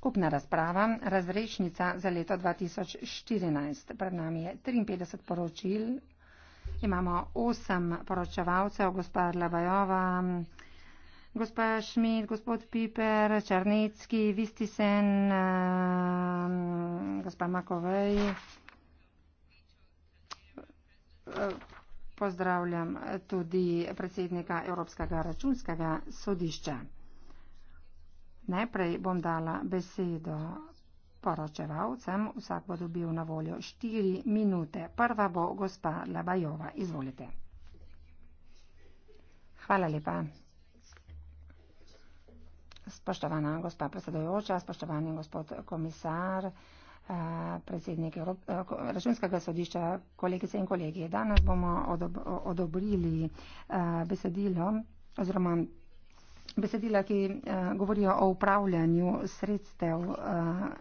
Skupna razprava, razrešnica za leto 2014. Pred nami je 53 poročil. Imamo 8 poročevalcev, gospa Labajova, gospa Šmit, gospod Piper, Črnecki, Vistisen, eh, gospa Makovej. Eh, pozdravljam tudi predsednika Evropskega računskega sodišča. Najprej bom dala besedo poročevalcem, vsak bo dobil na voljo štiri minute. Prva bo gospa Labajova. Izvolite. Hvala lepa. Spoštovana gospa predsedojoča, spoštovani gospod komisar, eh, predsednik eh, Računskega sodišča, kolegice in kolegi. Danes bomo odobrili eh, besedilo oziroma besedila, ki eh, govorijo o upravljanju sredstev eh,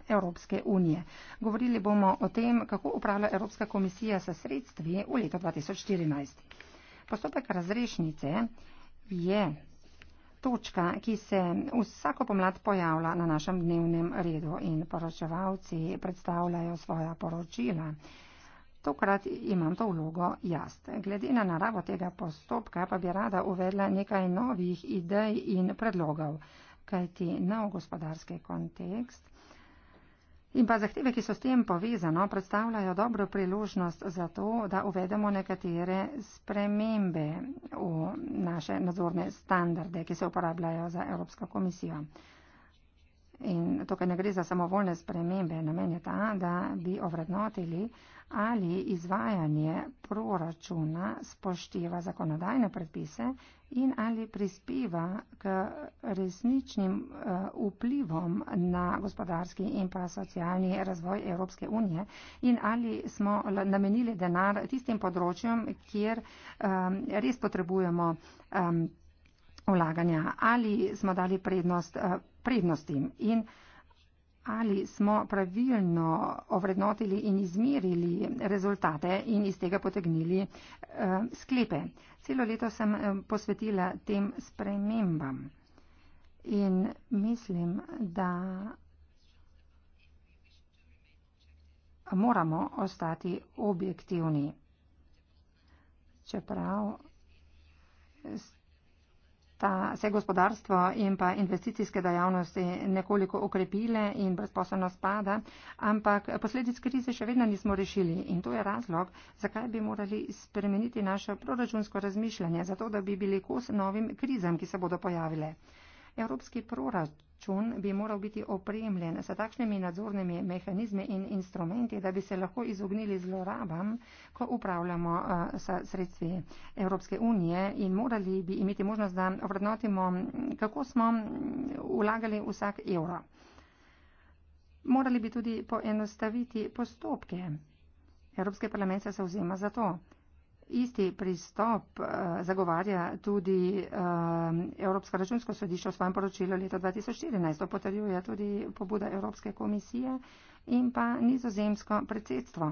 Evropske unije. Govorili bomo o tem, kako upravlja Evropska komisija sa sredstvi v letu 2014. Postopek razrešnice je točka, ki se vsako pomlad pojavlja na našem dnevnem redu in poročevalci predstavljajo svoja poročila. Tokrat imam to vlogo jaz. Glede na naravo tega postopka pa bi rada uvedla nekaj novih idej in predlogov, kajti nov gospodarski kontekst in pa zahteve, ki so s tem povezano, predstavljajo dobro priložnost za to, da uvedemo nekatere spremembe v naše nadzorne standarde, ki se uporabljajo za Evropsko komisijo. In tukaj ne gre za samovoljne spremembe, namen je ta, da bi ovrednotili, ali izvajanje proračuna spoštiva zakonodajne predpise in ali prispeva k resničnim eh, vplivom na gospodarski in pa socialni razvoj Evropske unije in ali smo namenili denar tistim področjem, kjer um, res potrebujemo. Um, ehm, Ulaganja. Ali smo dali prednost eh, prednostim. In ali smo pravilno ovrednotili in izmerili rezultate in iz tega potegnili uh, sklepe. Celo leto sem eh, posvetila tem spremembam in mislim, da moramo ostati objektivni. Čeprav ta se gospodarstvo in pa investicijske dejavnosti nekoliko okrepile in brezposobnost pada, ampak posledic krize še vedno nismo rešili in to je razlog, zakaj bi morali spremeniti naše proračunsko razmišljanje, zato da bi bili kos novim krizam, ki se bodo pojavile. Evropski proračun račun bi moral biti opremljen sa takšnimi nadzornimi mehanizmi in instrumenti, da bi se lahko izognili zlorabam, ko upravljamo uh, eh, sa sredstvi Evropske unije in morali bi imeti možnost, da vrednotimo, kako smo ulagali mm, vsak evro. Morali bi tudi poenostaviti postopke. Evropske parlamente se vzema za to. Isti pristop uh, zagovarja tudi uh, Evropsko računsko sodišče v svojem poročilu leta 2014. To potrjuje tudi pobuda Evropske komisije in pa nizozemsko predsedstvo.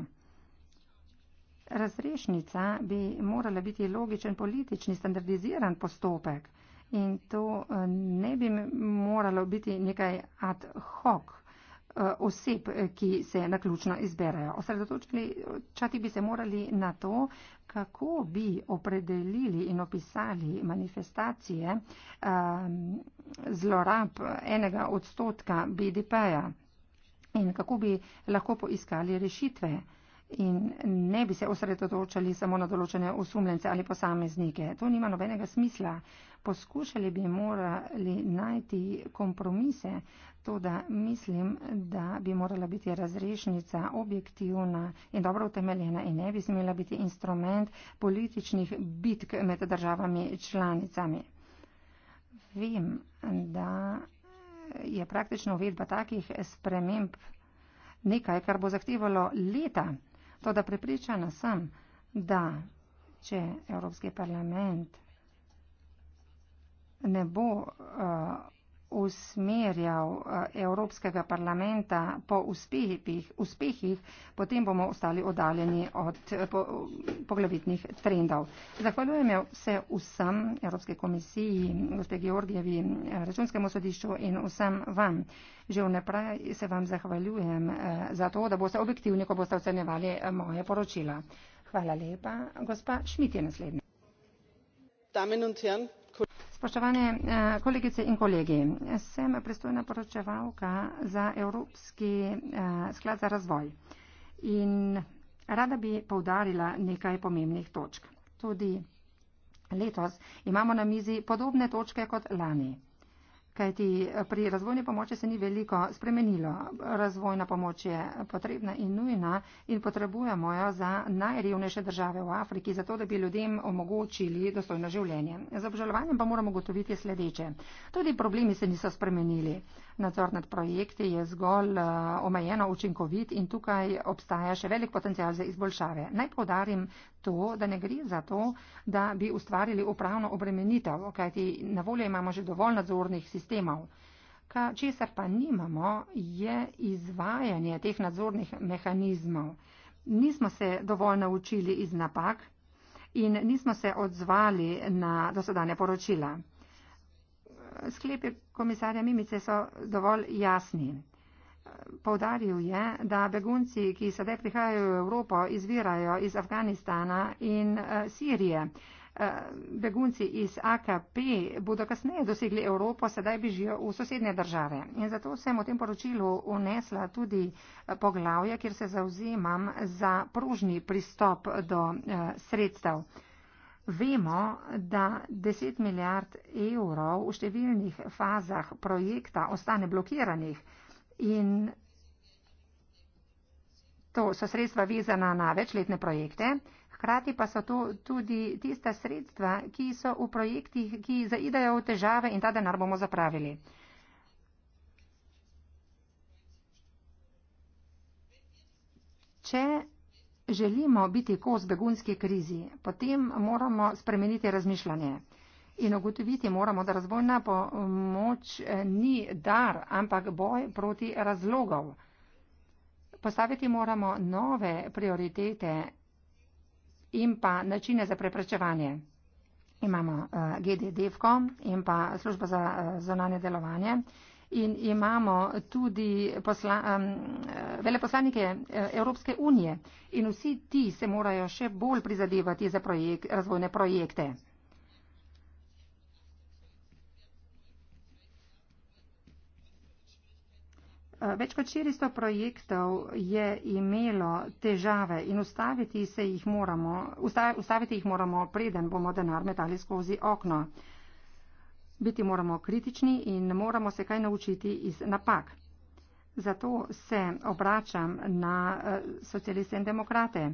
Razrešnica bi morala biti logičen politični standardiziran postopek in to eh, ne bi moralo biti nekaj ad hoc. Uh, Eh, oseb, eh, ki se na ključno izberajo. Osredotočati bi se morali na to, kako bi opredelili in opisali manifestacije um, zlorab enega odstotka BDP-ja in kako bi lahko poiskali rešitve in ne bi se osredotočali samo na določene osumljence ali posameznike. To nima nobenega smisla. Poskušali bi morali najti kompromise, to da mislim, da bi morala biti razrešnica objektivna in dobro utemeljena in ne bi smela biti instrument političnih bitk med državami članicami. Vem, da je praktično uvedba takih sprememb nekaj, kar bo zahtevalo leta. To, da pripričana sem, da če Evropski parlament ne bo uh, usmerjal eh, Evropskega parlamenta po uspehih, uspehih, potem bomo ostali oddaljeni od eh, poglavitnih trendov. Zahvaljujem se vsem Evropske komisiji, gospe Georgijevi, eh, računskemu sodišču in vsem vam. Že vnaprej se vam zahvaljujem za to, da boste objektivni, ko boste ocenjevali moje poročila. Hvala lepa. Gospa Šmit je naslednja. Dame in gospodje. Spoštovane eh, kolegice in kolegi, sem pristojna poročevalka za Evropski eh, sklad za razvoj in rada bi povdarila nekaj pomembnih točk. Tudi letos imamo na mizi podobne točke kot lani kajti eh, pri razvojni pomoči se ni veliko spremenilo. Razvojna pomoč je potrebna in nujna in potrebujemo jo za najrevnejše države v Afriki, zato da bi ljudem omogočili dostojno življenje. Z obžalovanjem pa moramo gotoviti sledeče. Tudi problemi se niso spremenili. Nadzor nad projekti je zgolj eh, omejeno učinkovit in tukaj obstaja še velik potencial za izboljšave. Naj podarim, to, da ne gre za to, da bi ustvarili upravno obremenitev, kajti na voljo imamo že dovolj nadzornih sistemov. Ka, česar pa nimamo, je izvajanje teh nadzornih mehanizmov. Nismo se dovolj naučili iz napak in nismo se odzvali na dosedanje poročila. Sklepi komisarja Mimice so dovolj jasni. Povdaril je, da begunci, ki sedaj prihajajo v Evropo, izvirajo iz Afganistana in eh, Sirije. Eh, begunci iz AKP bodo kasneje dosegli Evropo, sedaj bi živeli v sosednje države. In zato sem v tem poročilu unesla tudi eh, poglavje, kjer se zauzemam za pružni pristop do sredstev. Vemo, da 10 milijard evrov v številnih fazah projekta ostane blokiranih in to so sredstva vezana na večletne projekte. Hkrati pa so to tudi tista sredstva, ki so v projektih, ki zaidajo v težave in ta denar bomo zapravili. Če želimo biti kos begunski krizi, potem moramo spremeniti razmišljanje. In ugotoviti moramo, da razvojna pomoč eh, ni dar, ampak boj proti razlogov. Postaviti moramo nove prioritete in pa načine za preprečevanje. Imamo uh, eh, GDDFKO in pa službo za uh, eh, zonanje delovanje in imamo tudi posla, um, veleposlanike Evropske unije in vsi ti se morajo še bolj prizadevati za projek, razvojne projekte. Eh, več kot 400 projektov je imelo težave in ustaviti, jih moramo, usta, ustaviti jih moramo, preden bomo denar metali skozi okno. Biti moramo kritični in moramo se kaj naučiti iz napak. Zato se obračam na eh, socialiste in demokrate.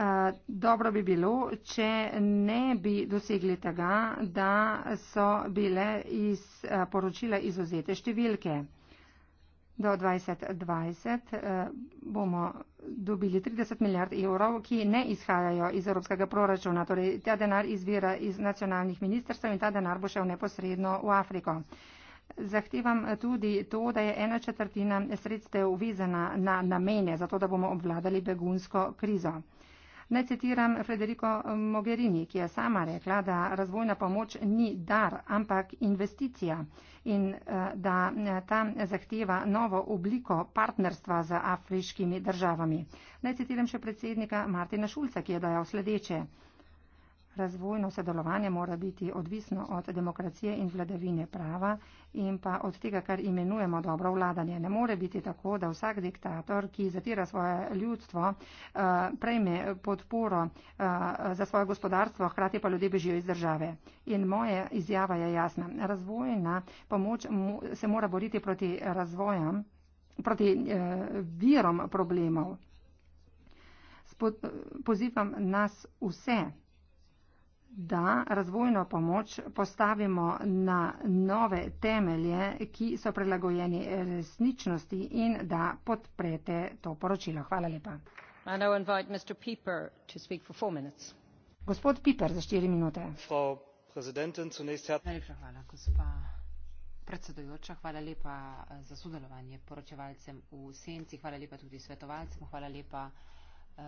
Eh, dobro bi bilo, če ne bi dosegli tega, da so bile iz eh, poročila izuzete številke. Do 2020 eh, bomo dobili 30 milijard evrov, ki ne izhajajo iz evropskega proračuna. Torej, ta denar izvira iz nacionalnih ministrstv in ta denar bo šel neposredno v Afriko. Zahtevam tudi to, da je ena četrtina sredstev vezana na namene, zato da bomo obvladali begunsko krizo. Ne citiram Frederico eh, Mogherini, ki je sama rekla, da razvojna pomoč ni dar, ampak investicija in eh, da eh, ta zahteva novo obliko partnerstva z afriškimi državami. Ne citiram še predsednika Martina Šulca, ki je dejal sledeče. Razvojno sodelovanje mora biti odvisno od demokracije in vladavine prava in pa od tega, kar imenujemo dobro vladanje. Ne more biti tako, da vsak diktator, ki zatira svoje ljudstvo, eh, prejme podporo eh, za svoje gospodarstvo, hkrati pa ljudje bežijo iz države. In moja izjava je jasna. Razvojna pomoč se mora boriti proti razvojam, proti eh, virom problemov. Pozivam nas vse da razvojno pomoč postavimo na nove temelje, ki so prilagojeni resničnosti in da podprete to poročilo. Hvala lepa. Gospod Piper za štiri minute. Najlepša hvala, gospa predsedujoča. Hvala lepa eh, za sodelovanje poročevalcem v senci. Hvala lepa tudi svetovalcem. Hvala lepa uh,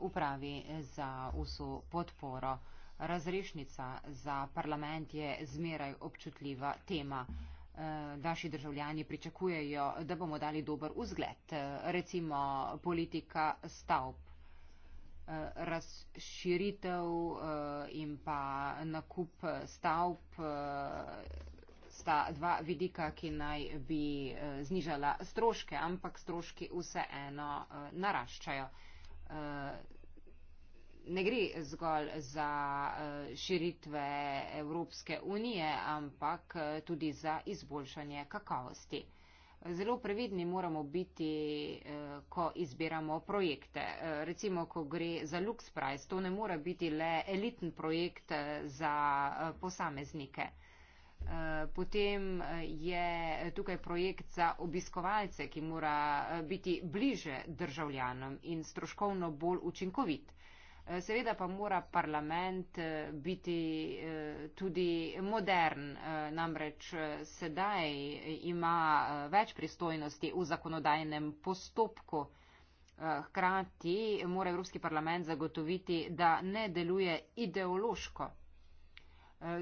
upravi za vso podporo razrešnica za parlament je zmeraj občutljiva tema. E, naši državljani pričakujejo, da bomo dali dober vzgled, e, recimo politika stavb, e, razširitev in pa nakup stavb sta dva vidika, ki naj bi znižala stroške, ampak stroški vseeno naraščajo ne gre zgolj za eh, širitve Evropske unije, ampak eh, tudi za izboljšanje kakovosti. Zelo previdni moramo biti, eh, ko izbiramo projekte. Recimo, ko gre za LuxPrice, to ne more biti le eliten projekt za posameznike. Potem je tukaj projekt za obiskovalce, ki mora biti bliže državljanom in stroškovno bolj učinkovit. Seveda pa mora parlament eh, biti eh, tudi modern, eh, namreč sedaj ima več pristojnosti v zakonodajnem postopku. Hkrati mora Evropski parlament zagotoviti, da ne deluje ideološko.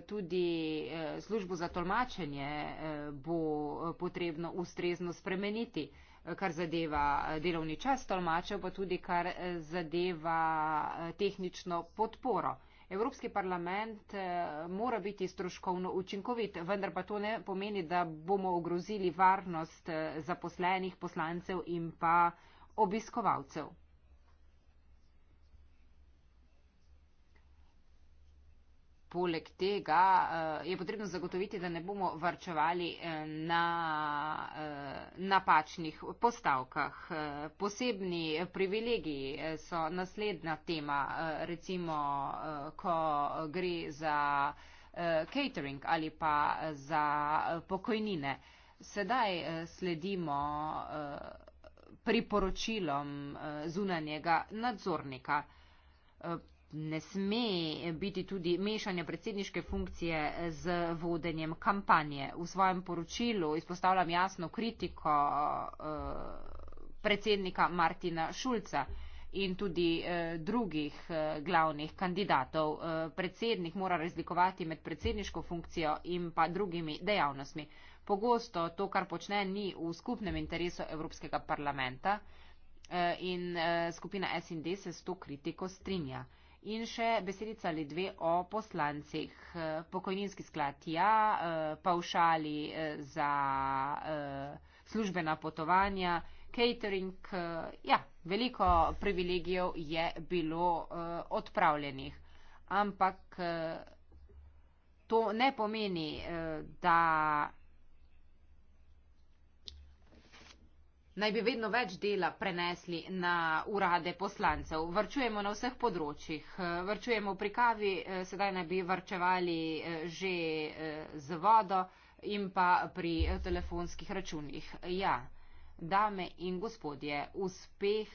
Tudi službo za tolmačenje bo potrebno ustrezno spremeniti kar zadeva eh, delovni čas tolmačev, pa tudi kar eh, zadeva eh, tehnično podporo. Evropski parlament mora biti stroškovno učinkovit, vendar pa to ne pomeni, da bomo ogrozili varnost zaposlenih poslancev in pa obiskovalcev. poleg tega eh, je potrebno zagotoviti, da ne bomo varčevali eh, na eh, napačnih postavkah. Posebni privilegiji so naslednja tema, recimo, ko gre za catering ali pa za pokojnine. Sedaj sledimo priporočilom zunanjega nadzornika ne sme biti tudi mešanja predsedniške funkcije z vodenjem kampanje. V svojem poročilu izpostavljam jasno kritiko eh, predsednika Martina Šulca in tudi eh, drugih eh, glavnih kandidatov. Predsednik mora razlikovati med predsedniško funkcijo in pa drugimi dejavnostmi. Pogosto to, kar počne, ni v skupnem interesu Evropskega parlamenta in skupina SND se s to kritiko strinja. In še besedica ali dve o poslancih. Eh, pokojninski sklad ja, eh, paušali eh, za službena potovanja, catering, ja, veliko privilegijev je bilo odpravljenih. Ampak to ne pomeni, da naj bi vedno več dela prenesli na urade poslancev. Vrčujemo na vseh področjih. Eh, Vrčujemo pri kavi, eh, sedaj naj bi vrčevali eh, že z vodo in pa pri telefonskih računih. Ja, dame in gospodje, uspeh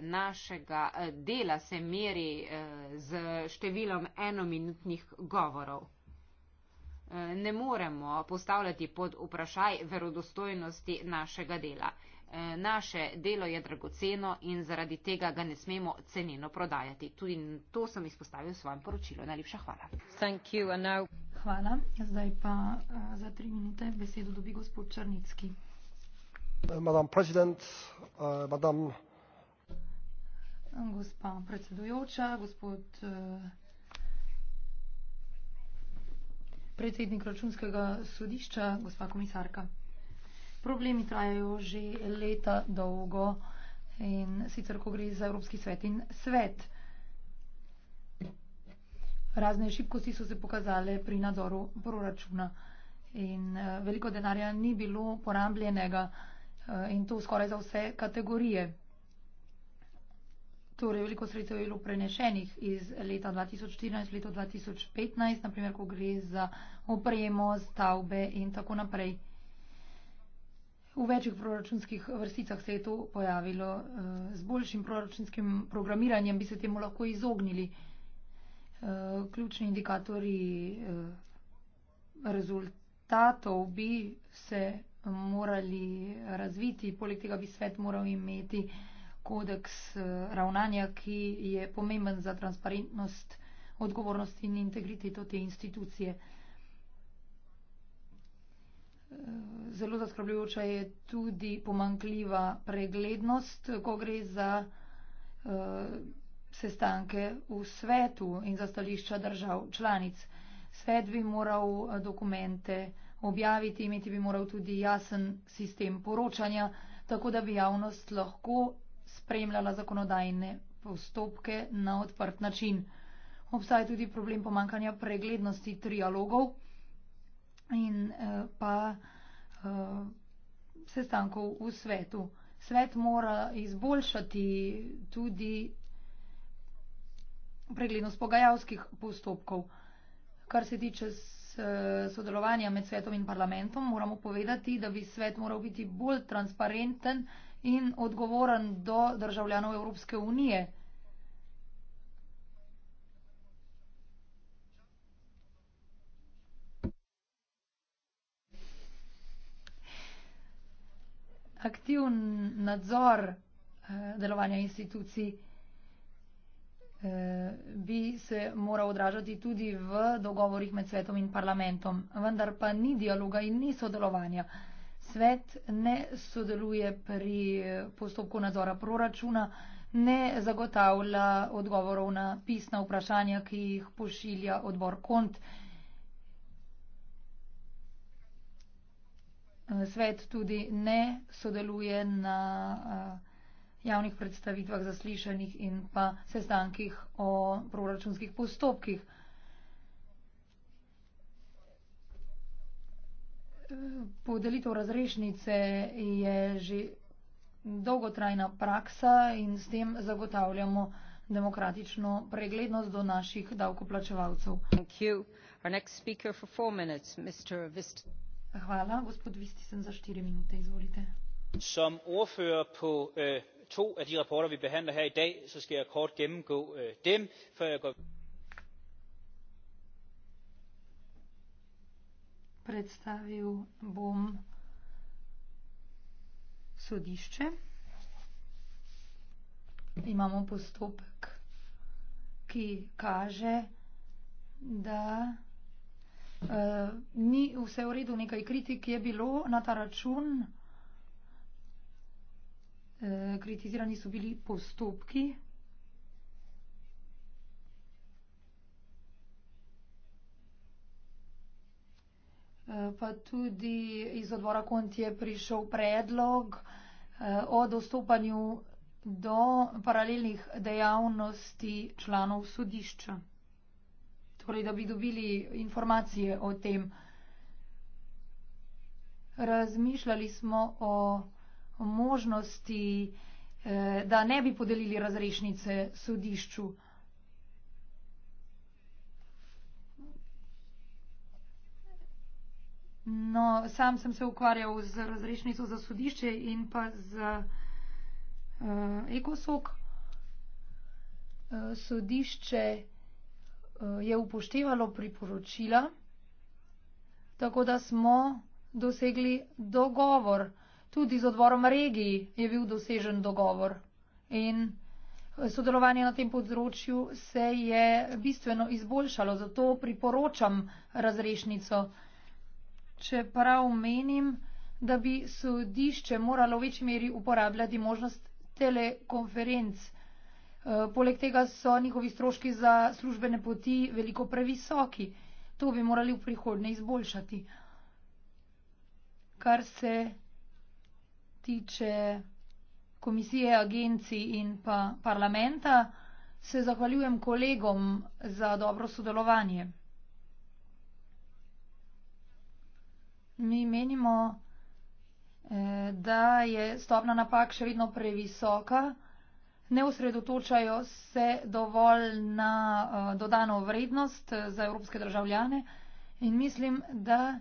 našega dela se meri z številom enominutnih govorov. Ne moremo postavljati pod vprašaj verodostojnosti našega dela. Eh, naše delo je dragoceno in zaradi tega ga ne smemo ceneno prodajati. Tudi to sem izpostavil v svojem poročilu. Najlepša hvala. You, now... Hvala. Zdaj pa eh, za tri minute besedo dobi gospod Črnitski. Eh, gospa predsedujoča, gospod predsednik računskega sodišča, gospa komisarka problemi trajajo že leta dolgo in sicer, ko gre za Evropski svet in svet. Razne šibkosti so se pokazale pri nadzoru proračuna in eh, veliko denarja ni bilo porabljenega eh, in to skoraj za vse kategorije. Torej, veliko sredstev je bilo prenešenih iz leta 2014 v leto 2015, naprimer, ko gre za opremo, stavbe in tako naprej. V večjih proračunskih vrsticah se je to pojavilo. Eh, z boljšim proračunskim programiranjem bi se temu lahko izognili. Eh, ključni indikatori eh, rezultatov bi se morali razviti, poleg tega bi svet moral imeti kodeks ravnanja, ki je pomemben za transparentnost, odgovornost in integriteto te institucije. Zelo zaskrbljujoča je tudi pomankljiva preglednost, ko gre za eh, sestanke v svetu in za stališča držav članic. Svet bi moral eh, dokumente objaviti, imeti bi moral tudi jasen sistem poročanja, tako da bi javnost lahko spremljala zakonodajne postopke na odprt način. Obstaja tudi problem pomankanja preglednosti trialogov in eh, pa eh, sestankov v svetu. Svet mora izboljšati tudi preglednost pogajalskih postopkov. Kar se tiče eh, sodelovanja med svetom in parlamentom, moramo povedati, da bi svet moral biti bolj transparenten in odgovoren do državljanov Evropske unije. aktiven nadzor eh, delovanja institucij eh, bi se moral odražati tudi v dogovorih med svetom in parlamentom, vendar pa ni dialoga in ni sodelovanja. Svet ne sodeluje pri eh, postopku nadzora proračuna, ne zagotavlja odgovorov na pisna vprašanja, ki jih pošilja odbor kont. Svet tudi ne sodeluje na eh, javnih predstavitvah zaslišanih in pa sestankih o proračunskih postopkih. Podelitev razrešnice je že dolgotrajna praksa in s tem zagotavljamo demokratično preglednost do naših davkoplačevalcev. Hvala. Hvala. Gospod Vistisen, za štiri minute, izvolite. Som ordfører på øh, to af de rapporter, vi behandler her i dag, så skal jeg kort gennemgå øh, dem, før jeg går... Predstavil bom sodišče. Imamo postopek, ki kaže, da... Eh, ni vse v redu, nekaj kritik je bilo na ta račun. Eh, kritizirani so bili postopki. Eh, pa tudi iz odbora konti je prišel predlog o dostopanju do paralelnih dejavnosti članov sodišča torej da bi dobili informacije o tem. Razmišljali smo o možnosti, eh, da ne bi podelili razrešnice sodišču. No, sam sem se ukvarjal z razrešnico za sodišče in pa z uh, ekosok. Uh, sodišče. Eh, je upoštevalo priporočila, tako da smo dosegli dogovor. Tudi z odborom regiji je bil dosežen dogovor in eh, sodelovanje na tem področju se je bistveno izboljšalo, zato priporočam razrešnico. Če prav menim, da bi sodišče moralo v večji meri uporabljati možnost telekonferenc. Eh, poleg tega so njihovi stroški za službene poti veliko previsoki. To bi morali v prihodnje izboljšati. Kar se tiče komisije, agencij in pa parlamenta, se zahvaljujem kolegom za dobro sodelovanje. Mi menimo, eh, da je stopna napak še vedno previsoka ne osredotočajo se dovolj na eh, dodano vrednost eh, za evropske državljane in mislim, da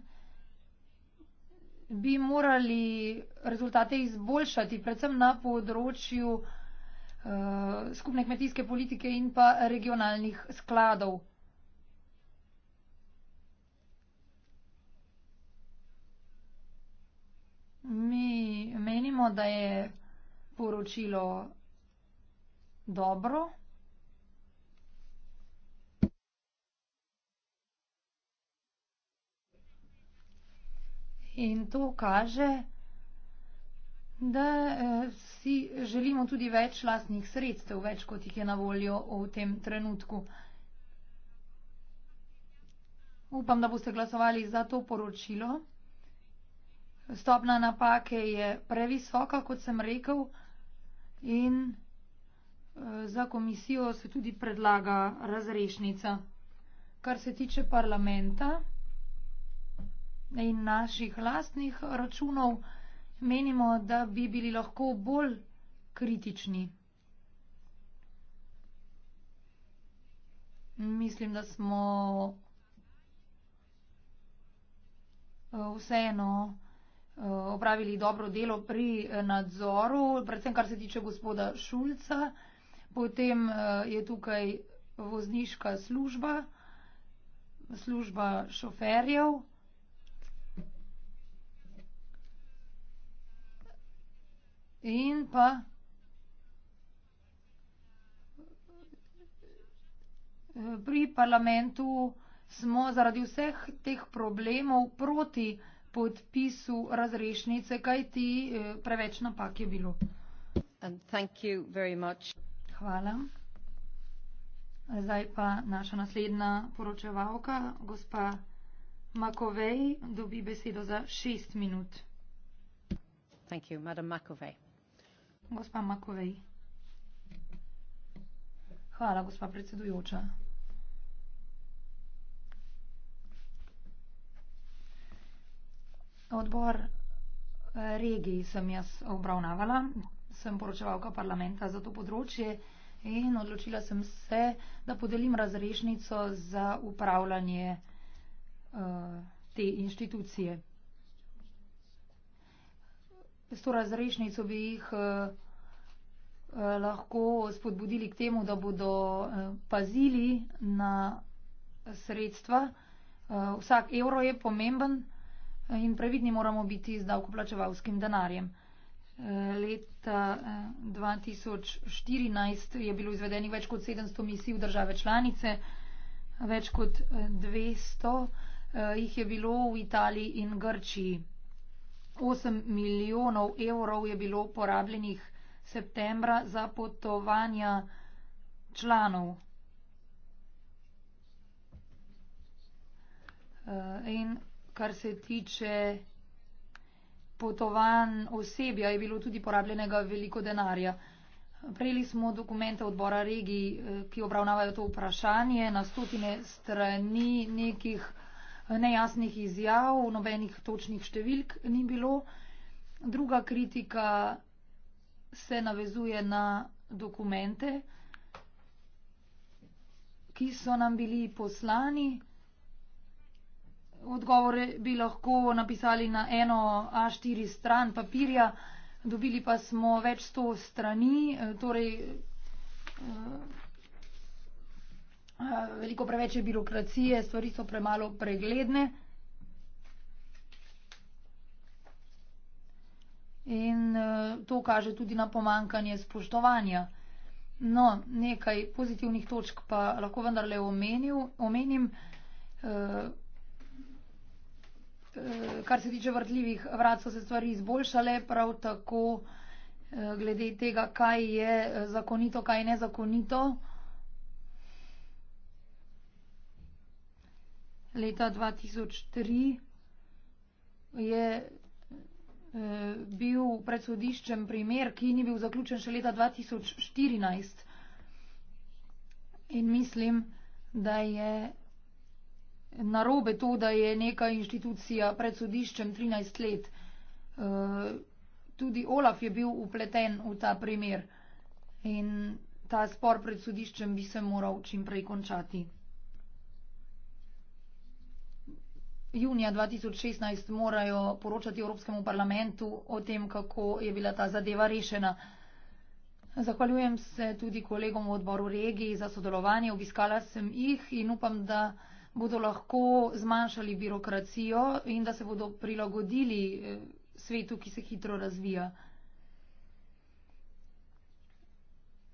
bi morali rezultate izboljšati, predvsem na področju eh, skupne kmetijske politike in pa regionalnih skladov. Mi menimo, da je poročilo dobro. In to kaže, da eh, si želimo tudi več lastnih sredstev, več kot jih je na voljo v tem trenutku. Upam, da boste glasovali za to poročilo. Stopna napake je previsoka, kot sem rekel, in za komisijo se tudi predlaga razrešnica. Kar se tiče parlamenta in naših lastnih računov, menimo, da bi bili lahko bolj kritični. Mislim, da smo eh, vseeno eh, opravili dobro delo pri eh, nadzoru, predvsem kar se tiče gospoda Šulca. Potem eh, je tukaj vozniška služba, služba šoferjev. In pa pri parlamentu smo zaradi vseh teh problemov proti podpisu razrešnice, kaj ti eh, preveč napak je bilo. And thank you very much hvala. Zdaj pa naša naslednja poročevalka, gospa Makovej, dobi besedo za šest minut. Thank you, Madam McAvey. Gospa Makovej. Hvala, gospa predsedujoča. Odbor eh, regij sem jaz obravnavala, sem poročevalka parlamenta za to področje in odločila sem se, da podelim razrešnico za upravljanje uh, te inštitucije. S to razrešnico bi jih uh, lahko spodbudili k temu, da bodo eh, pazili na sredstva. Vsak evro je pomemben in previdni moramo biti z davkoplačevalskim denarjem. Leta 2014 eh, je bilo izvedenih več kot 700 misij v države članice, več kot 200 eh, eh, jih je bilo v Italiji in Grčiji. 8 milijonov evrov je bilo porabljenih septembra za potovanja članov. In kar se tiče potovanj osebja je bilo tudi porabljenega veliko denarja. Prejeli smo dokumente odbora regij, eh, ki obravnavajo to vprašanje, na stotine strani nekih eh, nejasnih izjav, nobenih točnih številk ni bilo. Druga kritika se navezuje na dokumente, ki so nam bili poslani. Odgovore bi lahko napisali na eno A4 stran papirja, dobili pa smo več sto strani, eh, torej eh, eh, veliko preveč je birokracije, stvari so premalo pregledne. In to kaže tudi na pomankanje spoštovanja. No, nekaj pozitivnih točk pa lahko vendarle omenim. omenim Eh, kar se tiče vrtljivih vrat, so se stvari izboljšale, prav tako eh, glede tega, kaj je eh, zakonito, kaj je nezakonito. Leta 2003 je bil pred sodiščem primer, ki ni bil zaključen še leta 2014. In mislim, da je narobe to, da je neka inštitucija pred sodiščem 13 let. Eh, tudi Olaf je bil upleten v ta primer in ta spor pred sodiščem bi se moral čimprej končati. Junija 2016 morajo poročati Evropskemu parlamentu o tem, kako je bila ta zadeva rešena. Zahvaljujem se tudi kolegom v odboru regiji za sodelovanje. Obiskala sem jih in upam, da bodo lahko zmanjšali birokracijo in da se bodo prilagodili eh, svetu, ki se hitro razvija.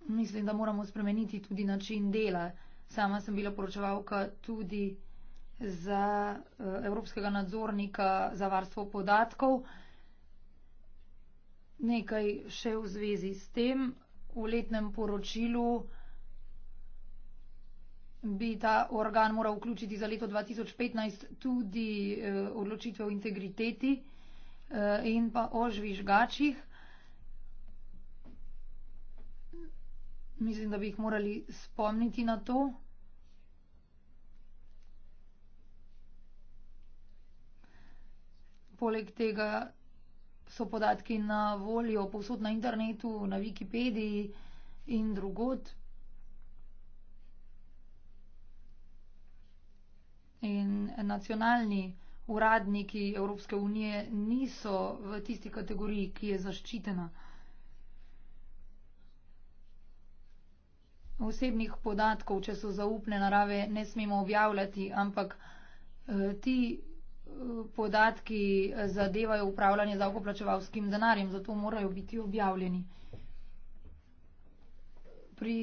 Mislim, da moramo spremeniti tudi način dela. Sama sem bila poročevalka tudi za eh, evropskega nadzornika za varstvo podatkov. Nekaj še v zvezi s tem. V letnem poročilu bi ta organ moral vključiti za leto 2015 tudi eh, odločitve o integriteti eh, in pa o žvižgačih. Mislim, da bi jih morali spomniti na to. Poleg tega so podatki na voljo povsod na internetu, na Wikipediji in drugod. In nacionalni uradniki Evropske unije niso v tisti kategoriji, ki je zaščitena. Osebnih podatkov, če so zaupne narave, ne smemo objavljati, ampak eh, ti eh, podatki eh, zadevajo upravljanje z avkoplačevalskim denarjem, zato morajo biti objavljeni. Pri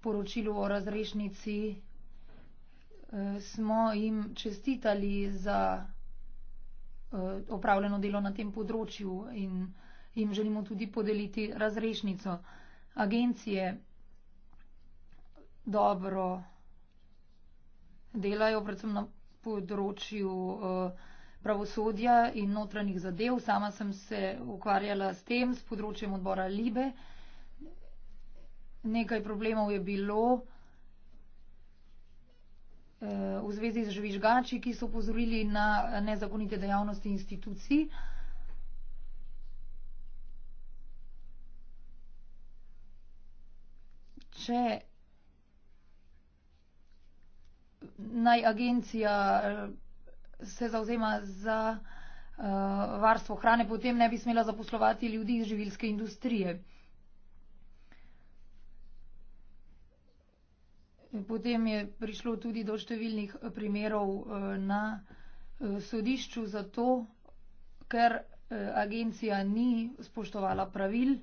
poročilu o razrešnici uh, smo jim čestitali za uh, opravljeno delo na tem področju in jim želimo tudi podeliti razrešnico. Agencije dobro delajo, predvsem na področju uh, pravosodja in notranjih zadev. Sama sem se ukvarjala s tem, s področjem odbora Libe. Nekaj problemov je bilo, uh, Eh, v zvezi z žvižgači, ki so pozorili na nezakonite dejavnosti institucij. Če naj agencija eh, se zauzema za uh, varstvo hrane, potem ne bi smela zaposlovati ljudi iz živilske industrije. Potem je prišlo tudi do številnih eh, primerov eh, na eh, sodišču zato, ker agencija ni spoštovala pravil.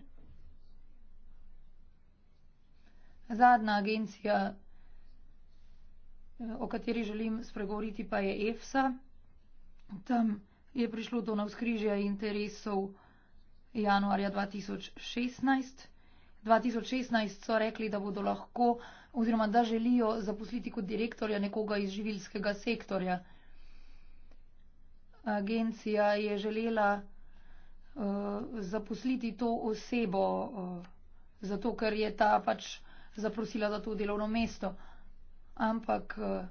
Zadnja agencija, o kateri želim spregovoriti, pa je EFSA. Tam je prišlo do navskrižja interesov januarja 2016. 2016 so rekli, da bodo lahko oziroma da želijo zaposliti kot direktorja nekoga iz živilskega sektorja. Agencija je želela uh, zaposliti to osebo, uh, zato ker je ta pač zaprosila za to delovno mesto. Ampak uh,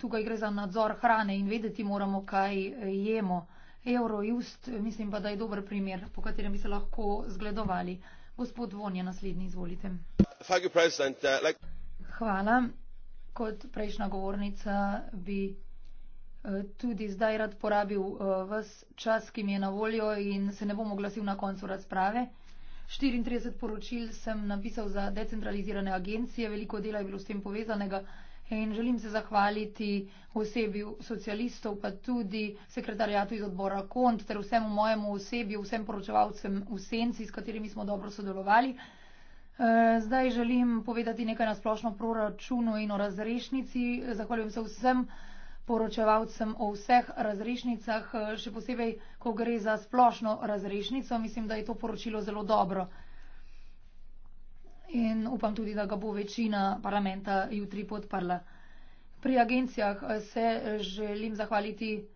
tukaj gre za nadzor hrane in vedeti moramo, kaj jemo. Eurojust, mislim pa, da je dober primer, po katerem bi se lahko zgledovali. Gospod Vonja, naslednji, izvolite. Uh, Hvala. Kot prejšnja govornica bi uh, tudi zdaj rad porabil uh, vas čas, ki mi je na voljo in se ne bom oglasil na koncu razprave. 34 poročil sem napisal za decentralizirane agencije, veliko dela je bilo s tem povezanega. In želim se zahvaliti osebju socialistov, pa tudi sekretarjatu iz odbora KONT ter vsemu mojemu osebju, vsem poročevalcem v senci, s katerimi smo dobro sodelovali. Eh, zdaj želim povedati nekaj na splošno proračunu in o razrešnici. Zahvaljujem se vsem poročevalcem o vseh razrešnicah, eh, še posebej, ko gre za splošno razrešnico. Mislim, da je to poročilo zelo dobro in upam tudi, da ga bo večina parlamenta jutri podprla. Pri agencijah eh, se želim zahvaliti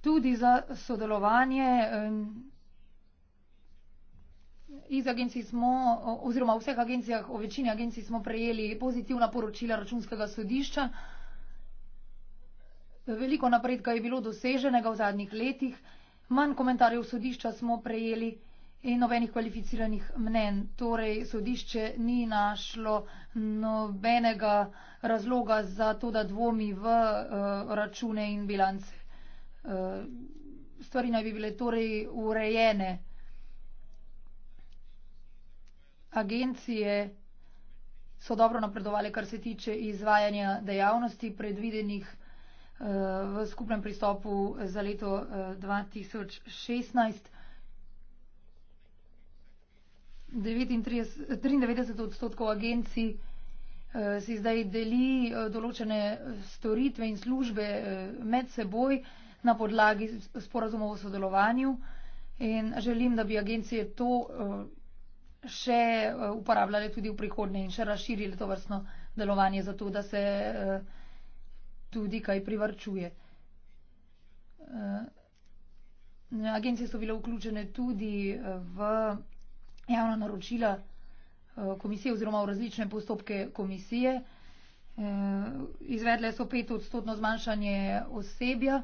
tudi za sodelovanje. Iz agencij smo, oziroma v vseh agencijah, v večini agencij smo prejeli pozitivna poročila računskega sodišča. Veliko napredka je bilo doseženega v zadnjih letih, manj komentarjev sodišča smo prejeli. In nobenih kvalificiranih mnen. Torej, sodišče ni našlo nobenega razloga za to, da dvomi v uh, račune in bilance. Uh, stvari naj bi bile torej urejene. Agencije so dobro napredovali, kar se tiče izvajanja dejavnosti predvidenih uh, v skupnem pristopu za leto uh, 2016. 93, 93 odstotkov agencij uh, si zdaj deli uh, določene storitve in službe uh, med seboj na podlagi sporazumov o sodelovanju in želim, da bi agencije to uh, še uh, uporabljale tudi v prihodnje in še razširile to vrstno delovanje, zato da se uh, tudi kaj privrčuje. Uh, agencije so bile vključene tudi uh, v javna naročila eh, komisije oziroma v različne postopke komisije. Eh, izvedle so pet odstotno zmanjšanje osebja.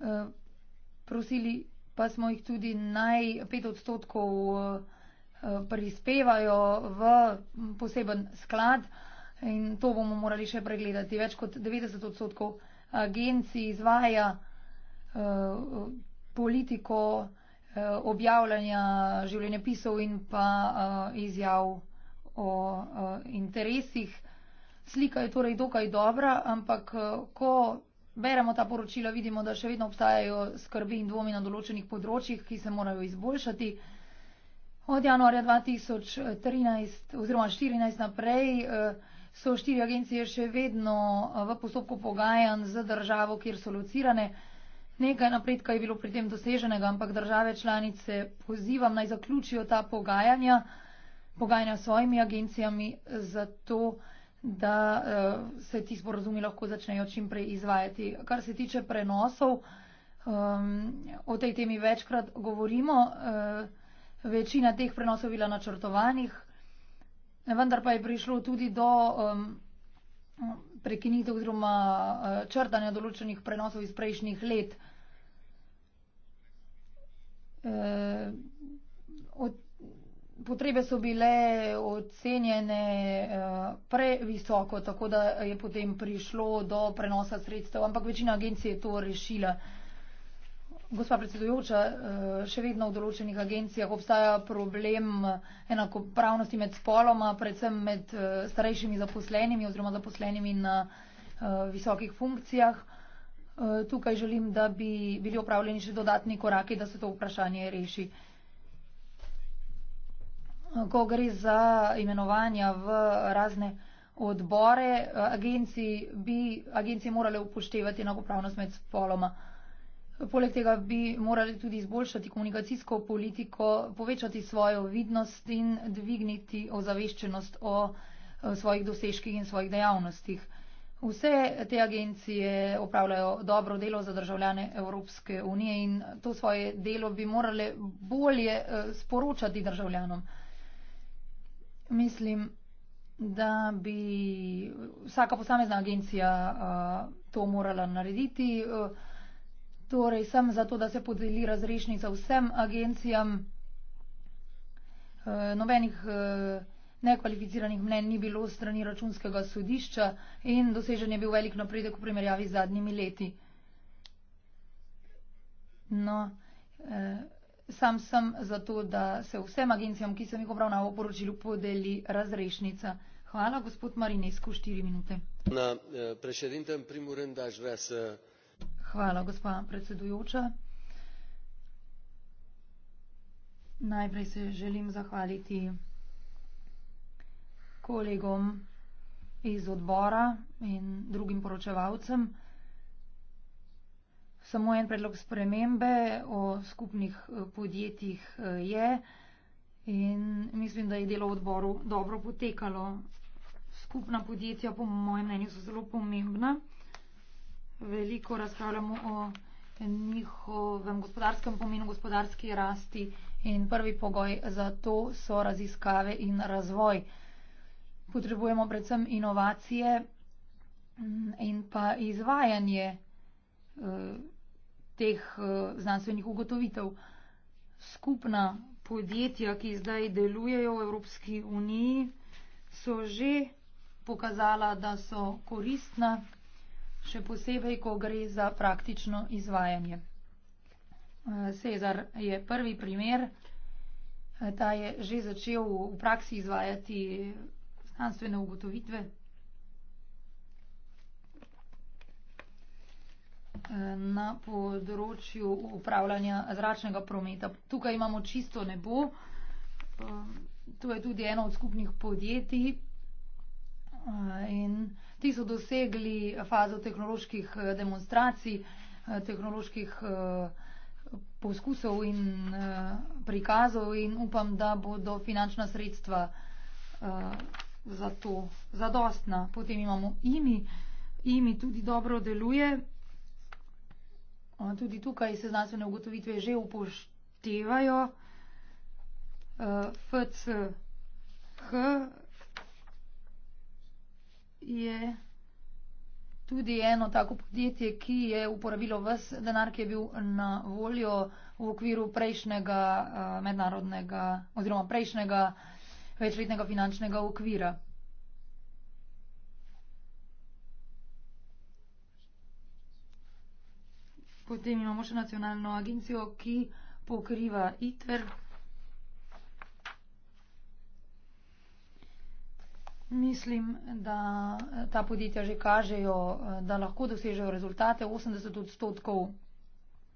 Eh, prosili pa smo jih tudi naj pet odstotkov prispevajo v poseben sklad in to bomo morali še pregledati. Več kot 90 odstotkov agencij izvaja politiko, Eh, objavljanja življenjepisov in pa eh, izjav o eh, interesih. Slika je torej dokaj dobra, ampak ko beremo ta poročila, vidimo, da še vedno obstajajo skrbi in dvomi na določenih področjih, ki se morajo izboljšati. Od januarja 2013 oziroma 2014 naprej so štiri agencije še vedno v postopku pogajanj z državo, kjer so locirane. Nekaj napredka je bilo pri tem doseženega, ampak države članice pozivam naj zaključijo ta pogajanja, pogajanja s svojimi agencijami, zato da eh, se ti sporozumi lahko začnejo čim prej izvajati. Kar se tiče prenosov, um, o tej temi večkrat govorimo, uh, večina teh prenosov bila načrtovanih, vendar pa je prišlo tudi do. Um, prekinitev oziroma eh, črtanja določenih prenosov iz prejšnjih let eh, od, potrebe so bile ocenjene eh, previsoko, tako da je potem prišlo do prenosa sredstev, ampak večina agencij je to rešila. Gospa predsedujoča, eh, še vedno v določenih agencijah obstaja problem enakopravnosti med spoloma, predvsem med eh, starejšimi zaposlenimi oziroma zaposlenimi na eh, visokih funkcijah. Eh, tukaj želim, da bi bili opravljeni še dodatni koraki, da se to vprašanje reši. Eh, ko gre za imenovanja v razne odbore, eh, agenciji bi agencije morale upoštevati enakopravnost med spoloma. Poleg tega bi morali tudi izboljšati komunikacijsko politiko, povečati svojo vidnost in dvigniti ozaveščenost o svojih dosežkih in svojih dejavnostih. Vse te agencije opravljajo dobro delo za državljane Evropske unije in to svoje delo bi morale bolje eh, sporočati državljanom. Mislim, da bi vsaka posamezna agencija eh, to morala narediti. Eh, torej, sem zato, da se podeli razrešnica vsem agencijam. Nobenih nekvalificiranih mnen ni bilo strani računskega sodišča in dosežen je bil velik napredek v primerjavi z zadnjimi leti. No, eh, sam sem zato, da se vsem agencijam, ki sem jih obravnaval v poročilu, podeli razrešnica. Hvala, gospod Marinesko, štiri minute. Na eh, prešedintem primorem daš vas. Eh. Hvala, gospa predsedujoča. Najprej se želim zahvaliti kolegom iz odbora in drugim poročevalcem. Samo en predlog spremembe o skupnih eh, podjetjih eh, je in mislim, da je delo v odboru dobro potekalo. Skupna podjetja po mojem mnenju so zelo pomembna. Veliko razpravljamo o njihovem gospodarskem pomenu, gospodarski rasti in prvi pogoj za to so raziskave in razvoj potrebujemo predvsem inovacije mm, in pa izvajanje eh, teh eh, znanstvenih ugotovitev. Skupna podjetja, ki zdaj delujejo v Evropski uniji, so že pokazala, da so koristna, še posebej, ko gre za praktično izvajanje. Eh, Cezar je prvi primer, ta je že začel v praksi izvajati znanstvene ugotovitve. Na področju upravljanja zračnega prometa. Tukaj imamo čisto nebo, to je tudi eno od skupnih podjetij. In ti so dosegli fazo tehnoloških demonstracij, tehnoloških poskusov in prikazov in upam, da bodo finančna sredstva za to zadostna. Potem imamo imi, imi tudi dobro deluje. Tudi tukaj se znanstvene ugotovitve že upoštevajo. FCH eh, je tudi eno tako podjetje, ki je uporabilo vse denar, ki je bil na voljo v okviru prejšnjega eh, mednarodnega oziroma prejšnjega večletnega finančnega okvira. Potem imamo še nacionalno agencijo, ki pokriva ITER. Mislim, da ta podjetja že kažejo, da lahko dosežejo rezultate. 80 odstotkov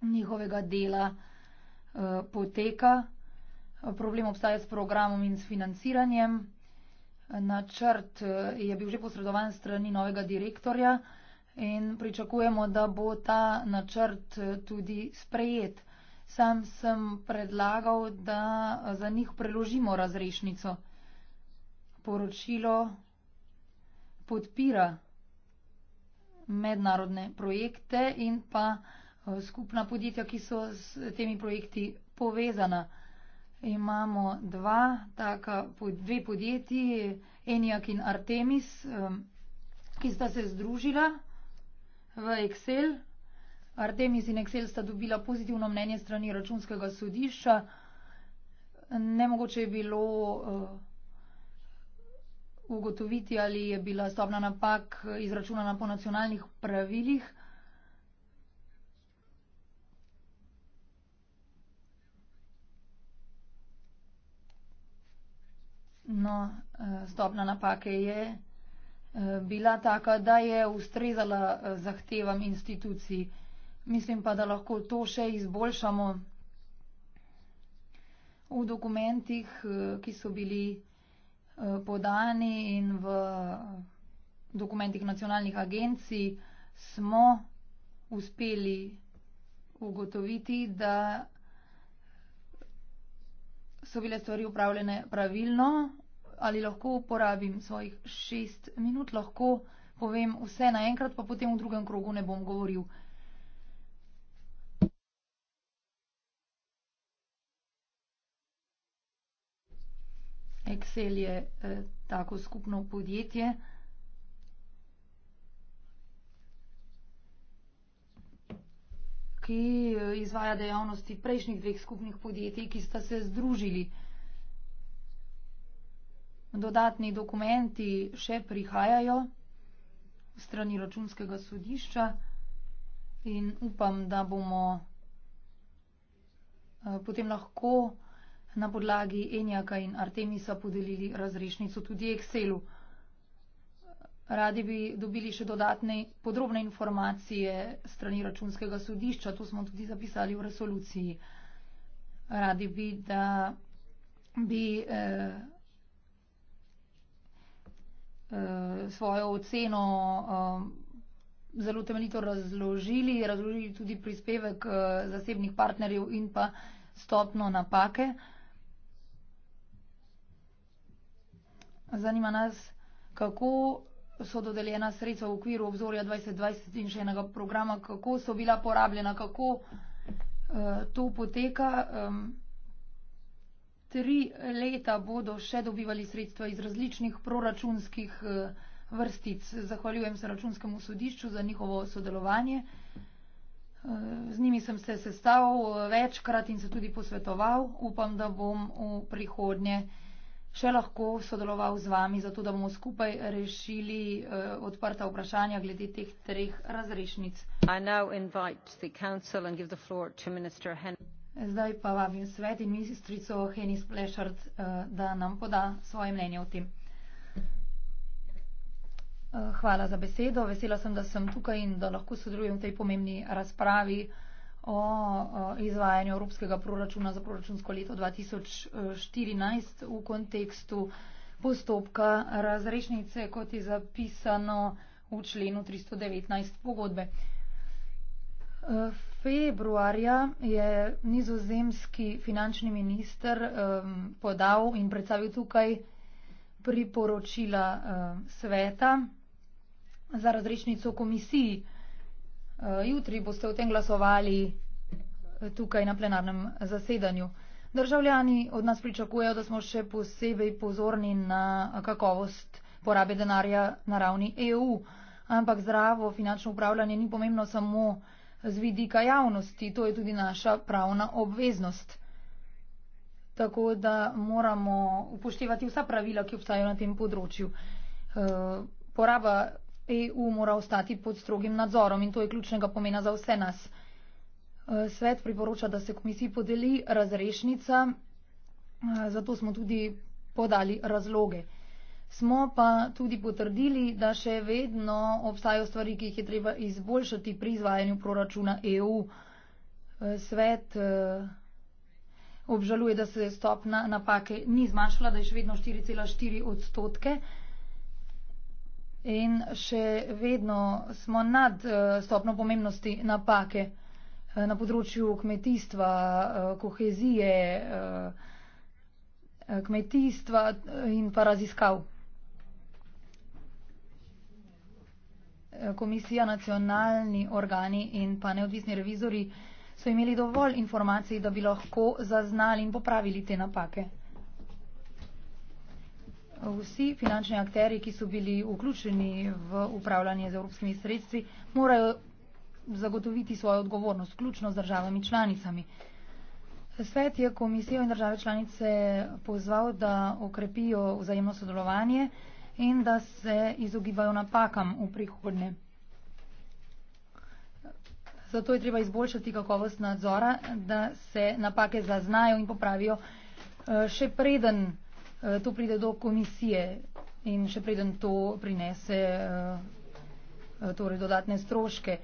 njihovega dela eh, poteka problem obstaja s programom in s financiranjem. Načrt eh, je bil že posredovan strani novega direktorja in pričakujemo, da bo ta načrt eh, tudi sprejet. Sam sem predlagal, da eh, za njih preložimo razrešnico. Poročilo podpira mednarodne projekte in pa skupna podjetja, ki so s temi projekti povezana imamo dva, taka, dve podjetji, Enijak in Artemis, ki sta se združila v Excel. Artemis in Excel sta dobila pozitivno mnenje strani računskega sodišča. Nemogoče je bilo eh, ugotoviti, ali je bila stopna napak izračunana po nacionalnih pravilih. No, eh, stopna napake je eh, bila taka, da je ustrezala eh, zahtevam institucij. Mislim pa, da lahko to še izboljšamo. V dokumentih, ki so bili podani in v dokumentih nacionalnih agencij, smo uspeli ugotoviti, da so bile stvari upravljene pravilno, ali lahko uporabim svojih šest minut, lahko povem vse naenkrat, pa potem v drugem krogu ne bom govoril. Excel je eh, tako skupno podjetje. ki eh, izvaja dejavnosti prejšnjih dveh skupnih podjetij, ki sta se združili. Dodatni dokumenti še prihajajo v strani računskega sodišča in upam, da bomo eh, potem lahko na podlagi Enjaka in Artemisa podelili razrešnico tudi Excelu. Radi bi dobili še dodatne podrobne informacije strani računskega sodišča, to smo tudi zapisali v resoluciji. Radi bi, da bi. Eh, Eh, svojo oceno eh, zelo temeljito razložili, razložili tudi prispevek eh, zasebnih partnerjev in pa stopno napake. Zanima nas, kako so dodeljena sredstva v okviru obzorja 2020 in še enega programa, kako so bila porabljena, kako uh, to poteka. Um, tri leta bodo še dobivali sredstva iz različnih proračunskih eh, vrstic. Zahvaljujem se računskemu sodišču za njihovo sodelovanje. Eh, z njimi sem se sestavil eh, večkrat in se tudi posvetoval. Upam, da bom v prihodnje še lahko sodeloval z vami, zato da bomo skupaj rešili odprta vprašanja glede teh treh razrešnic. I now invite the council and give the floor to minister Henry. Zdaj pa vabim svet in ministrico Henis Plešard, eh, da nam poda svoje mnenje o tem. Eh, hvala za besedo. Vesela sem, da sem tukaj in da lahko sodelujem v tej pomembni razpravi o eh, izvajanju evropskega proračuna za proračunsko leto 2014 v kontekstu postopka razrešnice, kot je zapisano v členu 319 pogodbe. Eh, februarja je nizozemski finančni minister um, podal in predstavil tukaj priporočila um, sveta za razrešnico komisiji. Uh, jutri boste o tem glasovali tukaj na plenarnem zasedanju. Državljani od nas pričakujejo, da smo še posebej pozorni na kakovost porabe denarja na ravni EU, ampak zdravo finančno upravljanje ni pomembno samo z vidika javnosti, to je tudi naša pravna obveznost. Tako da moramo upoštevati vsa pravila, ki obstajajo na tem področju. Eh, poraba EU mora ostati pod strogim nadzorom in to je ključnega pomena za vse nas. Eh, svet priporoča, da se komisiji podeli razrešnica, eh, zato smo tudi podali razloge. Smo pa tudi potrdili, da še vedno obstajajo stvari, ki jih je treba izboljšati pri izvajanju proračuna EU. Svet eh, obžaluje, da se je stopna napake ni zmanjšala, da je še vedno 4,4 odstotke. In še vedno smo nad eh, stopno pomembnosti napake eh, na področju kmetijstva, kohezije, kmetijstva in pa raziskav. komisija, nacionalni organi in pa neodvisni revizori so imeli dovolj informacij, da bi lahko zaznali in popravili te napake. Vsi finančni akteri, ki so bili vključeni v upravljanje z evropskimi sredstvi, morajo zagotoviti svojo odgovornost, vključno z državami članicami. Svet je komisijo in države članice pozval, da okrepijo vzajemno sodelovanje in da se izogibajo napakam v prihodnje. Zato je treba izboljšati kakovost nadzora, da se napake zaznajo in popravijo e, še preden e, to pride do komisije in še preden to prinese e, torej dodatne stroške.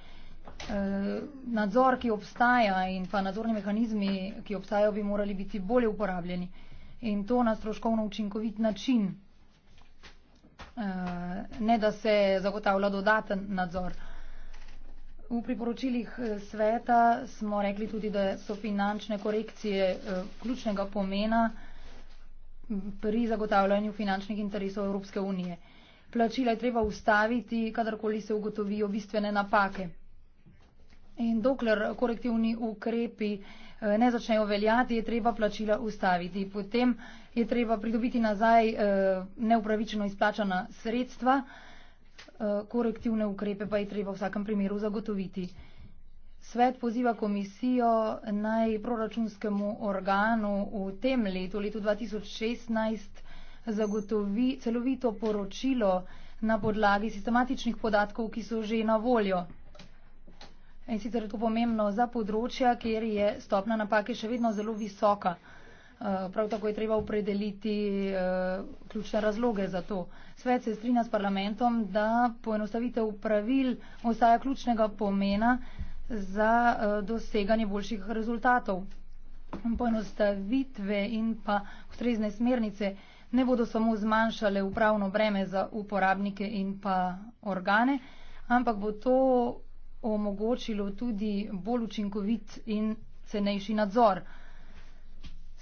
Nadzor, ki obstaja in pa nadzorni mehanizmi, ki obstajajo, bi morali biti bolje uporabljeni. In to na stroškovno učinkovit način. Eh, ne da se zagotavlja dodaten nadzor. V priporočilih eh, sveta smo rekli tudi, da so finančne korekcije eh, ključnega pomena pri zagotavljanju finančnih interesov Evropske unije. Plačila je treba ustaviti, kadarkoli se ugotovijo bistvene napake. In dokler korektivni ukrepi ne začnejo veljati, je treba plačila ustaviti. Potem je treba pridobiti nazaj eh, neupravičeno izplačana sredstva, eh, korektivne ukrepe pa je treba v vsakem primeru zagotoviti. Svet poziva komisijo naj proračunskemu organu v tem letu, letu 2016, zagotovi celovito poročilo na podlagi sistematičnih podatkov, ki so že na voljo. In sicer je to pomembno za področja, kjer je stopna napake še vedno zelo visoka. Eh, prav tako je treba opredeliti eh, ključne razloge za to. Svet se strinja s parlamentom, da poenostavitev pravil ostaja ključnega pomena za eh, doseganje boljših rezultatov. Poenostavitve in pa ustrezne smernice ne bodo samo zmanjšale upravno breme za uporabnike in pa organe, ampak bo to omogočilo tudi bolj učinkovit in cenejši nadzor.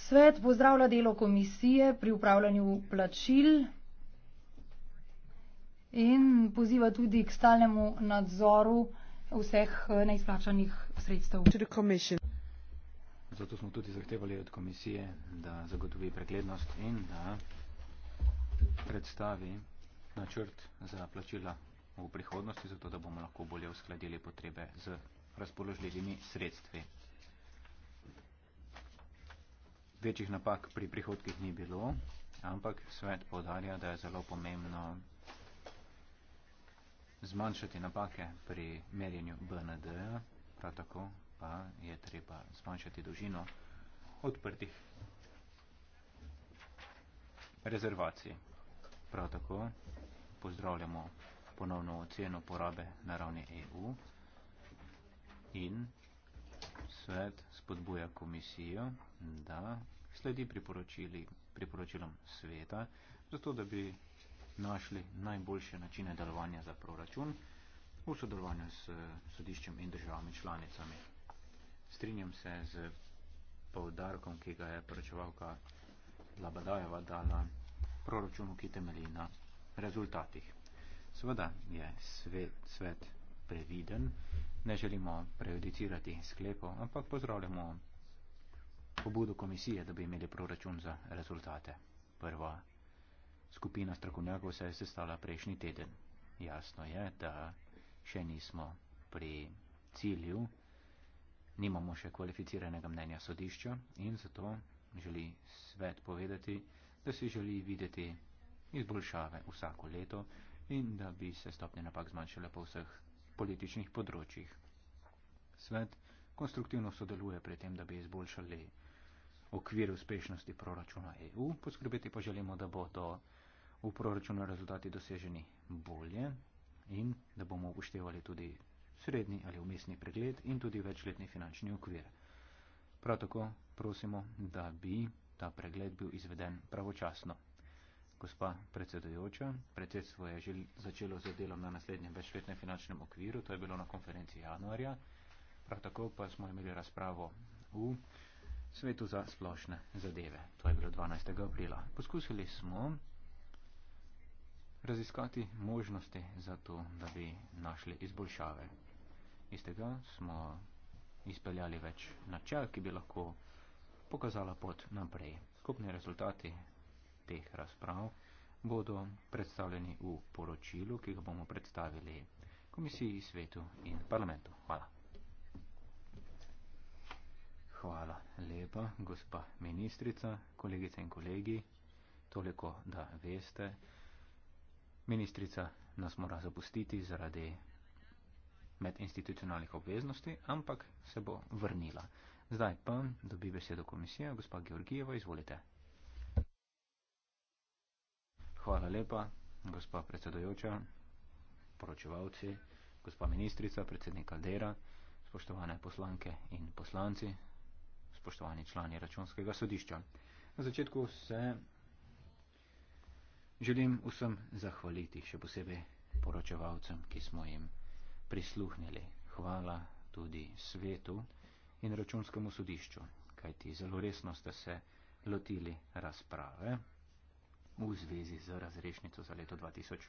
Svet pozdravlja delo komisije pri upravljanju plačil in poziva tudi k stalnemu nadzoru vseh eh, neizplačanih sredstev. Zato smo tudi zahtevali od komisije, da zagotovi preglednost in da predstavi načrt za plačila v prihodnosti, zato da bomo lahko bolje uskladili potrebe z razpoložljivimi sredstvi. Večjih napak pri prihodkih ni bilo, ampak svet podarja, da je zelo pomembno zmanjšati napake pri merjenju BND, prav tako pa je treba zmanjšati dolžino odprtih rezervacij. Prav tako pozdravljamo ponovno oceno porabe na ravni EU in Svet spodbuja komisijo, da sledi priporočilom sveta, zato da bi našli najboljše načine delovanja za proračun v sodelovanju s sodiščem in državami članicami. Strinjam se z povdarkom, ki ga je poročevalka Labadajeva dala proračunu, ki temelji na rezultatih. Seveda je svet, svet previden, ne želimo prejudicirati sklepov, ampak pozdravljamo pobudo komisije, da bi imeli proračun za rezultate. Prva skupina strokovnjakov se je sestala prejšnji teden. Jasno je, da še nismo pri cilju, nimamo še kvalificiranega mnenja sodišča in zato želi svet povedati, da si želi videti izboljšave vsako leto in da bi se stopnje napak zmanjšale po vseh političnih področjih. Svet konstruktivno sodeluje pri tem, da bi izboljšali okvir uspešnosti proračuna EU, poskrbeti pa želimo, da bodo v proračunu rezultati doseženi bolje in da bomo upoštevali tudi srednji ali umestni pregled in tudi večletni finančni okvir. Prav tako prosimo, da bi ta pregled bil izveden pravočasno. Gospa predsedujoča, predsedstvo je že začelo z delom na naslednjem večletnem finančnem okviru, to je bilo na konferenci januarja. Prav tako pa smo imeli razpravo v Svetu za splošne zadeve, to je bilo 12. aprila. Poskusili smo raziskati možnosti za to, da bi našli izboljšave. Iz tega smo izpeljali več načel, ki bi lahko pokazala pot naprej. Skupni rezultati teh razprav bodo predstavljeni v poročilu, ki ga bomo predstavili Komisiji, Svetu in Parlamentu. Hvala. Hvala lepa, gospa ministrica, kolegice in kolegi, toliko da veste. Ministrica nas mora zapustiti zaradi medinstitucionalnih obveznosti, ampak se bo vrnila. Zdaj pa dobi besedo komisija, gospa Georgijeva, izvolite. Hvala lepa, gospa predsedojoča, poročevalci, gospa ministrica, predsednik Aldera, spoštovane poslanke in poslanci, spoštovani člani računskega sodišča. Na začetku se želim vsem zahvaliti, še posebej poročevalcem, ki smo jim prisluhnili. Hvala tudi svetu in računskemu sodišču, kajti zelo resno ste se lotili razprave v zvezi z razrešnico za leto 2014.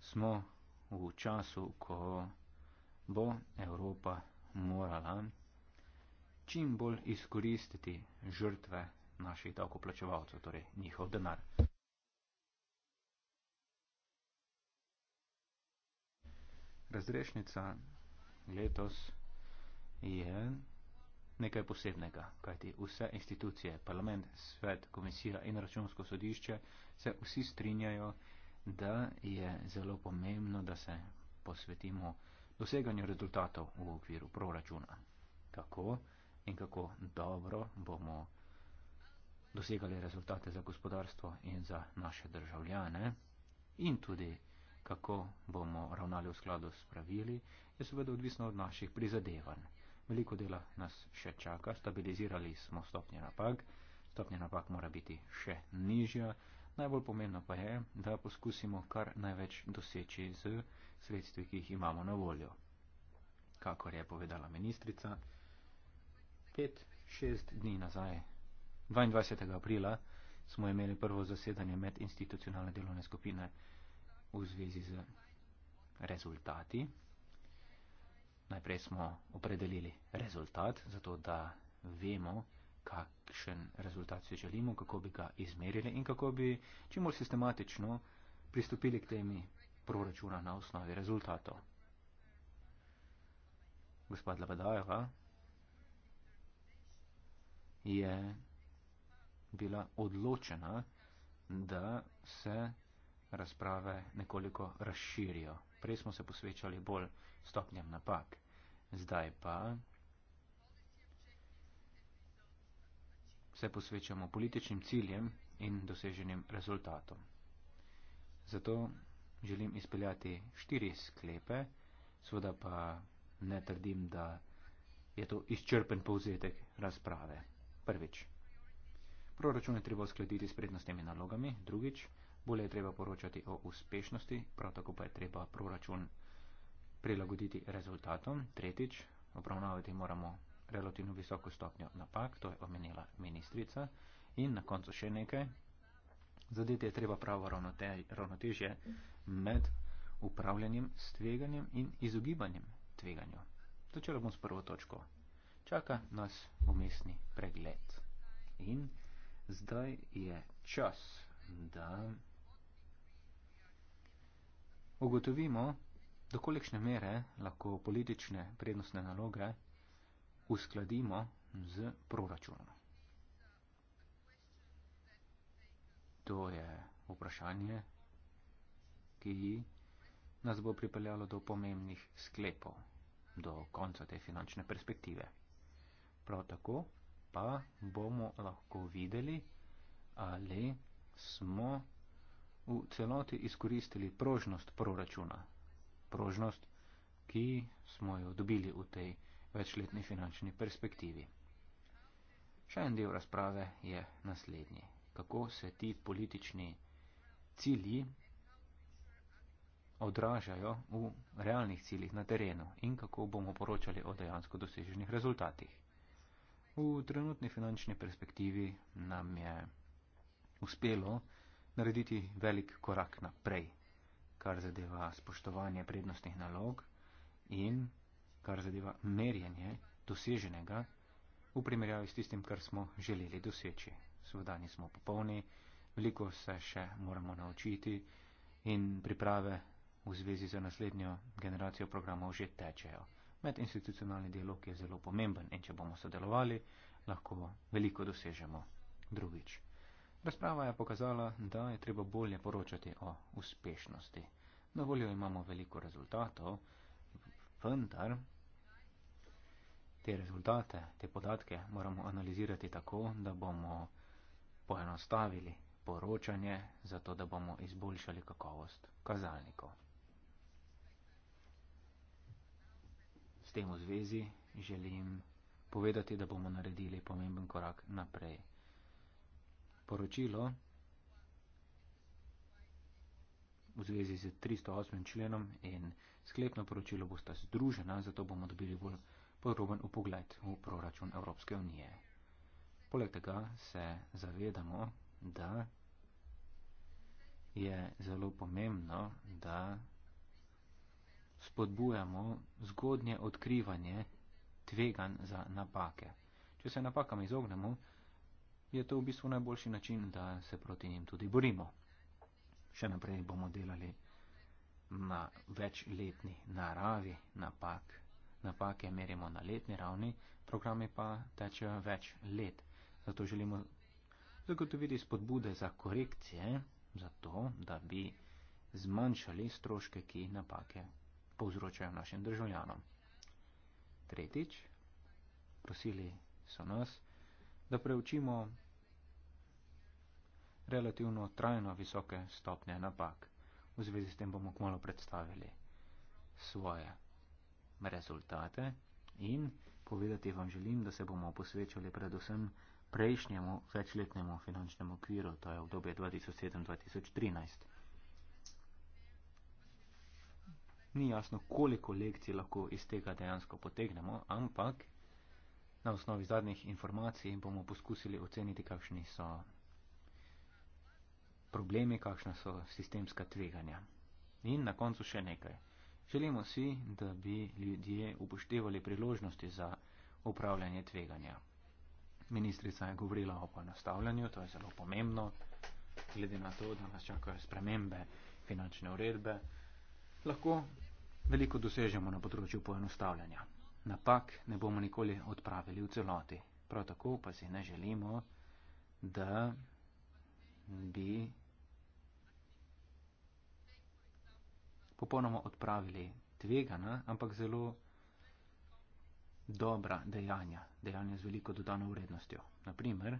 Smo v času, ko bo Evropa morala čim bolj izkoristiti žrtve naših davkoplačevalcev, torej njihov denar. Razrešnica letos je nekaj posebnega, kajti vse institucije, parlament, svet, komisija in računsko sodišče se vsi strinjajo, da je zelo pomembno, da se posvetimo doseganju rezultatov v okviru proračuna. Kako in kako dobro bomo dosegali rezultate za gospodarstvo in za naše državljane in tudi kako bomo ravnali v skladu s pravili, je seveda odvisno od naših prizadevanj. Veliko dela nas še čaka, stabilizirali smo stopnje napak, stopnje napak mora biti še nižja. Najbolj pomembno pa je, da poskusimo kar največ doseči z sredstvi, ki jih imamo na voljo. Kakor je povedala ministrica, 5-6 dni nazaj, 22. aprila, smo imeli prvo zasedanje med institucionalne delovne skupine v zvezi z rezultati najprej smo opredelili rezultat, zato da vemo, kakšen rezultat si želimo, kako bi ga izmerili in kako bi čim bolj sistematično pristopili k temi proračuna na osnovi rezultatov. Gospod Labadajeva je bila odločena, da se razprave nekoliko razširijo Prej smo se posvečali bolj stopnjam napak. Zdaj pa se posvečamo političnim ciljem in doseženim rezultatom. Zato želim izpeljati štiri sklepe, seveda pa ne trdim, da je to izčrpen povzetek razprave. Prvič. Proračun je treba uskladiti s prednostnimi nalogami. Drugič bolje je treba poročati o uspešnosti, prav tako pa je treba proračun prilagoditi rezultatom. Tretjič, obravnavati moramo relativno visoko stopnjo napak, to je omenila ministrica. In na koncu še nekaj, zadeti je treba pravo ravnotežje med upravljanjem s tveganjem in izogibanjem tveganju. Začela bom s prvo točko. Čaka nas umestni pregled. In zdaj je čas, da ugotovimo, dokolikšne mere lahko politične prednostne naloge uskladimo z proračunom. To je vprašanje, ki nas bo pripeljalo do pomembnih sklepov do konca te finančne perspektive. Prav tako pa bomo lahko videli, ali smo v celoti izkoristili prožnost proračuna, prožnost, ki smo jo dobili v tej večletni finančni perspektivi. Še en del razprave je naslednji. Kako se ti politični cilji odražajo v realnih ciljih na terenu in kako bomo poročali o dejansko doseženih rezultatih. V trenutni finančni perspektivi nam je uspelo narediti velik korak naprej, kar zadeva spoštovanje prednostnih nalog in kar zadeva merjenje doseženega v primerjavi s tistim, kar smo želeli doseči. Seveda nismo popolni, veliko se še moramo naučiti in priprave v zvezi z naslednjo generacijo programov že tečejo. Medinstitucionalni dialog je zelo pomemben in če bomo sodelovali, lahko veliko dosežemo drugič. Razprava je pokazala, da je treba bolje poročati o uspešnosti. Na voljo imamo veliko rezultatov, vendar te rezultate, te podatke moramo analizirati tako, da bomo poenostavili poročanje, zato da bomo izboljšali kakovost kazalnikov. S tem v zvezi želim povedati, da bomo naredili pomemben korak naprej poročilo v zvezi z 308. členom in sklepno poročilo bosta združena, zato bomo dobili bolj podroben upogled v proračun Evropske unije. Poleg tega se zavedamo, da je zelo pomembno, da spodbujamo zgodnje odkrivanje tvegan za napake. Če se napakam izognemo, je to v bistvu najboljši način, da se proti njim tudi borimo. Še naprej bomo delali na večletni naravi napak. Napake merimo na letni ravni, programe pa tečejo več let. Zato želimo zagotoviti spodbude za korekcije, zato da bi zmanjšali stroške, ki napake povzročajo našim državljanom. Tretjič, prosili so nas, da preučimo relativno trajno visoke stopnje napak. V zvezi s tem bomo kmalo predstavili svoje rezultate in povedati vam želim, da se bomo posvečali predvsem prejšnjemu večletnemu finančnemu okviru, to je v dobe 2007-2013. Ni jasno, koliko lekcij lahko iz tega dejansko potegnemo, ampak na osnovi zadnjih informacij in bomo poskusili oceniti, kakšni so problemi, kakšna so sistemska tveganja. In na koncu še nekaj. Želimo si, da bi ljudje upoštevali priložnosti za upravljanje tveganja. Ministrica je govorila o poenostavljanju, to je zelo pomembno, glede na to, da nas čakajo spremembe finančne uredbe. Lahko veliko dosežemo na področju poenostavljanja napak ne bomo nikoli odpravili v celoti. Prav tako pa si ne želimo, da bi popolnoma odpravili tvegana, ampak zelo dobra dejanja, dejanja z veliko dodano vrednostjo. Naprimer,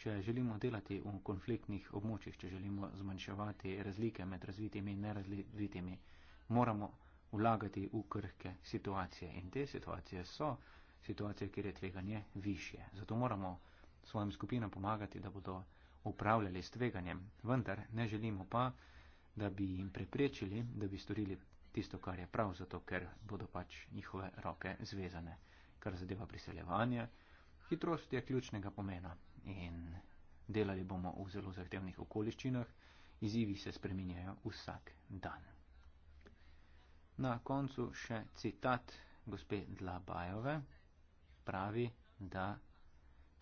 Če želimo delati v konfliktnih območjih, če želimo zmanjševati razlike med razvitimi in nerazvitimi, moramo vlagati v krhke situacije. In te situacije so situacije, kjer je tveganje više. Zato moramo svojim skupinam pomagati, da bodo upravljali s tveganjem. Vendar ne želimo pa, da bi jim preprečili, da bi storili tisto, kar je prav, zato ker bodo pač njihove roke zvezane. Kar zadeva priseljevanje, hitrost je ključnega pomena in delali bomo v zelo zahtevnih okoliščinah, izzivi se spreminjajo vsak dan. Na koncu še citat gospe Dlabajove pravi, da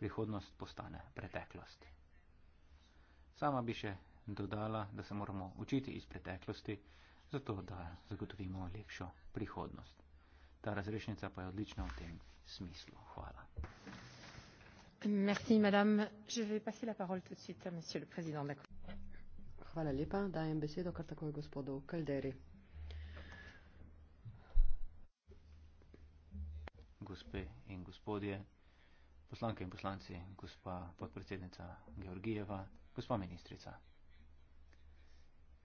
prihodnost postane preteklost. Sama bi še dodala, da se moramo učiti iz preteklosti, zato da zagotovimo lepšo prihodnost. Ta razrešnica pa je odlična v tem smislu. Hvala. Merci, madame. Je vais passer la parole tout de suite à monsieur le président. Hvala lepa. Dajem besedo kar takoj gospodu Kalderi. gospe in gospodje, poslanke in poslanci, gospa podpredsednica Georgijeva, gospa ministrica.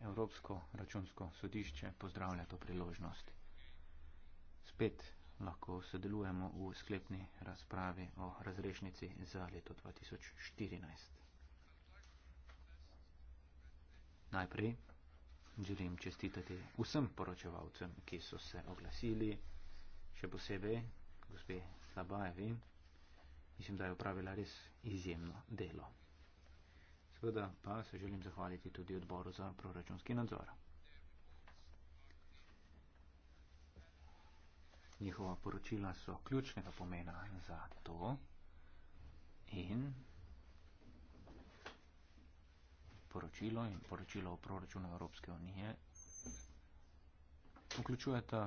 Evropsko računsko sodišče pozdravlja to priložnost. Spet lahko sodelujemo v sklepni razpravi o razrešnici za leto 2014. Najprej želim čestitati vsem poročevalcem, ki so se oglasili, še posebej gospe Slabajevi. Mislim, da je upravila res izjemno delo. Seveda pa se želim zahvaliti tudi odboru za proračunski nadzor. Njihova poročila so ključnega pomena za to in poročilo in poročilo o proračunu Evropske unije vključujeta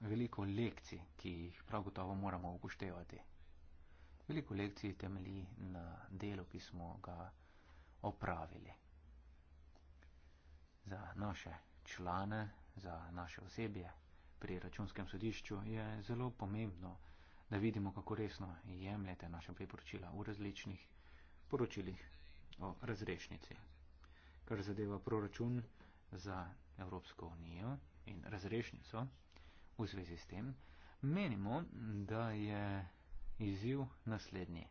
veliko lekcij, ki jih prav gotovo moramo upoštevati. Veliko lekcij temelji na delu, ki smo ga opravili. Za naše člane, za naše osebje pri računskem sodišču je zelo pomembno, da vidimo, kako resno jemljete naše priporočila v različnih poročilih o razrešnici. Kar zadeva proračun za Evropsko unijo in razrešnico, V zvezi s tem menimo, da je izziv naslednji.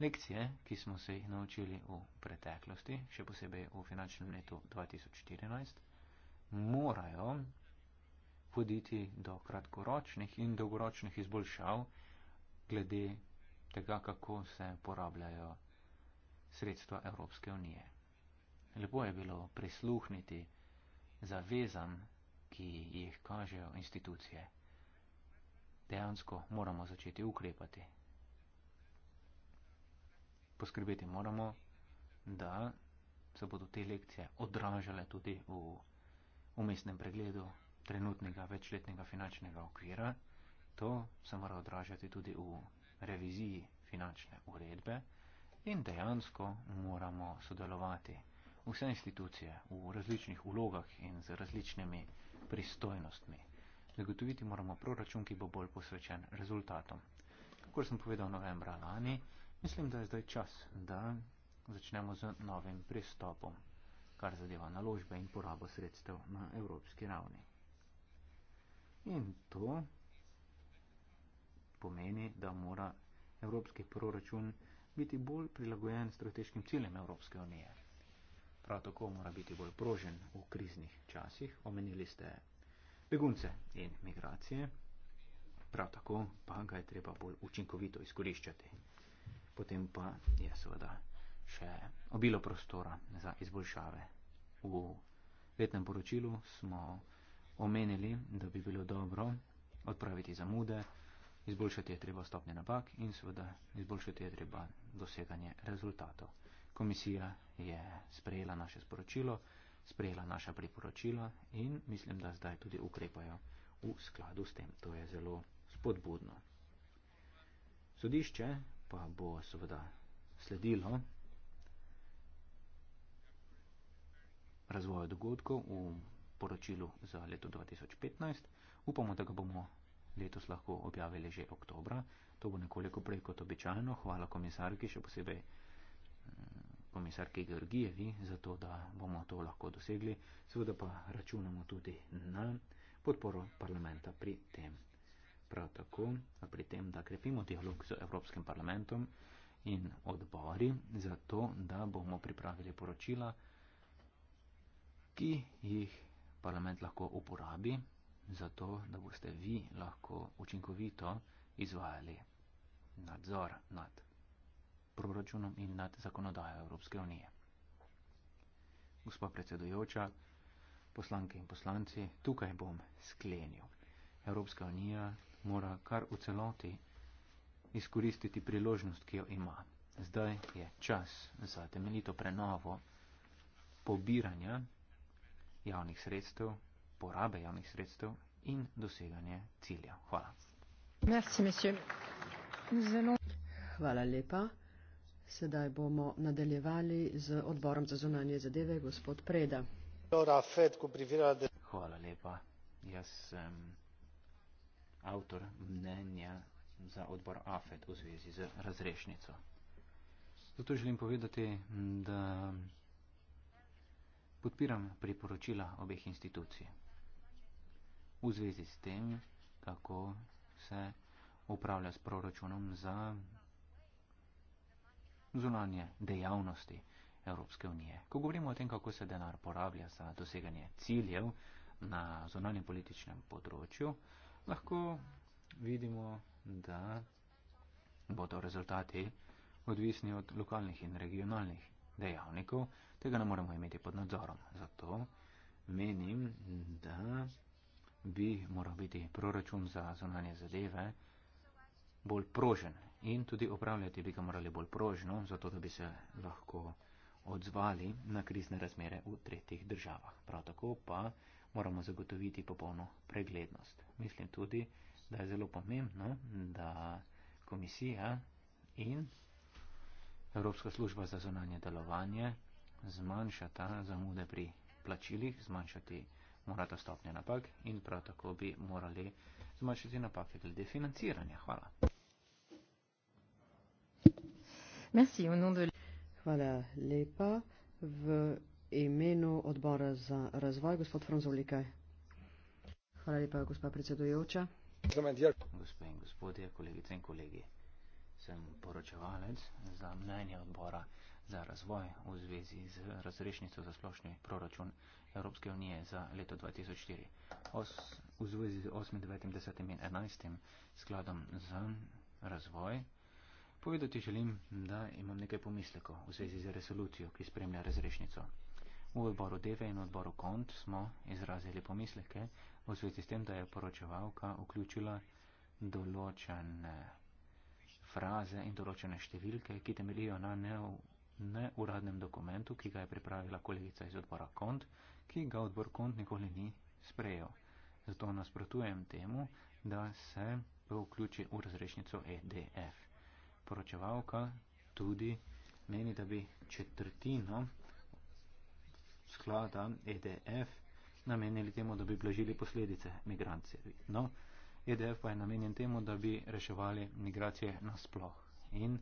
Lekcije, ki smo se jih naučili v preteklosti, še posebej v finančnem letu 2014, morajo voditi do kratkoročnih in dolgoročnih izboljšav glede tega, kako se porabljajo sredstva Evropske unije. Lepo je bilo prisluhniti zavezam ki jih kažejo institucije. Dejansko moramo začeti ukrepati. Poskrbeti moramo, da se bodo te lekcije odražale tudi v umestnem pregledu trenutnega večletnega finančnega okvira. To se mora odražati tudi v reviziji finančne uredbe in dejansko moramo sodelovati vse institucije v različnih ulogah in z različnimi pristojnostmi. Zagotoviti moramo proračun, ki bo bolj posvečen rezultatom. Kako sem povedal novembra lani, mislim, da je zdaj čas, da začnemo z novim pristopom, kar zadeva naložbe in porabo sredstev na evropski ravni. In to pomeni, da mora evropski proračun biti bolj prilagojen strateškim ciljem Evropske unije prav tako mora biti bolj prožen v kriznih časih. Omenili ste begunce in migracije, prav tako pa ga je treba bolj učinkovito izkoriščati. Potem pa je seveda še obilo prostora za izboljšave. V letnem poročilu smo omenili, da bi bilo dobro odpraviti zamude, izboljšati je treba stopnje napak in seveda izboljšati je treba doseganje rezultatov komisija je sprejela naše sporočilo, sprejela naša priporočila in mislim, da zdaj tudi ukrepajo v skladu s tem. To je zelo spodbudno. Sodišče pa bo seveda sledilo razvoju dogodkov v poročilu za leto 2015. Upamo, da ga bomo letos lahko objavili že oktobra. To bo nekoliko prej kot običajno. Hvala komisarki, še posebej komisarki Georgijevi, zato da bomo to lahko dosegli, seveda pa računamo tudi na podporo parlamenta pri tem. Prav tako pri tem, da krepimo dialog z Evropskim parlamentom in odbori, zato da bomo pripravili poročila, ki jih parlament lahko uporabi, zato da boste vi lahko učinkovito izvajali nadzor nad proračunom in nad zakonodajo Evropske unije. Gospa predsedujoča, poslanke in poslanci, tukaj bom sklenil. Evropska unija mora kar v celoti izkoristiti priložnost, ki jo ima. Zdaj je čas za temeljito prenovo pobiranja javnih sredstev, porabe javnih sredstev in doseganje cilja. Hvala. Merci, Hvala lepa. Sedaj bomo nadaljevali z odborom za zunanje zadeve, gospod Preda. Hvala lepa. Jaz sem avtor mnenja za odbor AFED v zvezi z razrešnico. Zato želim povedati, da podpiram priporočila obeh institucij v zvezi s tem, kako se upravlja s proračunom za zunanje dejavnosti Evropske unije. Ko govorimo o tem, kako se denar porablja za doseganje ciljev na zunanjem političnem področju, lahko vidimo, da bodo rezultati odvisni od lokalnih in regionalnih dejavnikov. Tega ne moremo imeti pod nadzorom. Zato menim, da bi moral biti proračun za zunanje zadeve bolj prožen in tudi upravljati bi ga morali bolj prožno, zato da bi se lahko odzvali na krizne razmere v tretjih državah. Prav tako pa moramo zagotoviti popolno preglednost. Mislim tudi, da je zelo pomembno, da komisija in Evropska služba za zonanje delovanje zmanjšata zamude pri plačilih, zmanjšati morata stopnje napak in prav tako bi morali zmanjšati napake glede financiranja. Hvala. Merci au nom de Voilà, lepa v imenu odbora za razvoj gospod Franzolika. Hvala lepa, gospa predsedujoča. Gospe in gospodje, kolegice in kolegi, sem poročevalec za mnenje odbora za razvoj v zvezi z razrešnico za splošni proračun Evropske unije za leto 2004 Os, v zvezi z 98. in 11. skladom za razvoj. Povedati želim, da imam nekaj pomislekov v zvezi z resolucijo, ki spremlja razrešnico. V odboru Deve in odboru Kont smo izrazili pomisleke v zvezi s tem, da je poročevalka vključila določene fraze in določene številke, ki temelijo na neuradnem ne dokumentu, ki ga je pripravila kolegica iz odbora Kont, ki ga odbor Kont nikoli ni sprejel. Zato nasprotujem temu, da se vključi v razrešnico EDF poročevalka tudi meni, da bi četrtino sklada EDF namenili temu, da bi blažili posledice migracije. No, EDF pa je namenjen temu, da bi reševali migracije nasploh. In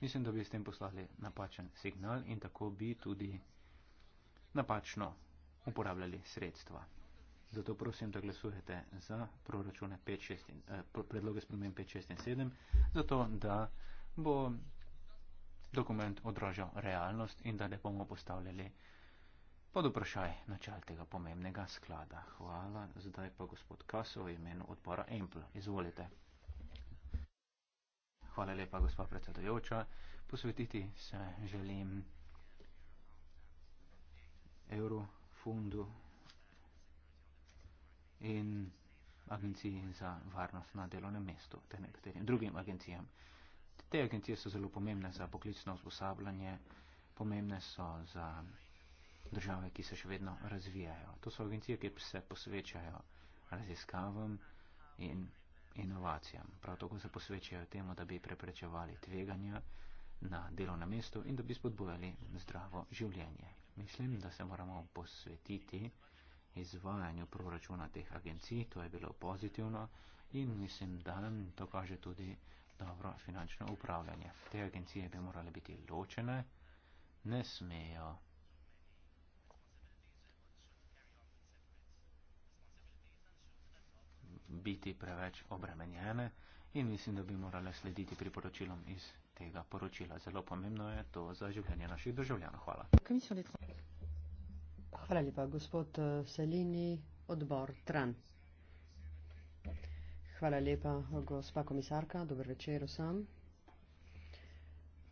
mislim, da bi s tem poslali napačen signal in tako bi tudi napačno uporabljali sredstva. Zato prosim, da glasujete za proračune 5, 6, eh, predloge spremem 5, 6 in 7, zato da bo dokument odražal realnost in da ne bomo postavljali pod vprašaj načal tega pomembnega sklada. Hvala. Zdaj pa gospod Kaso v imenu odbora Empl. Izvolite. Hvala lepa, gospod predsedujoča. Posvetiti se želim Eurofundu in Agenciji za varnost na delovnem mestu ter nekaterim drugim agencijam te agencije so zelo pomembne za poklicno usposabljanje, pomembne so za države, ki se še vedno razvijajo. To so agencije, ki se posvečajo raziskavam in inovacijam. Prav tako se posvečajo temu, da bi preprečevali tveganja na delovnem mestu in da bi spodbujali zdravo življenje. Mislim, da se moramo posvetiti izvajanju proračuna teh agencij, to je bilo pozitivno in mislim, da to kaže tudi dobro finančno upravljanje. Te agencije bi morale biti ločene, ne smejo. biti preveč obremenjene in mislim, da bi morale slediti priporočilom iz tega poročila. Zelo pomembno je to za življenje naših državljanov. Hvala. Hvala lepa, gospod eh, Salini, odbor Tran. Hvala lepa, gospa komisarka. Dober večer vsem.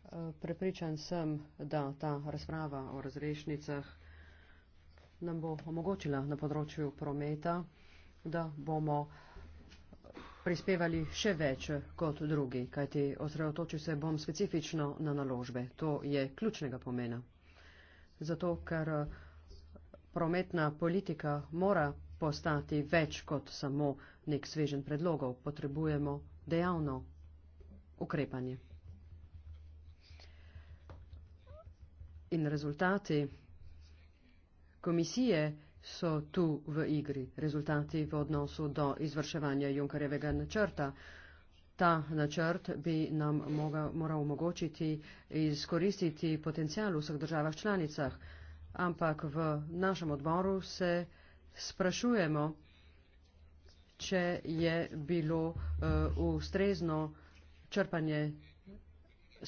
Eh, prepričan sem, da ta razprava o razrešnicah nam bo omogočila na področju prometa, da bomo prispevali še več kot drugi, kajti osredotočil se bom specifično na naložbe. To je ključnega pomena. Zato, ker eh, prometna politika mora postati več kot samo nek svežen predlogov, potrebujemo dejavno ukrepanje. In rezultati komisije so tu v igri, rezultati v odnosu do izvrševanja Junkarjevega načrta. Ta načrt bi nam moral omogočiti izkoristiti potencijal v vseh državah članicah, ampak v našem odboru se sprašujemo, če je bilo eh, ustrezno črpanje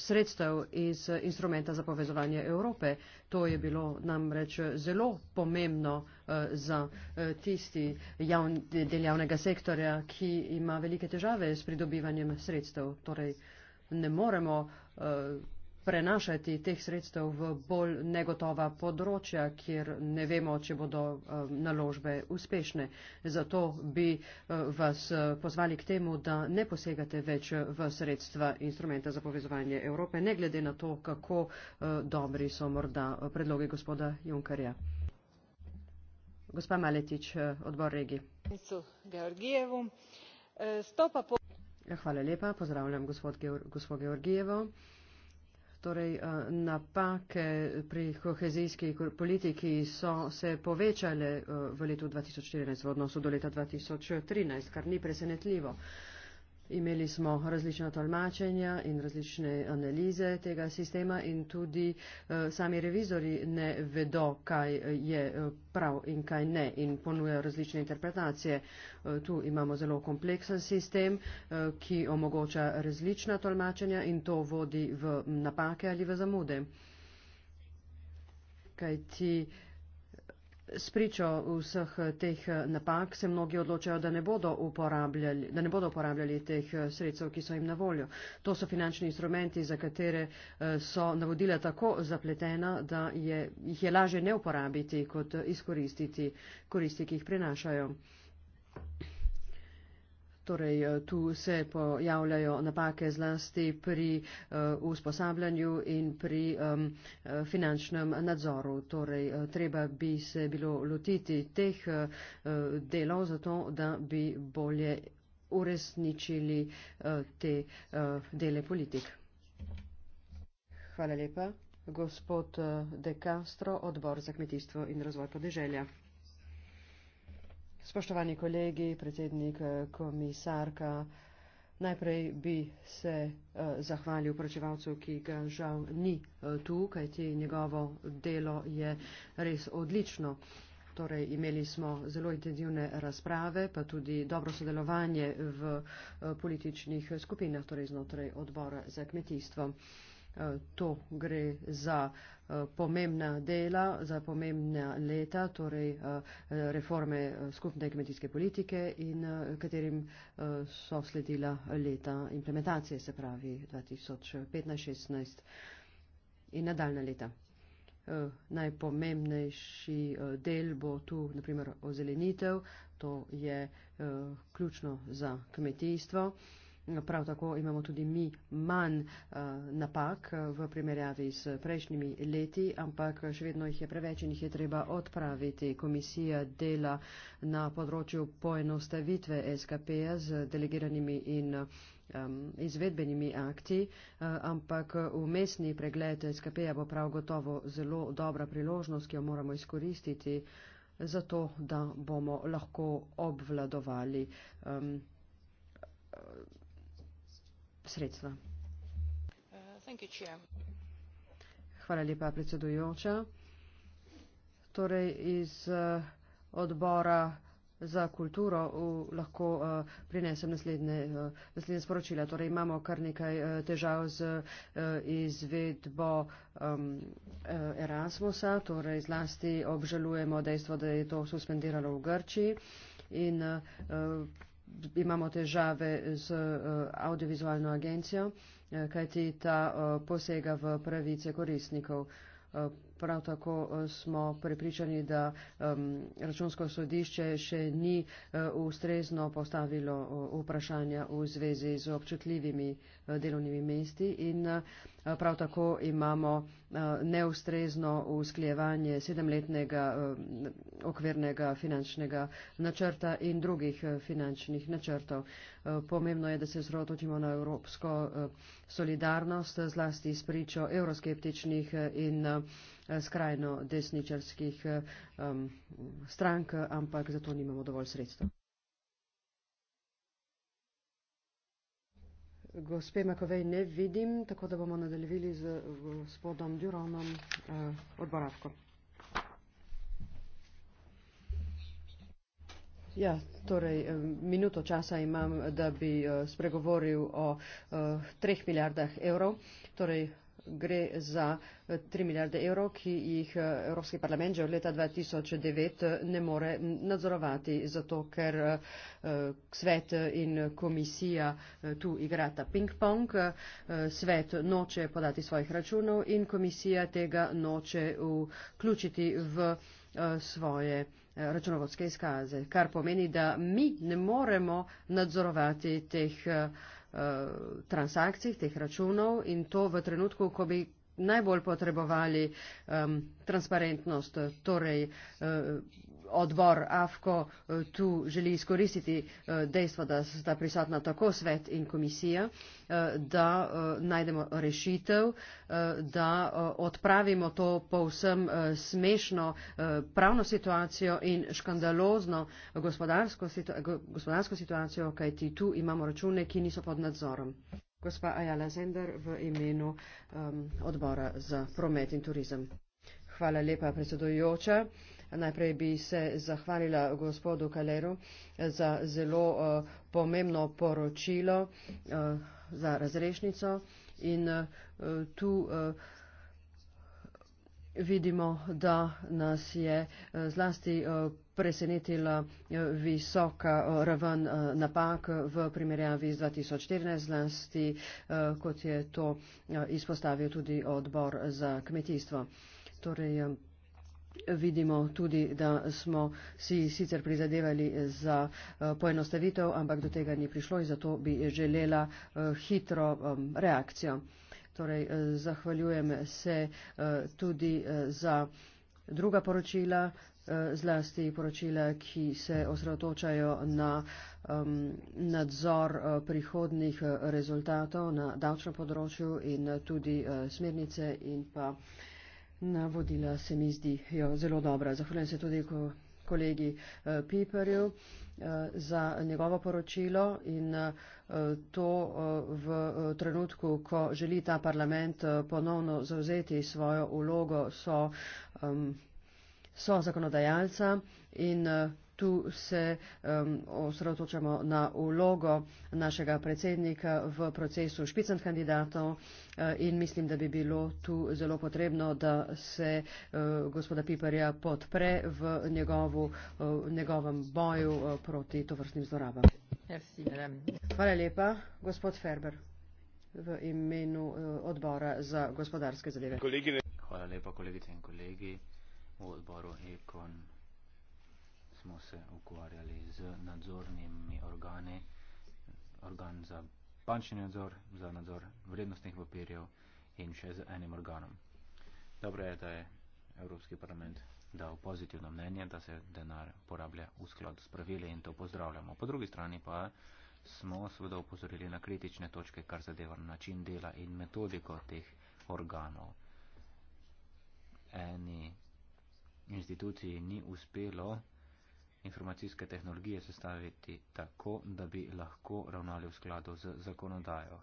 sredstev iz instrumenta za povezovanje Evrope. To je bilo namreč zelo pomembno eh, za eh, tisti javn, del javnega sektorja, ki ima velike težave s pridobivanjem sredstev. Torej, ne moremo prenašati teh sredstev v bolj negotova področja, kjer ne vemo, če bodo eh, naložbe uspešne. Zato bi eh, vas eh, pozvali k temu, da ne posegate več v sredstva instrumenta za povezovanje Evrope, ne glede na to, kako dobri so morda predloge gospoda Junkarja. Gospa Maletič, odbor regi. Ja, hvala lepa, pozdravljam gospod Georgijevo. Torej, eh, napake pri kohezijski politiki so se povečale eh, v letu 2014 v odnosu do leta 2013, kar ni presenetljivo. Imeli smo različna tolmačenja in različne analize tega sistema in tudi eh, sami revizori ne vedo, kaj eh, je eh, prav in kaj ne in ponujajo različne interpretacije. Tu imamo zelo kompleksen sistem, ki omogoča različna tolmačenja in to vodi v napake ali v zamude. Kaj ti uh, Spričo vseh teh napak se mnogi odločajo, da ne, da ne bodo uporabljali teh eh, sredstev, ki so jim na voljo. To so finančni instrumenti, za katere eh, so navodila tako zapletena, da je, jih je lažje ne uporabiti, kot izkoristiti koristi, ki jih prinašajo. Torej, eh, tu se pojavljajo napake zlasti pri uh, usposabljanju in pri um, finančnem nadzoru. Torej, treba bi se bilo lotiti teh uh, delov zato, da bi bolje uresničili uh, te uh, dele politik. Hvala lepa. Gospod De Castro, odbor za kmetijstvo in razvoj podeželja. Spoštovani kolegi, predsednik, eh, komisarka, najprej bi se eh, zahvalil pročevalcu, ki ga žal ni eh, tu, kajti njegovo delo je res odlično. Torej, imeli smo zelo intenzivne razprave, pa tudi dobro sodelovanje v političnih skupinah, torej znotraj odbora za kmetijstvo. Eh, to gre za eh, pomembna dela, za pomembna leta, torej eh, reforme skupne kmetijske politike in katerim so sledila leta implementacije, se pravi 2015-16 in nadaljna leta. Najpomembnejši del bo tu naprimer ozelenitev, to je ključno za kmetijstvo. No, prav tako imamo tudi mi manj eh, napak eh, v primerjavi s prejšnjimi leti, ampak še vedno jih je preveč in jih je treba odpraviti. Komisija dela na področju poenostavitve SKP-ja z delegiranimi in izvedbenimi akti, eh, ampak umestni pregled SKP-ja bo prav gotovo zelo dobra priložnost, ki jo moramo izkoristiti zato, da bomo lahko obvladovali um, sredstva. Hvala lepa, predsedujoča. Torej iz eh, odbora za kulturo lahko eh, prinesem naslednje, eh, naslednje sporočila. Torej imamo kar nekaj težav z izvedbo Erasmusa, torej zlasti obžalujemo dejstvo, da je to suspendiralo v Grčiji in imamo težave z eh, audiovizualno agencijo, eh, kajti ta eh, posega v pravice koristnikov. Prav tako smo prepričani, da um, računsko sodišče še ni uh, ustrezno postavilo uh, vprašanja v zvezi z občutljivimi uh, delovnimi mesti in uh, Eh, prav tako imamo eh, neustrezno usklejevanje sedemletnega eh, okvirnega finančnega načrta in drugih finančnih načrtov. Pomembno je, da se zrotočimo na evropsko solidarnost zlasti s pričo evroskeptičnih in skrajno desničarskih strank, ampak za to nimamo dovolj sredstev. gospe Makovej ne vidim, tako da bomo nadaljevili z eh, gospodom Duronom eh, odboravko. Ja, torej eh, minuto časa imam, da bi eh, spregovoril o treh milijardah evrov. Torej, gre za 3 eh, milijarde evrov, ki jih eh, Evropski parlament že od leta 2009 eh, ne more nadzorovati, zato ker svet in komisija tu igrata ping-pong, svet noče podati svojih računov in komisija tega noče vključiti v svoje računovodske izkaze, kar pomeni, da mi ne moremo nadzorovati teh Eh, transakcij, teh računov in to v trenutku, ko bi najbolj potrebovali um, transparentnost, torej um, odbor AFKO eh, tu želi izkoristiti eh, dejstvo, da sta prisotna tako svet in komisija, eh, da najdemo rešitev, da odpravimo to povsem smešno pravno situacijo in škandalozno gospodarsko, situ gospodarsko situacijo, kajti tu imamo račune, ki niso pod nadzorom. Gospa Ajala Zender v imenu um, odbora za promet in turizem. Hvala lepa, predsedujoča. Uh, Najprej bi se zahvalila gospodu Kaleru za zelo eh, pomembno poročilo eh, za razrešnico in eh, tu vidimo, da nas je zlasti presenetila visoka raven napak v primerjavi z 2014, zlasti kot je to izpostavil tudi odbor za kmetijstvo. Torej, Vidimo tudi, da smo si sicer prizadevali za eh, poenostavitev, ampak do tega ni prišlo in zato bi želela eh, hitro reakcijo. Torej, eh, zahvaljujem se tudi za druga poročila, zlasti poročila, ki se osredotočajo na nadzor prihodnih rezultatov na davčnem področju in tudi smernice in pa navodila se mi zdi jo zelo dobra. Zahvaljujem se tudi kolegi eh, Piperju eh, za njegovo poročilo in eh, to v trenutku, ko želi ta parlament ponovno zauzeti svojo ulogo, so, ehm, so zakonodajalca in tu se um, osredotočamo na ulogo našega predsednika v procesu špicen kandidatov e, in mislim, da bi bilo tu zelo potrebno, da se uh, gospoda Piperja podpre v njegovu, uh, njegovem boju uh, proti tovrstnim zlorabam. Hvala lepa, gospod Ferber, v imenu uh, odbora za gospodarske zadeve. Hvala lepa, kolegice in kolegi, v odboru Ekon smo se ukvarjali z nadzornimi organi, organ za bančni nadzor, za nadzor vrednostnih papirjev in še z enim organom. Dobro je, da je Evropski parlament dal pozitivno mnenje, da se denar porablja v skladu s pravili in to pozdravljamo. Po drugi strani pa smo seveda upozorili na kritične točke, kar zadeva način dela in metodiko teh organov. Eni instituciji ni uspelo, informacijske tehnologije sestaviti tako, da bi lahko ravnali v skladu z zakonodajo.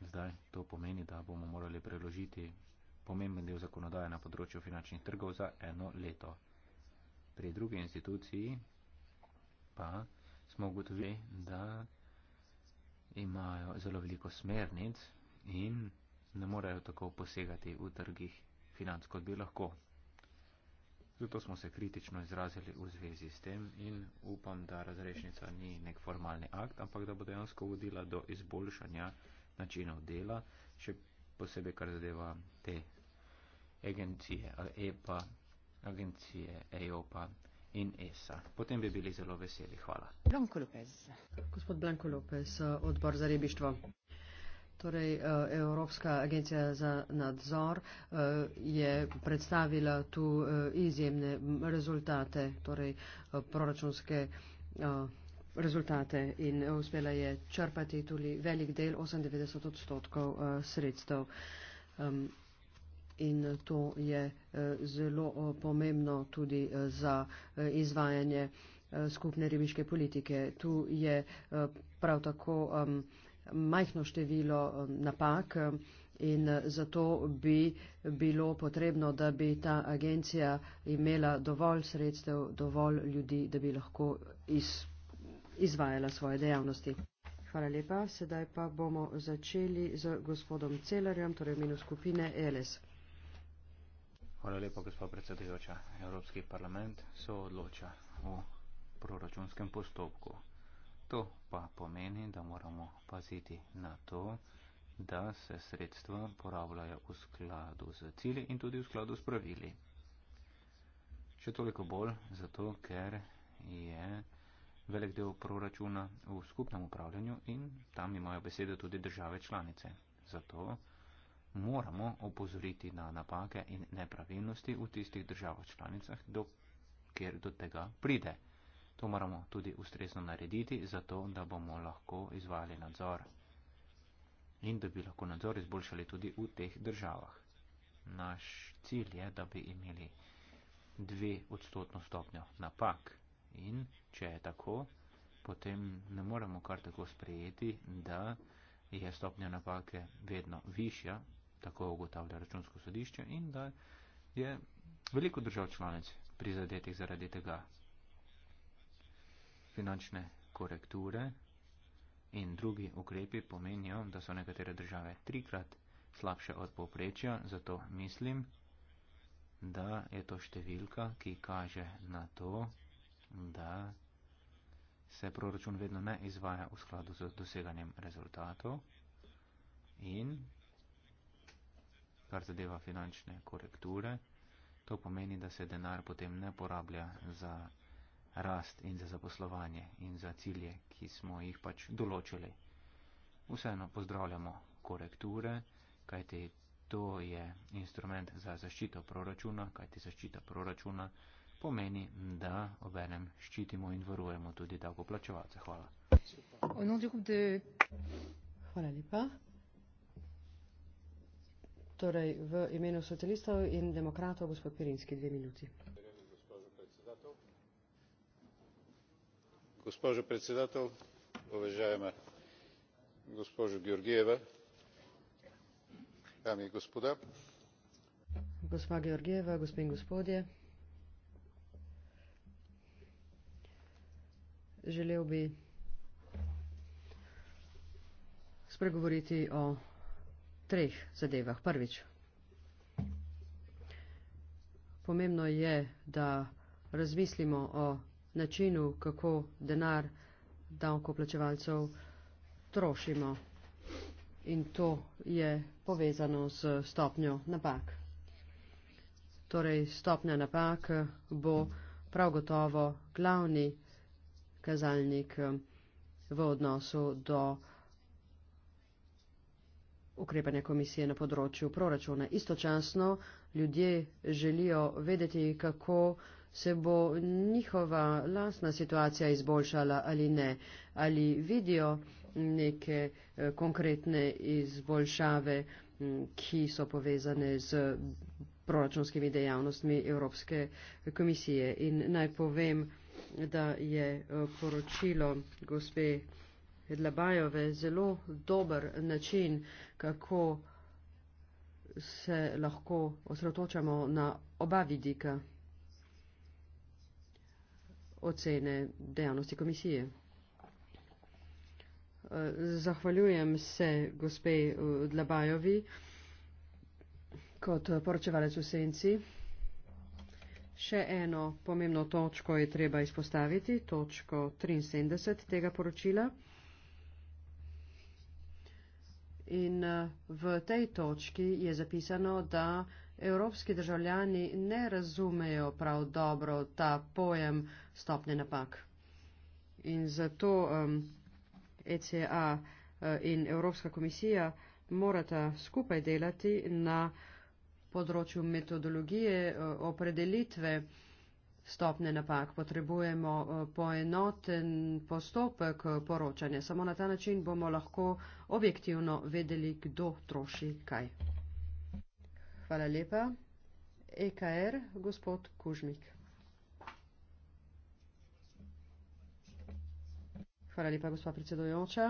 Zdaj to pomeni, da bomo morali preložiti pomemben del zakonodaje na področju finančnih trgov za eno leto. Pri drugi instituciji pa smo ugotovili, da imajo zelo veliko smernic in ne morejo tako posegati v trgih financ, kot bi lahko. Zato smo se kritično izrazili v zvezi s tem in upam, da razrešnica ni nek formalni akt, ampak da bo dejansko vodila do izboljšanja načinov dela, še posebej kar zadeva te agencije, EPA, agencije EOPA in ESA. Potem bi bili zelo veseli. Hvala. Blanko Lopez. Gospod Blanko Lopez, odbor za ribištvo. Torej, eh, Evropska agencija za nadzor eh, je predstavila tu eh, izjemne rezultate, torej proračunske rezultate in uspela je črpati tudi velik del, 98 odstotkov sredstev. In to je zelo pomembno tudi za izvajanje skupne ribiške politike. Tu je prav tako majhno število um, napak um, in uh, zato bi bilo potrebno, da bi ta agencija imela dovolj sredstev, dovolj ljudi, da bi lahko iz, izvajala svoje dejavnosti. Hvala lepa. Sedaj pa bomo začeli z gospodom Celarjem, torej imenu skupine LS. Hvala lepa, gospod predsedujoča. Evropski parlament se odloča o proračunskem postopku. To pa pomeni, da moramo paziti na to, da se sredstva porabljajo v skladu z cilji in tudi v skladu s pravili. Še toliko bolj zato, ker je velik del proračuna v skupnem upravljanju in tam imajo besedo tudi države članice. Zato moramo opozoriti na napake in nepravilnosti v tistih državah članicah, do, kjer do tega pride. To moramo tudi ustrezno narediti, zato da bomo lahko izvali nadzor in da bi lahko nadzor izboljšali tudi v teh državah. Naš cilj je, da bi imeli dve odstotno stopnjo napak in če je tako, potem ne moremo kar tako sprejeti, da je stopnja napake vedno višja, tako ugotavlja računsko sodišče in da je veliko držav članic prizadetih zaradi tega finančne korekture in drugi ukrepi pomenijo, da so nekatere države trikrat slabše od povprečja, zato mislim, da je to številka, ki kaže na to, da se proračun vedno ne izvaja v skladu z doseganjem rezultatov in kar zadeva finančne korekture, to pomeni, da se denar potem ne porablja za rast in za zaposlovanje in za cilje, ki smo jih pač določili. Vseeno pozdravljamo korekture, kajti to je instrument za zaščito proračuna, kajti zaščita proračuna pomeni, da obenem ščitimo in varujemo tudi davkoplačevalce. Hvala. Hvala lepa. Torej, v imenu socialistov in demokratov, gospod Pirinski, dve minuti. gospođo predsjedatelj uvažena gospođo georgieva dame i gospoda gospa georgieva gospe in gospodje želel bi spregovoriti o treh zadevah prvič pomembno je da razmislimo o načinu, kako denar davkoplačevalcev trošimo. In to je povezano z stopnjo napak. Torej, stopnja napak bo prav gotovo glavni kazalnik eh, v odnosu do ukrepanja komisije na področju proračuna. Istočasno ljudje želijo vedeti, kako se bo njihova lastna situacija izboljšala ali ne, ali vidijo neke eh, konkretne izboljšave, ki so povezane z proračunskimi dejavnostmi Evropske komisije. In naj povem, da je eh, poročilo gospe Edlabajove zelo dober način, kako se lahko osredotočamo na oba vidika ocene dejavnosti komisije. Eh, zahvaljujem se gospe eh, Dlabajovi kot poročevalec v senci. Še eno pomembno točko je treba izpostaviti, točko 73 tega poročila. In eh, v tej točki je zapisano, da evropski državljani ne razumejo prav dobro ta pojem stopne napak. In zato um, ECA uh, in Evropska komisija morata skupaj delati na področju metodologije uh, opredelitve stopne napak. Potrebujemo uh, poenoten postopek poročanja. Samo na ta način bomo lahko objektivno vedeli, kdo troši kaj. Hvala lepa. EKR, er, gospod Kužmik. Hvala lepa, gospa predsedojoča,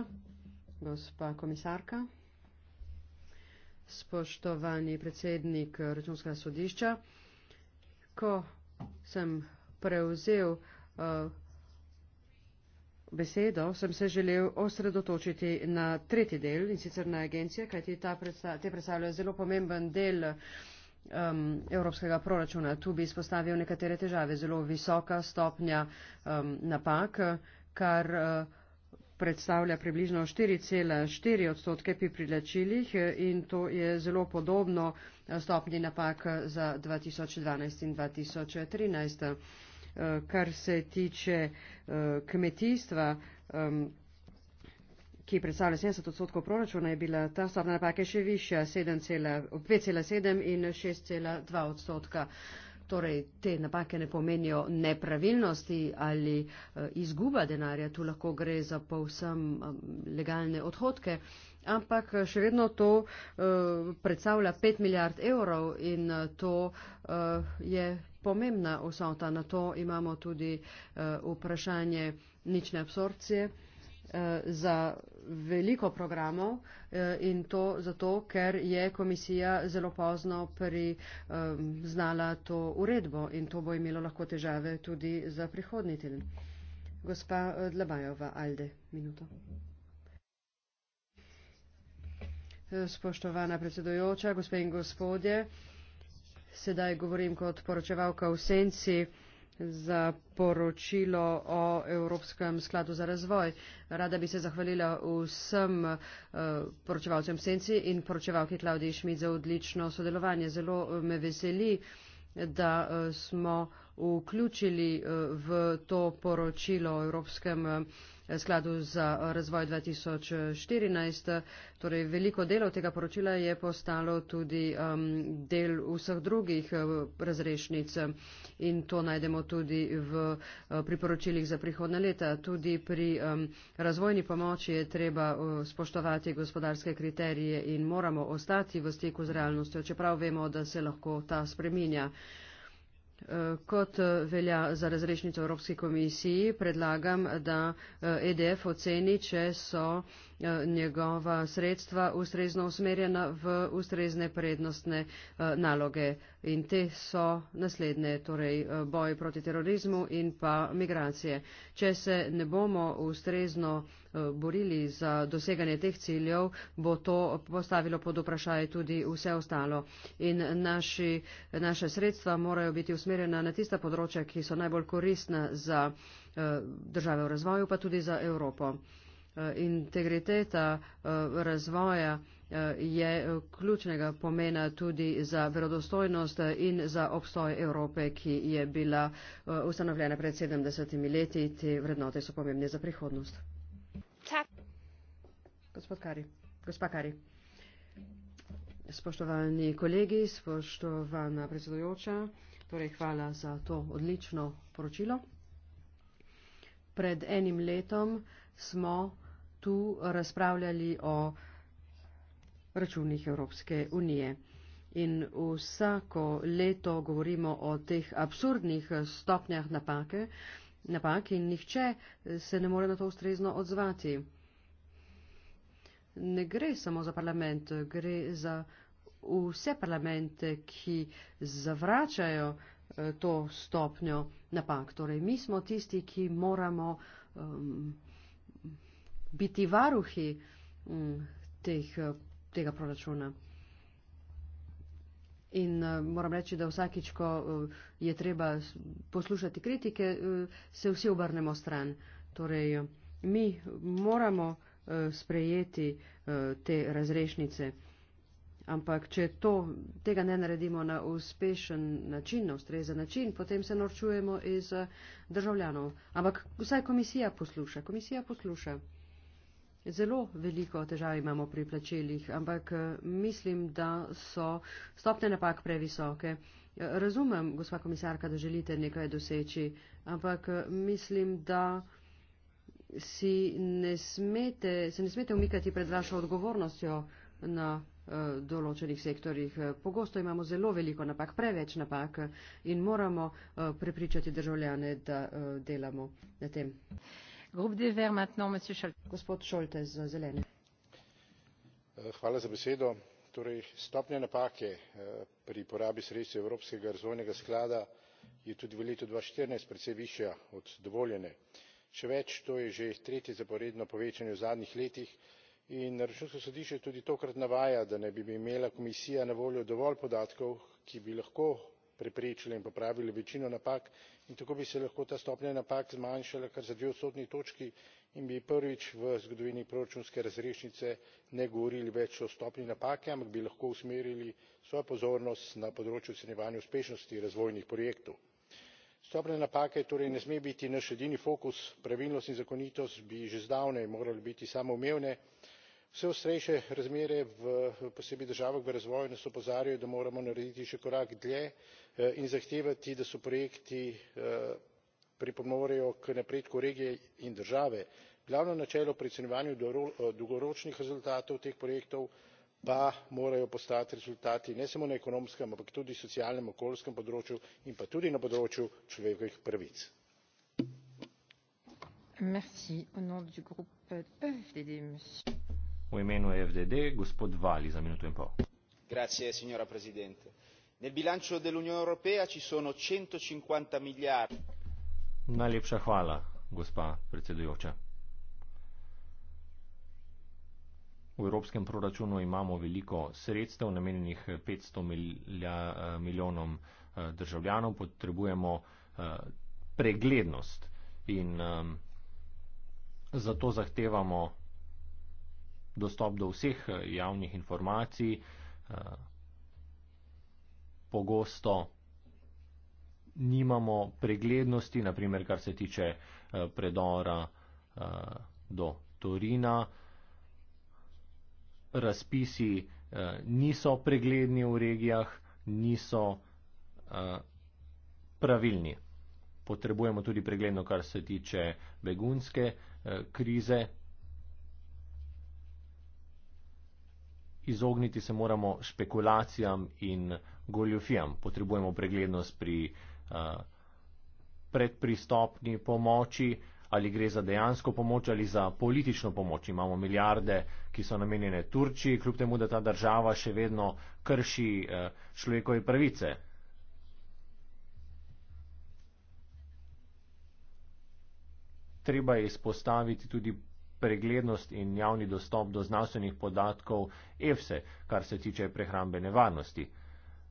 gospa komisarka, spoštovani predsednik računskega sodišča. Ko sem prevzel uh, besedo, sem se želel osredotočiti na tretji del in sicer na agencije, kajti predsta te predstavljajo zelo pomemben del um, evropskega proračuna. Tu bi izpostavil nekatere težave, zelo visoka stopnja um, napak, kar uh, predstavlja približno 4,4 odstotke pri prilačilih in to je zelo podobno uh, stopnji napak za 2012 in 2013. Eh, kar se tiče eh, kmetijstva, ki predstavlja 70 odstotkov proračuna, je bila ta stopna napake še višja, 5,7 in 6,2 odstotka. Torej, te napake ne pomenijo nepravilnosti ali eh, izguba denarja, tu lahko gre za povsem legalne odhodke, ampak še vedno to predstavlja 5 milijard evrov in to je pomembna vsota. Na to imamo tudi eh, vprašanje nične absorpcije eh, za veliko programov eh, in to zato, ker je komisija zelo pozno priznala ehm, to uredbo in to bo imelo lahko težave tudi za prihodni teden. Gospa Dlabajova, Alde, minuto. Spoštovana predsedojoča, gospe in gospodje. Sedaj govorim kot poročevalka v senci za poročilo o Evropskem skladu za razvoj. Rada bi se zahvalila vsem eh, poročevalcem senci in poročevalki Klaudiji Šmid za odlično sodelovanje. Zelo eh, me veseli, da eh, smo vključili v to poročilo o Evropskem skladu za razvoj skladu za razvoj 2014. Torej, veliko delov tega poročila je postalo tudi um, del vseh drugih uh, razrešnic in to najdemo tudi v uh, priporočilih za prihodne leta. Tudi pri um, razvojni pomoči je treba uh, spoštovati gospodarske kriterije in moramo ostati v stiku z realnostjo, čeprav vemo, da se lahko ta spreminja. Eh, kot eh, velja za razrešnico Evropske komisiji, predlagam, da EDF eh, e oceni, če so njegova sredstva ustrezno usmerjena v ustrezne prednostne naloge. In te so naslednje, torej boj proti terorizmu in pa migracije. Če se ne bomo ustrezno Eh, borili za doseganje teh ciljev, bo to postavilo pod vprašaj tudi vse ostalo. In naši, naše sredstva morajo biti usmerjena na tista področja, ki so najbolj koristna za eh, države v razvoju, pa tudi za Evropo. Eh, integriteta razvoja je ključnega pomena tudi za verodostojnost in za obstoj Evrope, ki je bila ustanovljena pred 70 leti. Te vrednote so pomembne za prihodnost. Gospod Kari, gospa Kari, spoštovani kolegi, spoštovana predsedujoča, torej hvala za to odlično poročilo. Pred enim letom smo tu razpravljali o računih Evropske unije. In vsako leto govorimo o teh absurdnih stopnjah napake, napak in nihče se ne more na to ustrezno odzvati ne gre samo za parlament, gre za vse parlamente, ki zavračajo eh, to stopnjo napak. Torej, mi smo tisti, ki moramo um, biti varuhi um, teh, tega proračuna. In uh, moram reči, da vsakič, ko uh, je treba poslušati kritike, uh, se vsi obrnemo stran. Torej, mi moramo. Eh, sprejeti eh, te razrešnice. Ampak, če to, tega ne naredimo na uspešen način, na ustrezen način, potem se norčujemo iz eh, državljanov. Ampak vsaj komisija posluša. Komisija posluša. Zelo veliko težav imamo pri plačilih, ampak mislim, da so stopne napak previsoke. Razumem, gospa komisarka, da želite nekaj doseči, ampak mislim, da si ne smete, se ne smete umikati pred vašo odgovornostjo na eh, določenih sektorjih. Eh, pogosto imamo zelo veliko napak, preveč napak in moramo eh, prepričati državljane, da delamo na tem. Gospod Šoltes za zelene. Hvala za besedo. Torej, stopnja napake pri porabi sredstev Evropskega razvojnega sklada je tudi v letu 2014 precej višja od dovoljene še več to je že tretje zaporedno povečanje v zadnjih letih in računsko sodišče tudi tokrat navaja da naj bi imela komisija na voljo dovolj podatkov ki bi lahko preprečili in popravili večino napak in tako bi se lahko ta stopnja napak zmanjšala kar za dve odstotni točki in bi prvič v zgodovini proračunske razrešnice ne govorili več o stopnji napake ampak bi lahko usmerili svojo pozornost na področje ocenjevanja uspešnosti razvojnih projektov stopnja napake torej ne sme biti naš edini fokus pravilnost in zakonitost bi že zdavnaj morale biti samoumevne. vse ostrejše razmere posebej v državah v razvoju nas opozarjajo da moramo narediti še korak dlje eh, in zahtevati da so projekti eh, pripomorejo k napredku regije in države. glavno načelo pri ocenjevanju eh, dolgoročnih rezultatov teh projektov pa morajo postati rezultati ne samo na ekonomskem ampak tudi socialnem okoljskem področju in pa tudi na področju človekovih pravic. nel bilancio dell'unione europea ci sono centocinquanta miliardi. najlepša hvala gospa predsedujoča. V evropskem proračunu imamo veliko sredstev, namenjenih 500 milja, eh, milijonom eh, državljanov, potrebujemo eh, preglednost in zato zahtevamo dostop do vseh javnih informacij, pogosto nimamo preglednosti, naprimer kar se tiče predora do Torina, razpisi eh, niso pregledni v regijah, niso eh, pravilni. Potrebujemo tudi pregledno, kar se tiče begunske eh, krize. Izogniti se moramo špekulacijam in goljufijam. Potrebujemo preglednost pri uh, predpristopni pomoči, uh, ali gre za dejansko pomoč ali za politično pomoč. Imamo milijarde, ki so namenjene Turčiji, kljub temu, da ta država še vedno krši eh, človekove pravice. Treba je izpostaviti tudi preglednost in javni dostop do znanstvenih podatkov EFSE, kar se tiče prehrambene varnosti.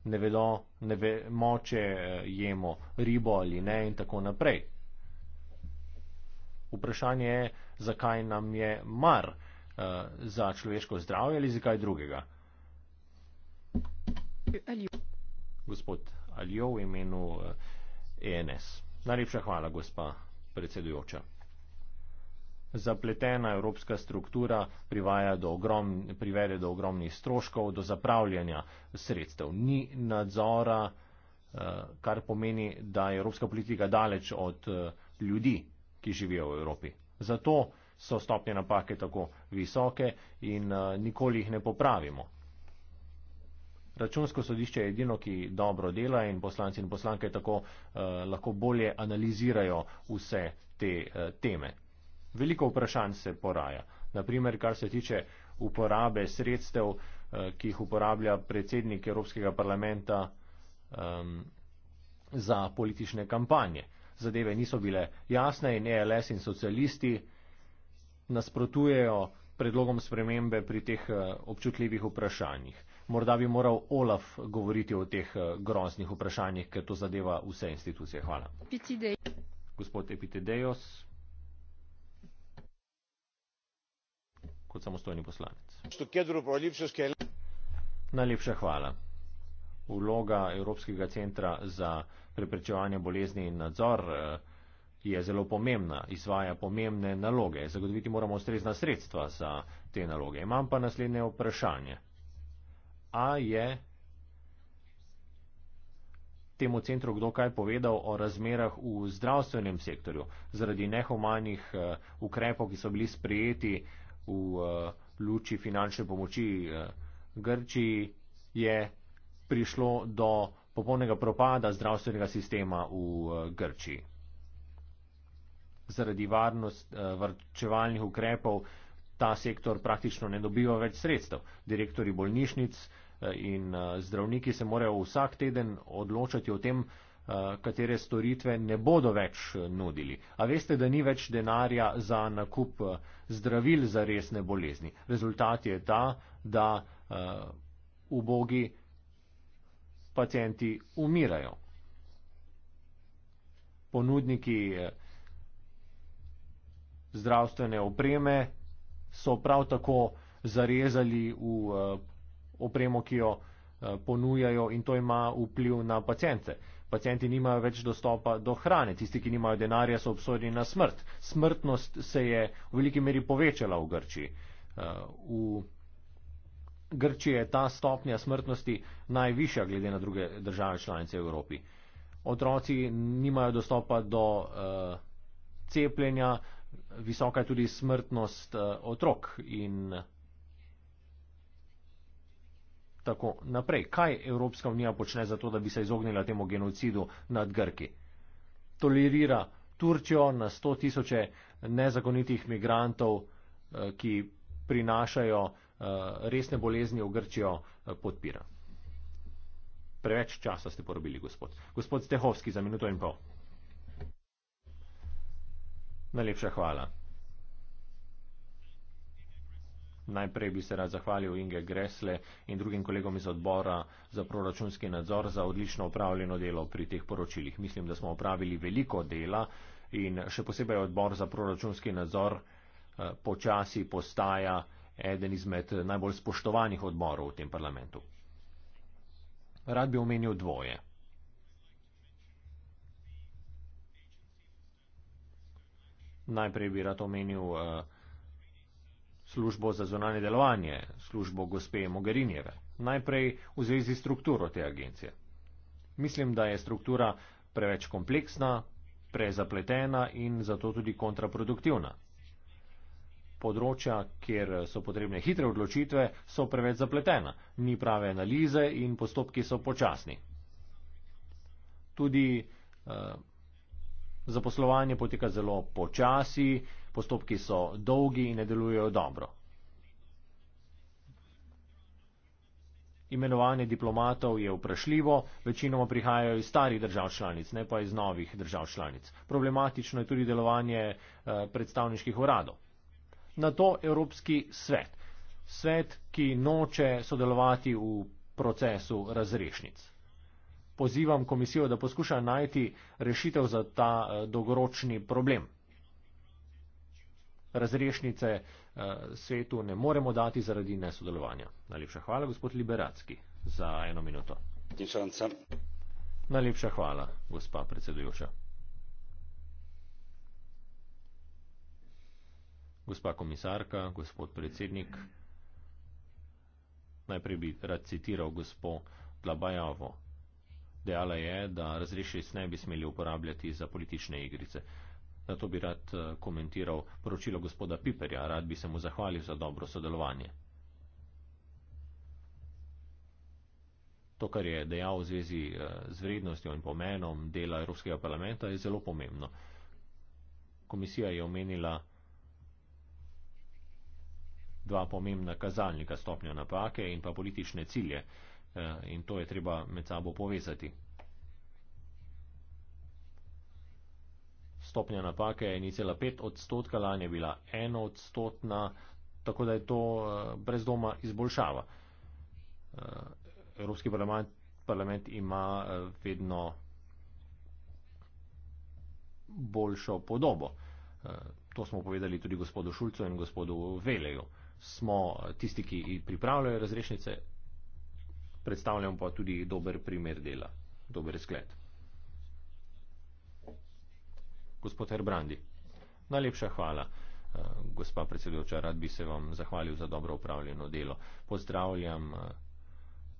Ne vedo, ne ve, moče eh, jemo ribo ali ne in tako naprej. Vprašanje je, zakaj nam je mar eh, za človeško zdravje ali za kaj drugega. Gospod Aljo v imenu ENS. Eh, e Najlepša hvala, gospa predsedujoča. Zapletena evropska struktura do ogrom, privede do ogromnih stroškov, do zapravljanja sredstev. Ni nadzora, eh, kar pomeni, da je evropska politika daleč od ljudi ki živijo v Evropi. Zato so stopnje napake tako visoke in eh, nikoli jih ne popravimo. Računsko sodišče je edino, ki dobro dela in poslanci in poslanke tako eh, lahko bolje analizirajo vse te eh, teme. Veliko vprašanj se poraja. Naprimer, kar se tiče uporabe sredstev, eh, ki jih uporablja predsednik Evropskega parlamenta eh, za politične kampanje. Eh, zadeve niso bile jasne in ELS in socialisti nasprotujejo predlogom spremembe pri teh eh, občutljivih vprašanjih. Morda bi moral Olaf govoriti o teh eh, groznih vprašanjih, ker to zadeva vse institucije. Hvala. Epitidej. Gospod Epitedejos, kot samostojni poslanec. Najlepša hvala vloga Evropskega centra za preprečevanje bolezni in nadzor eh, je zelo pomembna, izvaja pomembne naloge. Zagotoviti moramo ustrezna sredstva za te naloge. Imam pa naslednje vprašanje. A je temu centru kdo kaj povedal o razmerah v zdravstvenem sektorju zaradi nehumanih eh, ukrepov, ki so bili sprejeti v eh, luči finančne pomoči Grčiji? je prišlo do popolnega propada zdravstvenega sistema v eh, Grčiji. Zaradi varnost, eh, varčevalnih ukrepov ta sektor praktično ne dobiva več sredstev. Direktori bolnišnic eh, in zdravniki se morajo vsak teden odločati o tem, katere storitve ne bodo več nudili. A veste, da ni več denarja za nakup zdravil za resne bolezni. Rezultat je ta, da ubogi uh, pacijenti umirajo. Ponudniki eh, zdravstvene opreme so prav tako zarezali v eh, opremo, ki jo eh, ponujajo in to ima vpliv na pacijente. Pacijenti nimajo več dostopa do hrane, tisti, ki nimajo denarja, so obsodni na smrt. Smrtnost se je v veliki meri povečala v Grčiji. Grčije je ta stopnja smrtnosti najvišja glede na druge države članice Evropi. Otroci nimajo dostopa do uh, cepljenja, visoka je tudi smrtnost uh, otrok in tako naprej. Kaj Evropska unija počne za to, da bi se izognila temu genocidu nad Grki? Tolerira Turčijo na sto tisoče nezakonitih migrantov, uh, ki prinašajo uh, Eh, resne bolezni v Grčijo eh, podpira. Preveč časa ste porobili, gospod. Gospod Stehovski, za minuto in pol. Najlepša hvala. Najprej bi se rad zahvalil Inge Gresle in drugim kolegom iz odbora za proračunski nadzor za odlično upravljeno delo pri teh poročilih. Mislim, da smo upravili veliko dela in še posebej odbor za proračunski nadzor eh, počasi postaja eden izmed najbolj spoštovanih odborov v tem parlamentu. Rad bi omenil dvoje. Najprej bi rad omenil eh, službo za zunanje delovanje, službo gospe Mogherinjeve. Najprej v zvezi s strukturo te agencije. Mislim, da je struktura preveč kompleksna, prezapletena in zato tudi kontraproduktivna področja, kjer so potrebne hitre odločitve, so preveč zapletena, ni prave analize in postopki so počasni. Tudi eh, zaposlovanje poteka zelo počasi, postopki so dolgi in ne delujejo dobro. Imenovanje diplomatov je vprašljivo, večinoma prihajajo iz starih držav članic, ne pa iz novih držav članic. Problematično je tudi delovanje eh, predstavniških uradov na to Evropski svet, svet, ki noče sodelovati v procesu razrešnic. Pozivam komisijo, da poskuša najti rešitev za ta eh, dolgoročni problem. Razrešnice eh, svetu ne moremo dati zaradi nesodelovanja. Najlepša hvala, gospod Liberacki, za eno minuto. Najlepša hvala, gospa predsedujoča. Gospa komisarka, gospod predsednik, najprej bi rad citiral gospo Dlabajavo. Dejala je, da razrešic ne bi smeli uporabljati za politične igrice. Na to bi rad eh, komentiral poročilo gospoda Piperja, rad bi se mu zahvalil za dobro sodelovanje. To, kar je dejal v zvezi eh, z vrednostjo in pomenom dela Evropskega parlamenta, je zelo pomembno. Komisija je omenila dva pomembna kazalnika stopnja napake in pa politične cilje eh, in to je treba med sabo povezati. Stopnja napake je nicela pet odstotka, lani je bila eno odstotna, tako da je to eh, brez doma izboljšava. Eh, Evropski parlament, parlament ima vedno boljšo podobo. To smo povedali tudi gospodu Šulcu in gospodu Veleju smo tisti, ki pripravljajo razrešnice, predstavljamo pa tudi dober primer dela, dober zgled. Gospod Herbrandi, najlepša hvala. Eh, gospa predsedujoča, rad bi se vam zahvalil za dobro upravljeno delo. Pozdravljam eh,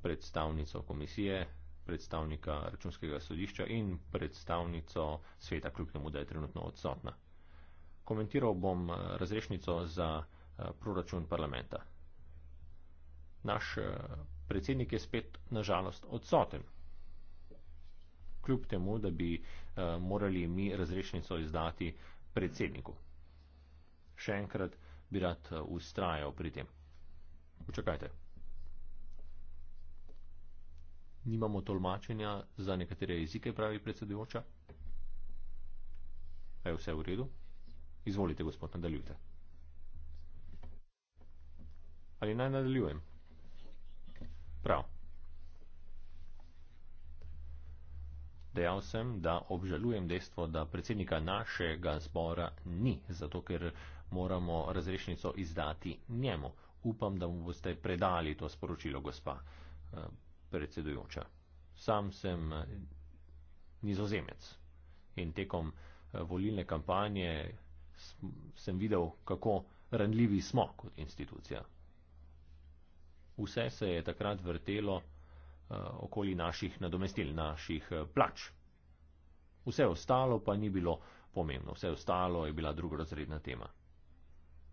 predstavnico komisije, predstavnika računskega sodišča in predstavnico sveta, kljub temu, da je trenutno odsotna. Komentiral bom eh, razrešnico za Eh, proračun parlamenta. Naš eh, predsednik je spet nažalost odsoten. Kljub temu, da bi eh, morali mi razrešnico izdati predsedniku. Še enkrat bi rad ustrajal pri tem. Počakajte. Nimamo tolmačenja za nekatere jezike, pravi predsedujoča. Je vse v redu? Izvolite, gospod, nadaljujte ali naj nadaljujem? Prav. Dejal sem, da obžalujem dejstvo, da predsednika našega zbora ni, zato ker moramo razrešnico izdati njemu. Upam, da mu boste predali to sporočilo, gospa eh, predsedujoča. Sam sem eh, nizozemec in tekom eh, volilne kampanje sem videl, kako ranljivi smo kot institucija vse se je takrat vrtelo eh, okoli naših nadomestil, naših eh, plač. Vse ostalo pa ni bilo pomembno, vse ostalo je bila drugorazredna tema.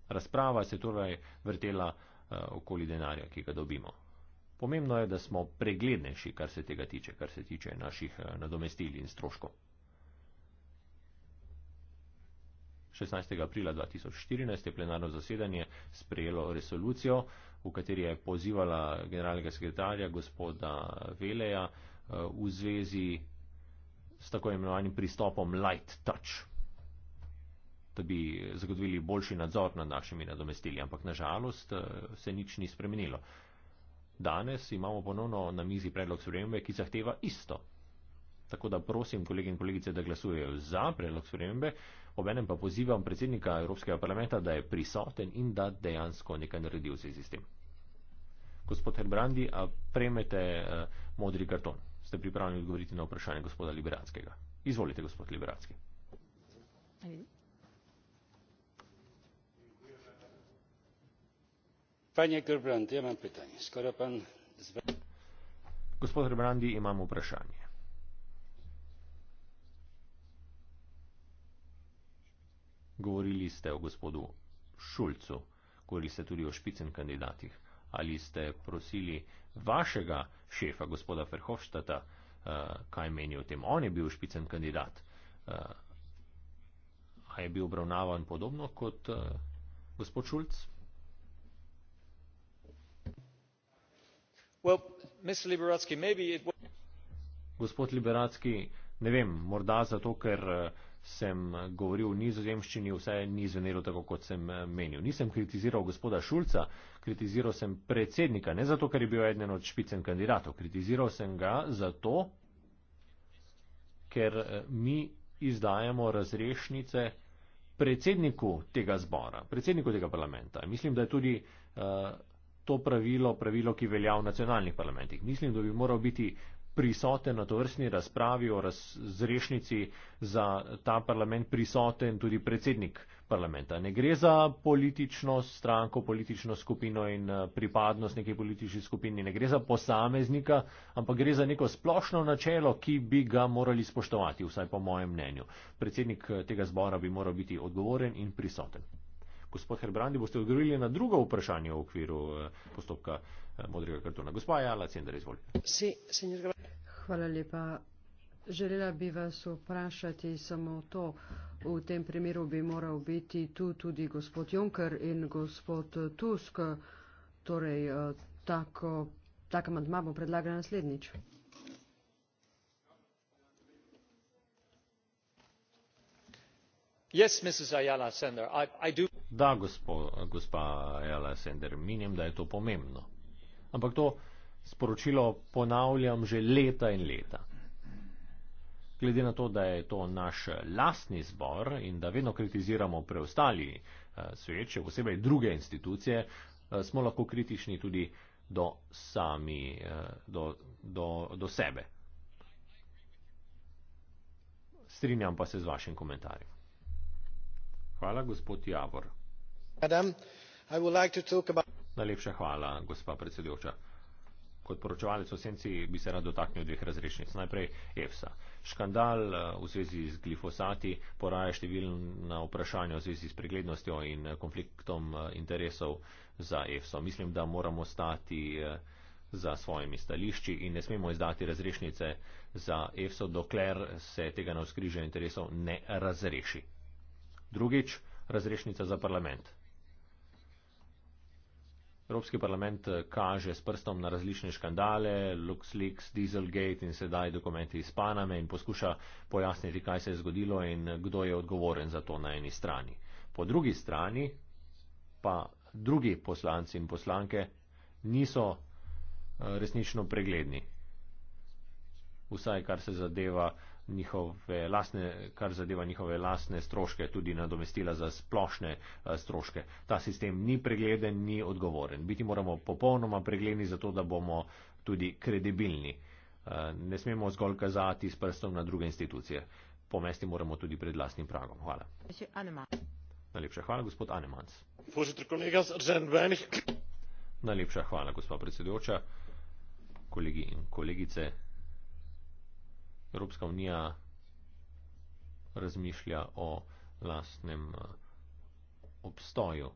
Razprava se je torej vrtela eh, okoli denarja, ki ga dobimo. Pomembno je, da smo preglednejši, kar se tega tiče, kar se tiče naših nadomestil in stroškov. 16. aprila 2014 je plenarno zasedanje sprejelo resolucijo, v kateri je pozivala generalnega sekretarja gospoda Veleja eh, v zvezi s tako imenovanim pristopom light touch, da bi zagotovili boljši nadzor nad našimi nadomestili. Ampak nažalost eh, se nič ni spremenilo. Danes imamo ponovno na mizi predlog spremembe, ki zahteva isto. Tako da prosim kolegi in kolegice, da glasujejo za predlog spremembe, Obenem pa pozivam predsednika Evropskega parlamenta, da je prisoten in da dejansko nekaj naredi v zvezi s tem. Gospod Herbrandi, a premete eh, modri karton? Ste pripravljeni odgovoriti na vprašanje gospoda Liberanskega? Izvolite, gospod Liberanski. Panje Herbrandi, imam ja pitanje. Skoraj pa... Gospod Herbrandi, imam vprašanje. Govorili ste o gospodu Šulcu, govorili ste tudi o špicen kandidatih. Ali ste prosili vašega šefa, gospoda Ferhofštata, eh, kaj meni o tem? On je bil špicen kandidat. Eh, a je bil obravnavan podobno kot eh, gospod Šulc? Well, Liberatsky, gospod Liberatski, ne vem, morda zato, ker. Uh, sem govoril v nizozemščini, vse ni zvenelo tako, kot sem eh, menil. Nisem kritiziral gospoda Šulca, kritiziral sem predsednika, ne zato, ker je bil eden od špicen kandidatov, kritiziral sem ga zato, ker eh, mi izdajamo razrešnice predsedniku tega zbora, predsedniku tega parlamenta. Mislim, da je tudi uh, to pravilo, pravilo, ki velja v nacionalnih parlamentih. Mislim, da bi moral biti prisoten na to vrstni razpravi o razrešnici za ta parlament, prisoten tudi predsednik parlamenta. Ne gre za politično stranko, politično skupino in eh, pripadnost neki politični skupini, ne gre za posameznika, ampak gre za neko splošno načelo, ki bi ga morali spoštovati, vsaj po mojem mnenju. Predsednik eh, tega zbora bi moral biti odgovoren in prisoten. Gospod Herbrandi, boste odgovorili na drugo vprašanje v okviru eh, postopka Eh, modrega kartona. Gospa Jala Cender, izvolite. Si, senjor Gavar. Hvala lepa. Želela bi vas vprašati samo to. V tem primeru bi moral biti tu tudi gospod Juncker in gospod Tusk. Torej, eh, tako, tak amandma bom predlagala naslednjič. Yes, Mrs. Ayala Sender, I, I do. Da, gospod, gospa Ayala Sender, menim, da je to pomembno ampak to sporočilo ponavljam že leta in leta. Glede na to, da je to naš lastni zbor in da vedno kritiziramo preostali eh, sveče, posebej druge institucije, eh, smo lahko kritični tudi do, sami, eh, do, do, do sebe. Strinjam pa se z vašim komentarjem. Hvala, gospod Javor. Adam, I would like to talk about... Najlepša hvala, gospa predsedujoča. Kot poročevalec v senci bi se rad dotaknil dveh razrešnic. Najprej EFSA. Škandal eh, v zvezi z glifosati poraja številna vprašanja v zvezi s preglednostjo in eh, konfliktom eh, interesov za EFSO. Mislim, da moramo stati za svojimi stališči in ne smemo izdati razrešnice za EFSO, dokler se tega navskrižja interesov ne razreši. Drugič, razrešnica za parlament. Evropski parlament eh, kaže s prstom na različne škandale, LuxLeaks, Dieselgate in sedaj dokumenti iz Paname in poskuša pojasniti, kaj se je zgodilo in eh, kdo je odgovoren za to na eni strani. Po drugi strani pa drugi poslanci in poslanke niso eh, resnično pregledni. Vsaj kar se zadeva njihove lasne, kar zadeva njihove lasne stroške, tudi nadomestila za splošne eh, stroške. Ta sistem ni pregleden, ni odgovoren. Biti moramo popolnoma pregledni, zato da bomo tudi kredibilni. Eh, ne smemo zgolj kazati s prstom na druge institucije. Pomesti moramo tudi pred lastnim pragom. Hvala. Najlepša hvala, gospod Anemans. Er Najlepša hvala, gospod predsedujoča, kolegi in kolegice. Evropska unija razmišlja o lastnem eh, obstoju.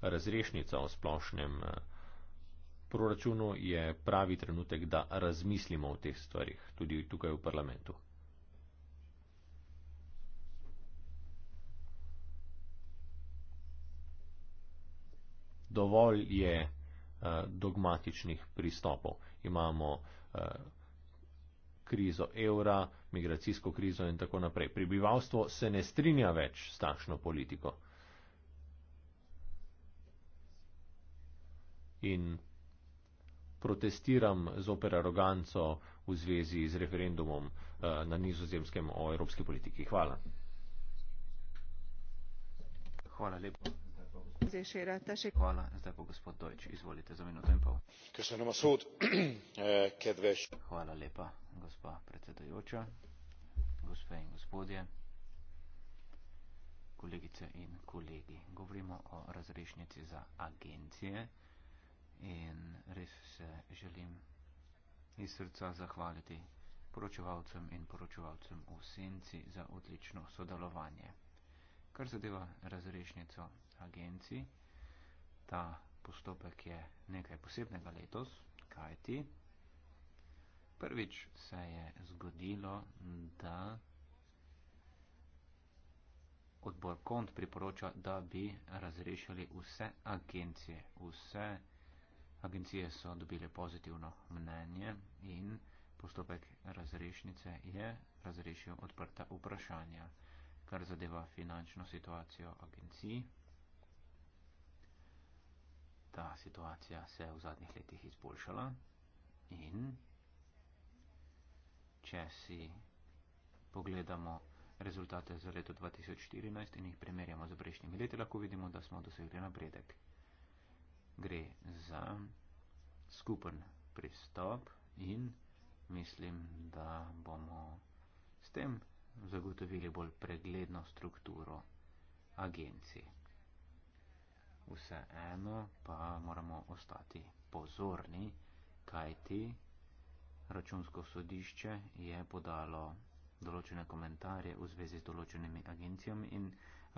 Razrešnica o splošnem eh, proračunu je pravi trenutek, da razmislimo o teh stvarih, tudi tukaj v parlamentu. Dovolj je eh, dogmatičnih pristopov. Imamo krizo evra, migracijsko krizo in tako naprej. Prebivalstvo se ne strinja več s takšno politiko. In protestiram zoper aroganco v zvezi z referendumom eh, na nizozemskem o evropski politiki. Hvala. Hvala lepo. Zdaj še rata še. Hvala. Zdaj pa gospod Dojč, izvolite za minuto in pol. Eh, Hvala lepa gospa predsedajoča, gospe in gospodje, kolegice in kolegi. Govorimo o razrešnici za agencije in res se želim iz srca zahvaliti poročevalcem in poročevalcem v senci za odlično sodelovanje. Kar zadeva razrešnico agencij, ta postopek je nekaj posebnega letos, kajti Prvič se je zgodilo, da odbor KONT priporoča, da bi razrešili vse agencije. Vse agencije so dobile pozitivno mnenje in postopek razrešnice je razrešil odprta vprašanja, kar zadeva finančno situacijo agencij. Ta situacija se je v zadnjih letih izboljšala in če si pogledamo rezultate za leto 2014 in jih primerjamo z prejšnjimi leti, lahko vidimo, da smo dosegli napredek. Gre za skupen pristop in mislim, da bomo s tem zagotovili bolj pregledno strukturo agencije. Vseeno pa moramo ostati pozorni, kajti Računsko sodišče je podalo določene komentarje v zvezi z določenimi agencijami in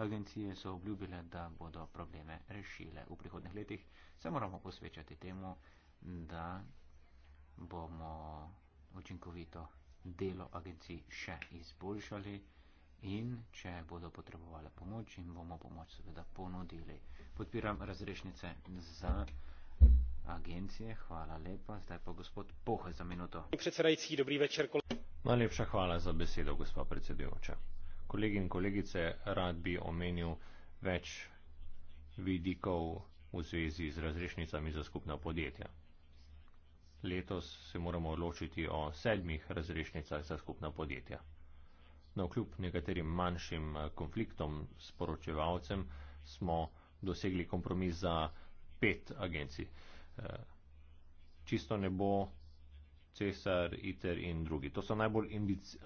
agencije so obljubile, da bodo probleme rešile v prihodnih letih. Se moramo posvečati temu, da bomo učinkovito delo agencij še izboljšali in če bodo potrebovali pomoč, jim bomo pomoč seveda ponudili. Podpiram razrešnice za agencije. Hvala lepa. Zdaj pa gospod Poha za minuto. Predsedajci, dobri večer. Najlepša hvala za besedo, gospod predsedujoča. Kolegi in kolegice, rad bi omenil več vidikov v zvezi z razrešnicami za skupna podjetja. Letos se moramo odločiti o sedmih razrešnicah za skupna podjetja. Na kljub nekaterim manjšim eh, konfliktom s poročevalcem smo dosegli kompromis za pet agencij. Eh, čisto nebo, cesar, iter in drugi. To so najbolj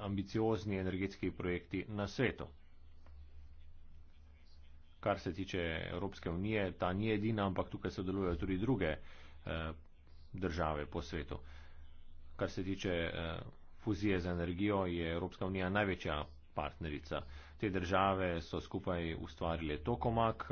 ambiciozni energetski projekti na svetu. Kar se tiče Evropske unije, ta ni edina, ampak tukaj sodelujejo tudi druge eh, države po svetu. Kar se tiče eh, fuzije za energijo, je Evropska unija največja partnerica. Te države so skupaj ustvarile tokomak,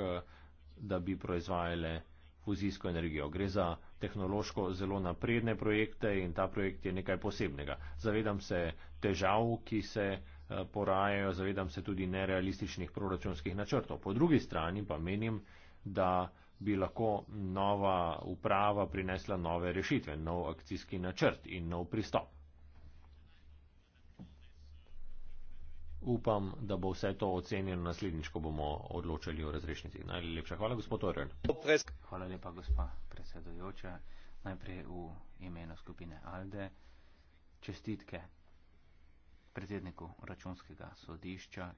da bi proizvajale fuzijsko energijo. Gre za tehnološko zelo napredne projekte in ta projekt je nekaj posebnega. Zavedam se težav, ki se eh, porajajo, zavedam se tudi nerealističnih proračunskih načrtov. Po drugi strani pa menim, da bi lahko nova uprava prinesla nove rešitve, nov akcijski načrt in nov pristop. upam, da bo vse to ocenjeno naslednjič, ko bomo odločali o razrešnici. Najlepša hvala, gospod Torjan. Hvala lepa, gospa predsedujoča. Najprej v imenu skupine Alde. Čestitke predsedniku računskega sodišča.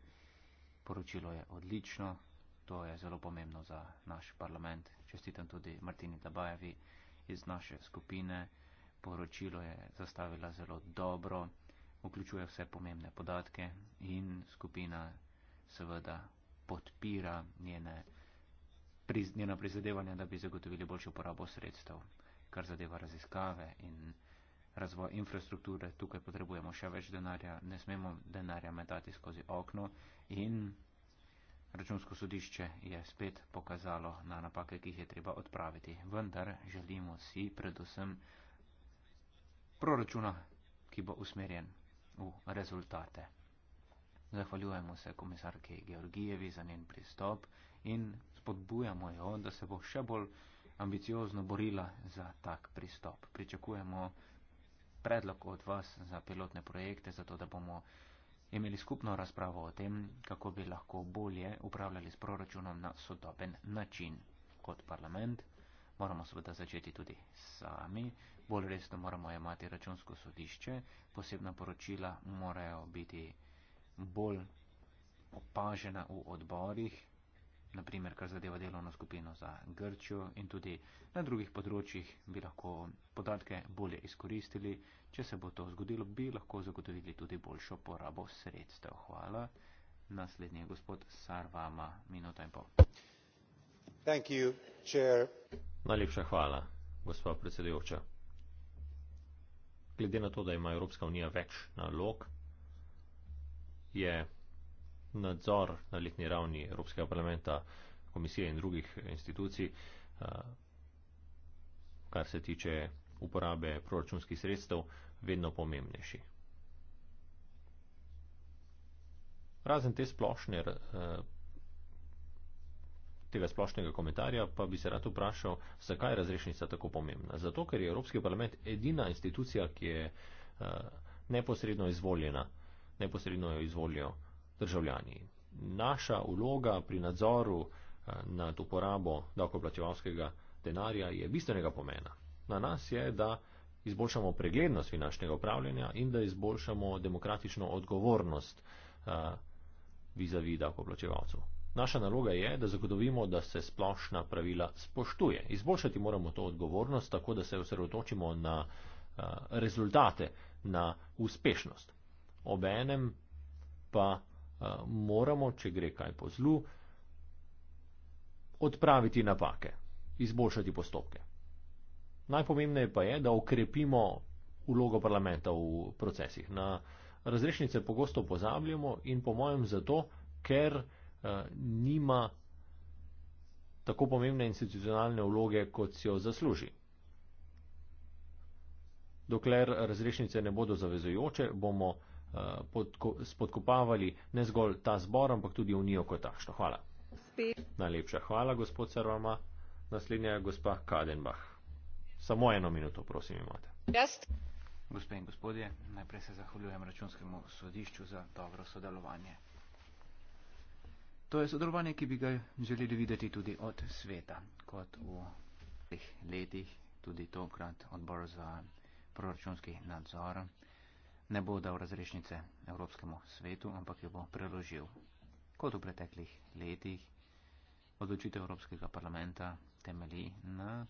Poročilo je odlično. To je zelo pomembno za naš parlament. Čestitam tudi Martini Dabajevi iz naše skupine. Poročilo je zastavila zelo dobro vključuje vse pomembne podatke in skupina seveda podpira njene, priz, njena prizadevanja, da bi zagotovili boljšo uporabo sredstev, kar zadeva raziskave in razvoj infrastrukture. Tukaj potrebujemo še več denarja, ne smemo denarja metati skozi okno in računsko sodišče je spet pokazalo na napake, ki jih je treba odpraviti. Vendar želimo si predvsem proračuna, ki bo usmerjen v rezultate. Zahvaljujemo se komisarki Georgijevi za njen pristop in spodbujamo jo, da se bo še bolj ambiciozno borila za tak pristop. Pričakujemo predlog od vas za pilotne projekte, zato da bomo imeli skupno razpravo o tem, kako bi lahko bolje upravljali s proračunom na sodoben način. Kot parlament moramo seveda začeti tudi sami. Bolj resno moramo imati računsko sodišče, posebna poročila morajo biti bolj opažena v odborih, naprimer kar zadeva delovno skupino za Grčjo in tudi na drugih področjih bi lahko podatke bolje izkoristili. Če se bo to zgodilo, bi lahko zagotovili tudi boljšo porabo sredstev. Hvala. Naslednji je gospod Sarvama, minuta in pol. Thank you, Najlepša hvala, gospod predsedujoča glede na to, da ima Evropska unija več nalog, je nadzor na letni ravni Evropskega parlamenta, komisije in drugih institucij, eh, kar se tiče uporabe proračunskih sredstev, vedno pomembnejši. Razen te splošne eh, tega splošnega komentarja, pa bi se rad vprašal, zakaj je razrešnica tako pomembna. Zato, ker je Evropski parlament edina institucija, ki je uh, neposredno izvoljena, neposredno jo izvolijo državljani. Naša uloga pri nadzoru uh, nad uporabo davkoplačevalskega denarja je bistvenega pomena. Na nas je, da izboljšamo preglednost finančnega upravljanja in da izboljšamo demokratično odgovornost uh, vizavi davkoplačevalcev. Naša naloga je, da zagotovimo, da se splošna pravila spoštuje. Izboljšati moramo to odgovornost, tako da se osredotočimo na eh, rezultate, na uspešnost. Obenem pa eh, moramo, če gre kaj po zlu, odpraviti napake, izboljšati postopke. Najpomembneje pa je, da okrepimo ulogo parlamenta v procesih. Na razrešnice pogosto pozabljamo in po mojem zato, ker Eh, nima tako pomembne institucionalne vloge, kot si jo zasluži. Dokler razrešnice ne bodo zavezujoče, bomo eh, spodkopavali ne zgolj ta zbor, ampak tudi unijo kot takšno. Hvala. Spet. Najlepša hvala, gospod Sarvama. Naslednja je gospa Kadenbach. Samo eno minuto, prosim, imate. Jast. Gospe in gospodje, najprej se zahvaljujem računskemu sodišču za dobro sodelovanje. To je sodelovanje, ki bi ga želeli videti tudi od sveta, kot v teh letih, tudi tokrat odbor za proračunski nadzor ne bo dal razrešnice Evropskemu svetu, ampak jo bo preložil. Kot v preteklih letih, odločitev Evropskega parlamenta temeli na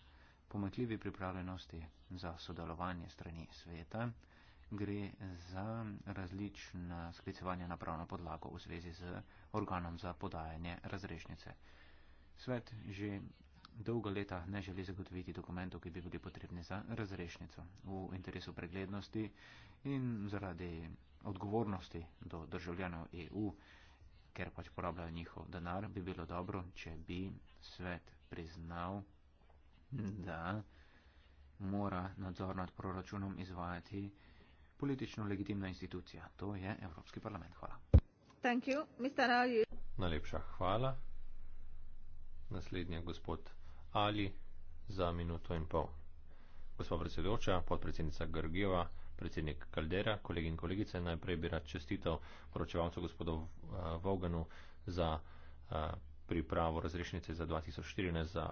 pomakljivi pripravljenosti za sodelovanje strani sveta, gre za različna sklicevanja na pravno podlago v zvezi z organom za podajanje razrešnice. Svet že dolgo leta ne želi zagotoviti dokumentov, ki bi bili potrebni za razrešnico. V interesu preglednosti in zaradi odgovornosti do državljanov EU, ker pač porabljajo njihov denar, bi bilo dobro, če bi svet priznal, da mora nadzor nad proračunom izvajati politično legitimna institucija. To je Evropski parlament. Hvala. Thank you. Mr. Ali. Najlepša hvala. Naslednja gospod Ali za minuto in pol. Gospod predsedoča, podpredsednica Grgijeva, predsednik Kaldera, kolegi in kolegice, najprej bi rad čestital poročevalcu gospodu eh, Voganu za eh, pripravo razrešnice za 2014 za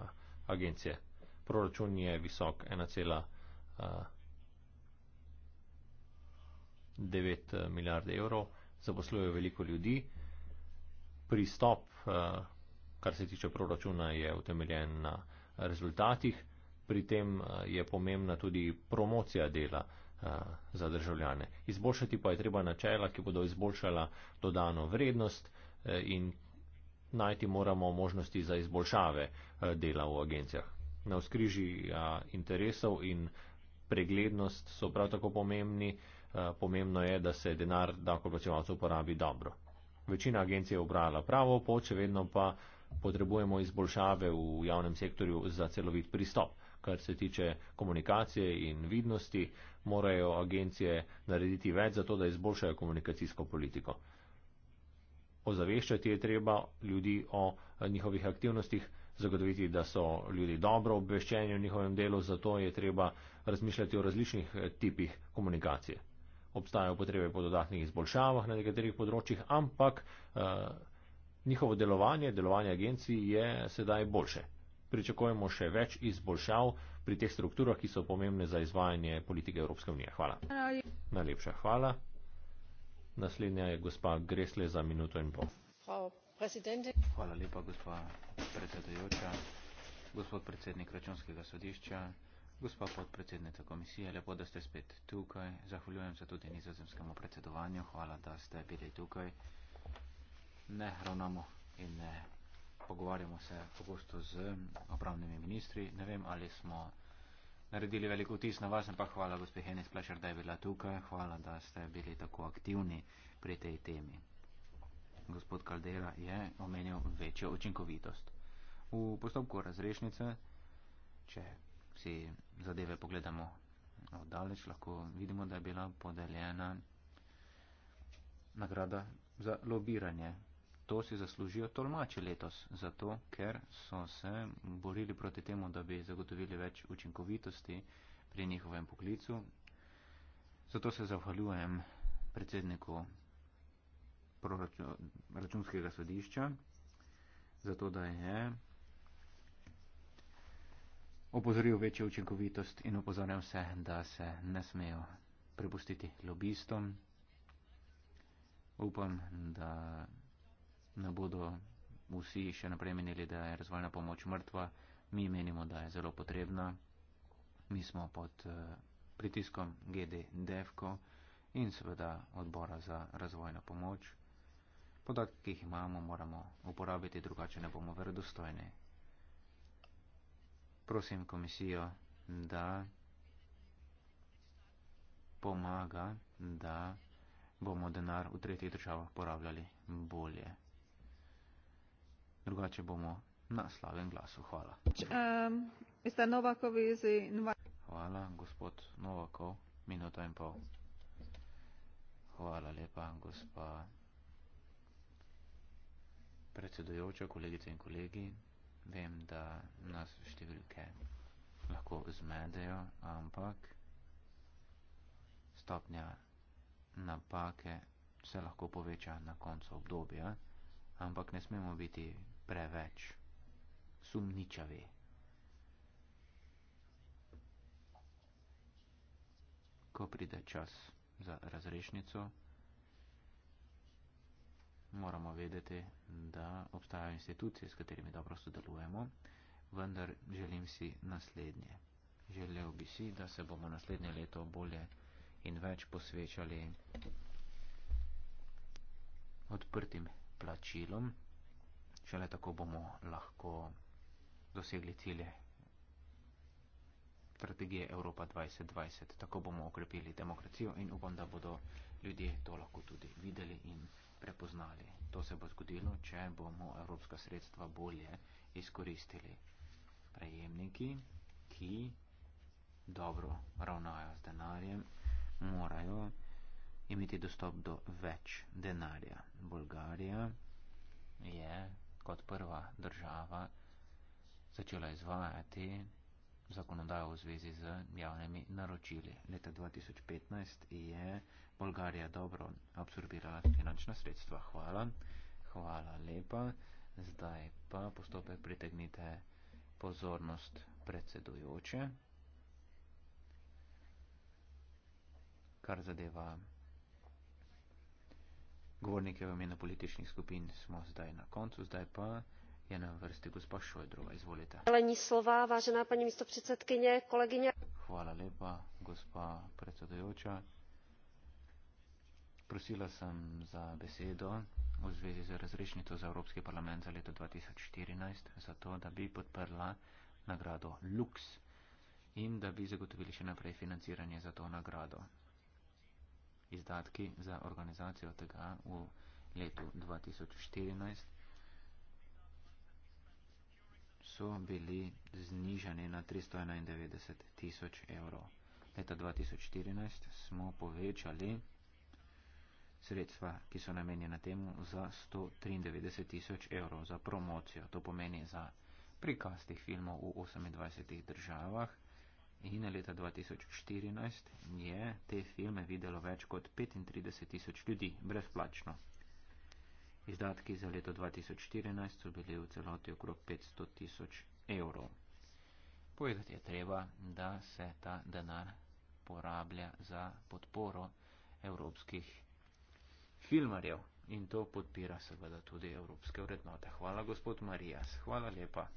agencije. Proračun je visok 1,9 eh, milijarde evrov zaposlujejo veliko ljudi. Pristop, eh, kar se tiče proračuna, je utemeljen na rezultatih, pri tem eh, je pomembna tudi promocija dela eh, za državljane. Izboljšati pa je treba načela, ki bodo izboljšala dodano vrednost in najti moramo možnosti za izboljšave dela v agencijah. Na vzkriži interesov in preglednost so prav tako pomembni. Eh, pomembno je, da se denar davkoplačevalcev uporabi dobro. Večina agencij je obrala pravo pot, še vedno pa potrebujemo izboljšave v javnem sektorju za celovit pristop. Kar se tiče komunikacije in vidnosti, morajo agencije narediti več za to, da izboljšajo komunikacijsko politiko. Ozaveščati je treba ljudi o njihovih aktivnostih, zagotoviti, da so ljudi dobro obveščeni o njihovem delu, zato je treba razmišljati o različnih tipih komunikacije obstajajo potrebe po dodatnih izboljšavah na nekaterih področjih, ampak eh, njihovo delovanje, delovanje agencij je sedaj boljše. Pričakujemo še več izboljšav pri teh strukturah, ki so pomembne za izvajanje politike Evropske unije. Hvala. Najlepša hvala. Naslednja je gospa Gresle za minuto in pol. Hvala lepa, gospa predsedajoča, gospod predsednik računskega sodišča. Gospa podpredsednica komisije, lepo, da ste spet tukaj. Zahvaljujem se tudi nizozemskemu predsedovanju. Hvala, da ste bili tukaj. Ne ravnamo in ne pogovarjamo se pogosto z obravnimi ministri. Ne vem, ali smo naredili veliko vtis na vas, ampak hvala, gospe Henis Plešer, da je bila tukaj. Hvala, da ste bili tako aktivni pri tej temi. Gospod Kaldera je omenil večjo učinkovitost. V postopku razrešnice, če si zadeve pogledamo oddaleč, lahko vidimo, da je bila podeljena nagrada za lobiranje. To si zaslužijo tolmači letos, zato ker so se borili proti temu, da bi zagotovili več učinkovitosti pri njihovem poklicu. Zato se zahvaljujem predsedniku proračunskega sodišča, zato da je opozoril večjo učinkovitost in opozoril vse, da se ne smejo prepustiti lobistom. Upam, da ne bodo vsi še naprej menili, da je razvojna pomoč mrtva. Mi menimo, da je zelo potrebna. Mi smo pod eh, pritiskom GD Devko in seveda odbora za razvojno pomoč. Podatke, ki jih imamo, moramo uporabiti, drugače ne bomo verodostojni prosim komisijo, da pomaga, da bomo denar v tretjih državah porabljali bolje. Drugače bomo na slavem glasu. Hvala. Um, Hvala, gospod Novakov. Minuto in pol. Hvala lepa, gospa predsedujoča, kolegice in kolegi vem, da nas številke lahko zmedejo, ampak stopnja napake se lahko poveča na koncu obdobja, ampak ne smemo biti preveč sumničavi. Ko pride čas za razrešnico, moramo vedeti, da obstajajo institucije, s katerimi dobro sodelujemo, vendar želim si naslednje. Želel bi si, da se bomo naslednje leto bolje in več posvečali odprtim plačilom, šele tako bomo lahko dosegli cilje strategije Evropa 2020. Tako bomo okrepili demokracijo in upam, da bodo ljudje to lahko tudi videli in prepoznali. To se bo zgodilo, če bomo evropska sredstva bolje izkoristili. Prejemniki, ki dobro ravnajo z denarjem, morajo imeti dostop do več denarja. Bolgarija je kot prva država začela izvajati zakonodajo v zvezi z javnimi naročili. Leta 2015 je Bolgarija dobro absorbira finančna sredstva. Hvala, hvala lepa. Zdaj pa postopek pritegnite pozornost predsedujoče. Kar zadeva govornike v imenu političnih skupin, smo zdaj na koncu, zdaj pa je na vrsti gospa Šojdrova, izvolite. Zelení slova, vážená paní místo předsedkyně, kolegyně. Hvala lepa, gospa predsedujoča prosila sem za besedo v zvezi z razrešnito za Evropski parlament za leto 2014, zato da bi podprla nagrado Lux in da bi zagotovili še naprej financiranje za to nagrado. Izdatki za organizacijo tega v letu 2014 so bili znižani na 391 tisoč evrov. Leta 2014 smo povečali sredstva, ki so namenjena temu, za 193 tisoč evrov za promocijo. To pomeni za prikaz teh filmov v 28 državah. In leta 2014 je te filme videlo več kot 35 tisoč ljudi brezplačno. Izdatki za leto 2014 so bili v celoti okrog 500 tisoč evrov. Povedati je treba, da se ta denar porablja za podporo evropskih filmarjev in to podpira seveda tudi evropske vrednote. Hvala, gospod Marijas. Hvala lepa.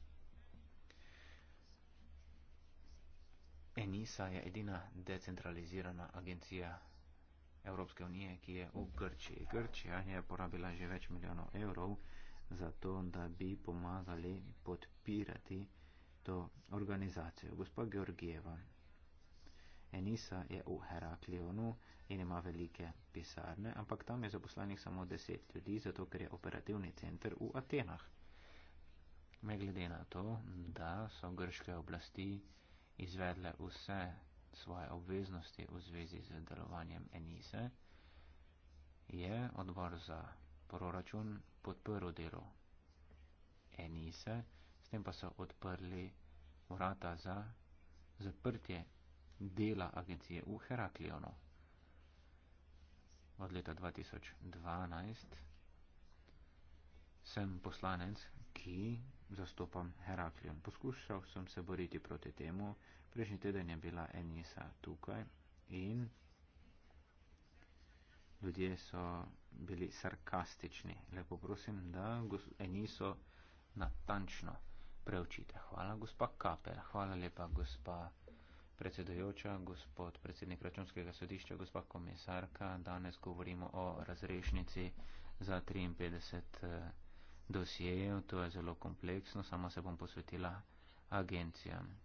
Enisa je edina decentralizirana agencija Evropske unije, ki je v Grčiji. Grčija je porabila že več milijonov evrov za to, da bi pomagali podpirati to organizacijo. Gospod Georgijeva, Enisa je v Heraklionu in ima velike pisarne, ampak tam je zaposlenih samo deset ljudi, zato ker je operativni center v Atenah. Me glede na to, da so grške oblasti izvedle vse svoje obveznosti v zvezi z delovanjem Enise, je odbor za proračun podprl delo Enise, s tem pa so odprli vrata za zaprtje dela agencije v Heraklionu od leta 2012 sem poslanec, ki zastopam Heraklion. Poskušal sem se boriti proti temu. Prejšnji teden je bila Enisa tukaj in ljudje so bili sarkastični. Lepo prosim, da Eniso natančno preučite. Hvala, gospa Kapel. Hvala lepa, gospa predsedujoča, gospod predsednik računskega sodišča, gospa komisarka. Danes govorimo o razrešnici za 53 eh, dosjejev. To je zelo kompleksno, sama se bom posvetila agencijam.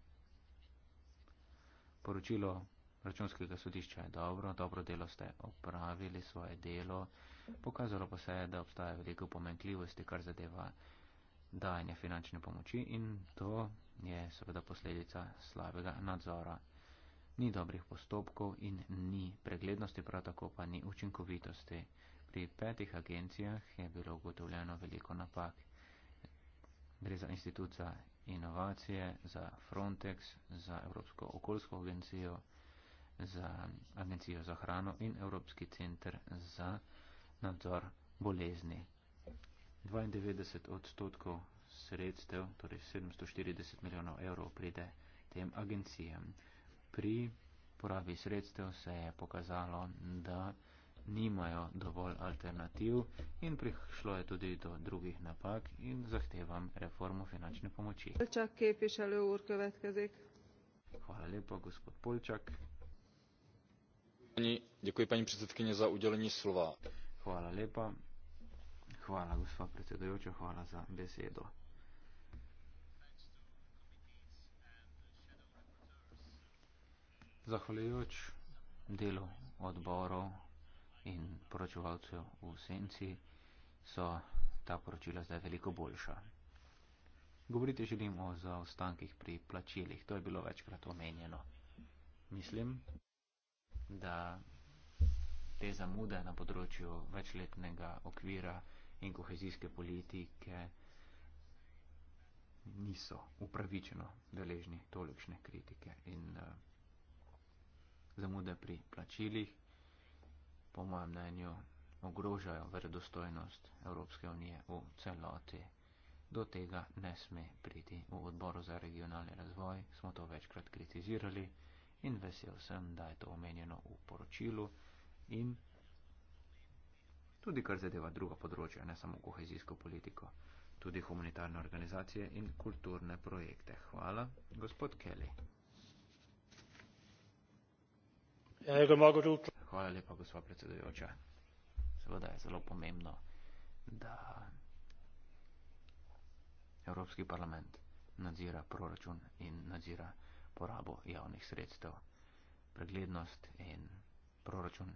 Poročilo računskega sodišča je dobro, dobro delo ste opravili, svoje delo. Pokazalo pa se je, da obstaja veliko pomenkljivosti, kar zadeva dajanje finančne pomoči in to je seveda posledica slabega nadzora. Ni dobrih postopkov in ni preglednosti, prav tako pa ni učinkovitosti. Pri petih agencijah je bilo ugotovljeno veliko napak. Gre za institut za inovacije, za Frontex, za Evropsko okoljsko agencijo, za Agencijo za hrano in Evropski center za nadzor bolezni. 92 odstotkov sredstev, torej 740 milijonov evrov, pride tem agencijam. Pri porabi sredstev se je pokazalo, da nimajo dovolj alternativ in prišlo je tudi do drugih napak in zahtevam reformo finančne pomoči. Polčak, kje piše le ur, kaj vedkazik? Hvala lepa, gospod Polčak. Děkuji paní předsedkyně za udělení slova. Hvala lepa. Hvala, gospod predsedujoča, hvala za besedo. Zahvaljujoč delu odborov in poročevalcev v senci so ta poročila zdaj veliko boljša. Govoriti želim o zaostankih pri plačilih. To je bilo večkrat omenjeno. Mislim, da te zamude na področju večletnega okvira in kohezijske politike niso upravičeno deležni tolikšne kritike in uh, zamude pri plačilih, po mojem mnenju, ogrožajo verodostojnost Evropske unije v celoti. Do tega ne sme priti. V odboru za regionalni razvoj smo to večkrat kritizirali in vesel sem, da je to omenjeno v poročilu in tudi kar zadeva druga področja, ne samo kohezijsko politiko, tudi humanitarne organizacije in kulturne projekte. Hvala, gospod Kelly. Ja, Hvala lepa, gospa predsedujoča. Seveda je zelo pomembno, da Evropski parlament nadzira proračun in nadzira porabo javnih sredstev. Preglednost in proračun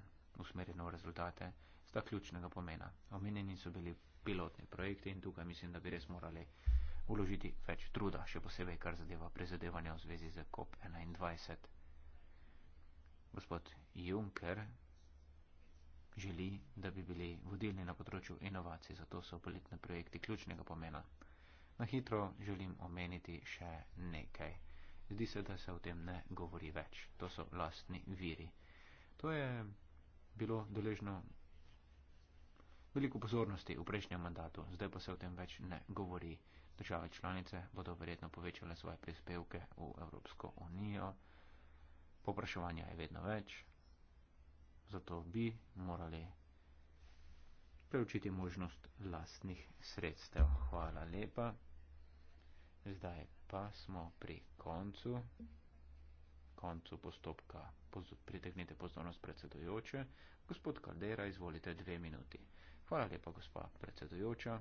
usmerjeno v rezultate sta ključnega pomena. Omenjeni so bili pilotni projekti in tukaj mislim, da bi res morali uložiti več truda, še posebej kar zadeva prezadevanja v zvezi z COP21. Gospod Juncker želi, da bi bili vodilni na področju inovacij, zato so poletni projekti ključnega pomena. Na hitro želim omeniti še nekaj. Zdi se, da se o tem ne govori več. To so lastni viri. To je bilo deležno veliko pozornosti v prejšnjem mandatu, zdaj pa se o tem več ne govori. Države članice bodo verjetno povečale svoje prispevke v Evropsko unijo, popraševanja je vedno več, zato bi morali preučiti možnost lastnih sredstev. Hvala lepa. Zdaj pa smo pri koncu, koncu postopka. Pritegnite pozornost predsedujoče. Gospod Kaldera, izvolite dve minuti. Hvala lepa, gospa predsedujoča.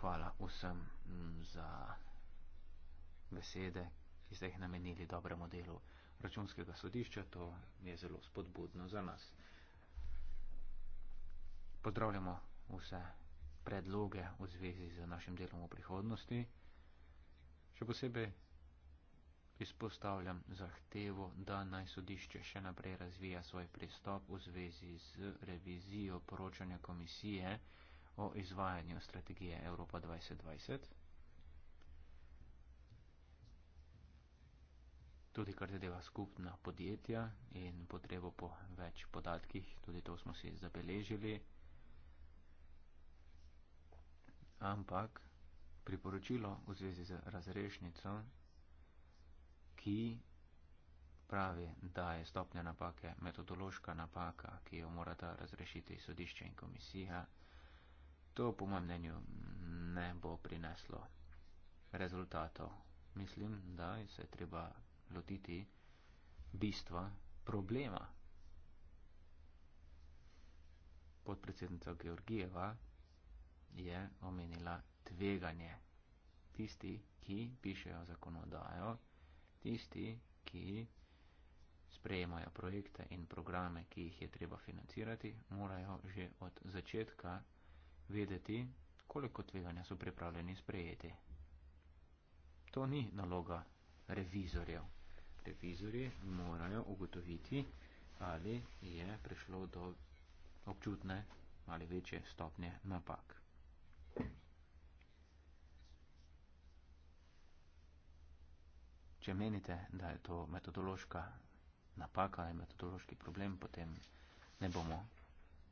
Hvala vsem mm, za besede, ki ste jih namenili dobremu delu računskega sodišča. To je zelo spodbudno za nas. Pozdravljamo vse predloge v zvezi z našim delom v prihodnosti. Še posebej izpostavljam zahtevo, da naj sodišče še naprej razvija svoj pristop v zvezi z revizijo poročanja komisije o izvajanju strategije Evropa 2020. Tudi kar zadeva skupna podjetja in potrebo po več podatkih, tudi to smo si zabeležili. Ampak priporočilo v zvezi z razrešnico ki pravi, da je stopnja napake metodološka napaka, ki jo morata razrešiti sodišče in komisija, to po mojem mnenju ne bo prineslo rezultatov. Mislim, da se je treba lotiti bistva problema. Podpredsednica Georgijeva je omenila tveganje. Tisti, ki pišejo zakonodajo, tisti, ki sprejemajo projekte in programe, ki jih je treba financirati, morajo že od začetka vedeti, koliko tveganja so pripravljeni sprejeti. To ni naloga revizorjev. Revizori morajo ugotoviti, ali je prišlo do občutne ali večje stopnje napak. Če menite, da je to metodološka napaka ali metodološki problem, potem ne bomo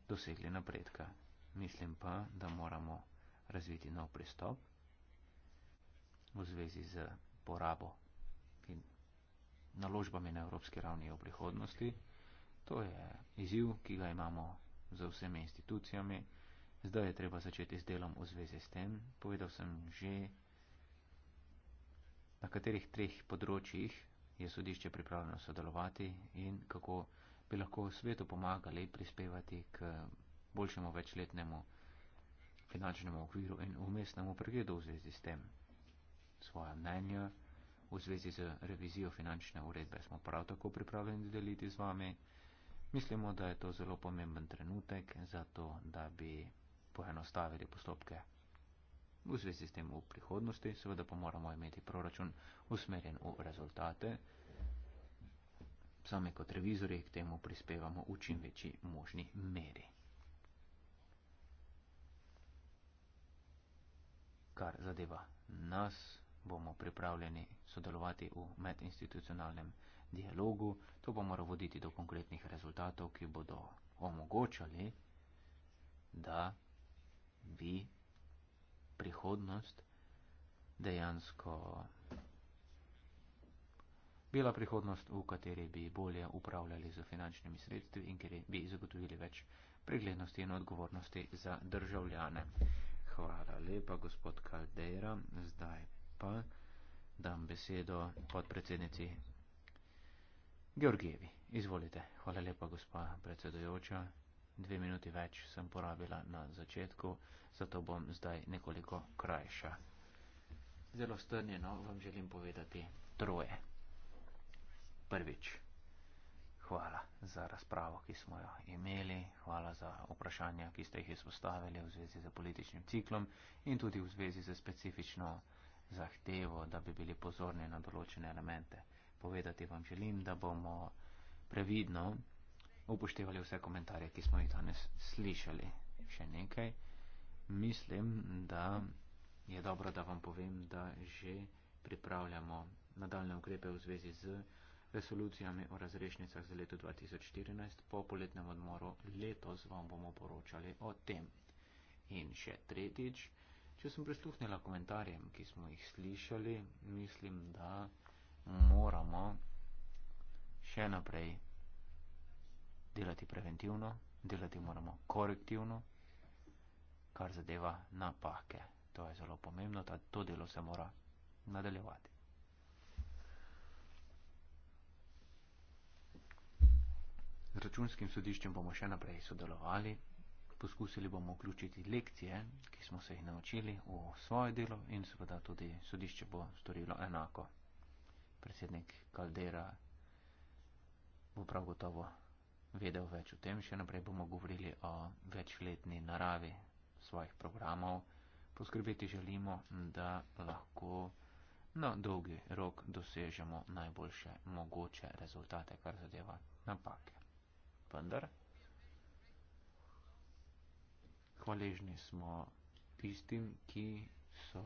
dosegli napredka. Mislim pa, da moramo razviti nov pristop v zvezi z porabo in naložbami na evropski ravni v prihodnosti. To je izziv, ki ga imamo za vsemi institucijami. Zdaj je treba začeti s delom v zvezi s tem. Povedal sem že na katerih treh področjih je sodišče pripravljeno sodelovati in kako bi lahko svetu pomagali prispevati k boljšemu večletnemu finančnemu okviru in umestnemu pregledu v zvezi s tem. Svoja mnenja v zvezi z revizijo finančne uredbe smo prav tako pripravljeni deliti z vami. Mislimo, da je to zelo pomemben trenutek za to, da bi poenostavili postopke V zvezi s tem v prihodnosti seveda pa moramo imeti proračun usmerjen v rezultate. Same kot revizori k temu prispevamo v čim večji možni meri. Kar zadeva nas, bomo pripravljeni sodelovati v medinstitucionalnem dialogu. To pa mora voditi do konkretnih rezultatov, ki bodo omogočali, da bi prihodnost dejansko bila prihodnost, v kateri bi bolje upravljali z finančnimi sredstvi in kjer bi zagotovili več preglednosti in odgovornosti za državljane. Hvala lepa, gospod Kaldera. Zdaj pa dam besedo podpredsednici Georgijevi. Izvolite. Hvala lepa, gospa predsedojoča dve minuti več sem porabila na začetku, zato bom zdaj nekoliko krajša. Zelo strnjeno vam želim povedati troje. Prvič, hvala za razpravo, ki smo jo imeli, hvala za vprašanja, ki ste jih izpostavili v zvezi z političnim ciklom in tudi v zvezi z specifično zahtevo, da bi bili pozorni na določene elemente. Povedati vam želim, da bomo previdno upoštevali vse komentarje, ki smo jih danes slišali. Še nekaj. Mislim, da je dobro, da vam povem, da že pripravljamo nadaljne ukrepe v zvezi z resolucijami o razrešnicah za leto 2014. Po poletnem odmoru letos vam bomo poročali o tem. In še tretjič, če sem prisluhnila komentarjem, ki smo jih slišali, mislim, da moramo še naprej delati preventivno, delati moramo korektivno, kar zadeva napake. To je zelo pomembno, da to delo se mora nadaljevati. Z računskim sodiščem bomo še naprej sodelovali, poskusili bomo vključiti lekcije, ki smo se jih naučili v svoje delo in seveda tudi sodišče bo storilo enako. Predsednik Kaldera bo prav gotovo vedel več o tem, še naprej bomo govorili o večletni naravi svojih programov. Poskrbeti želimo, da lahko na dolgi rok dosežemo najboljše mogoče rezultate, kar zadeva napake. Vendar, hvaležni smo tistim, ki so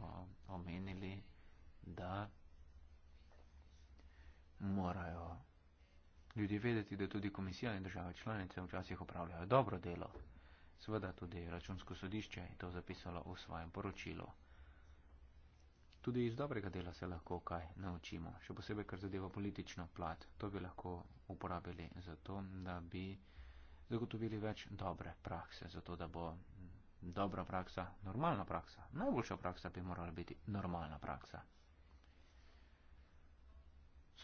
omenili, da morajo ljudi vedeti, da tudi komisija in države članice včasih upravljajo dobro delo. Sveda tudi računsko sodišče je to zapisalo v svojem poročilu. Tudi iz dobrega dela se lahko kaj naučimo, še posebej kar zadeva politično plat. To bi lahko uporabili za to, da bi zagotovili več dobre prakse, zato da bo dobra praksa normalna praksa. Najboljša praksa bi morala biti normalna praksa.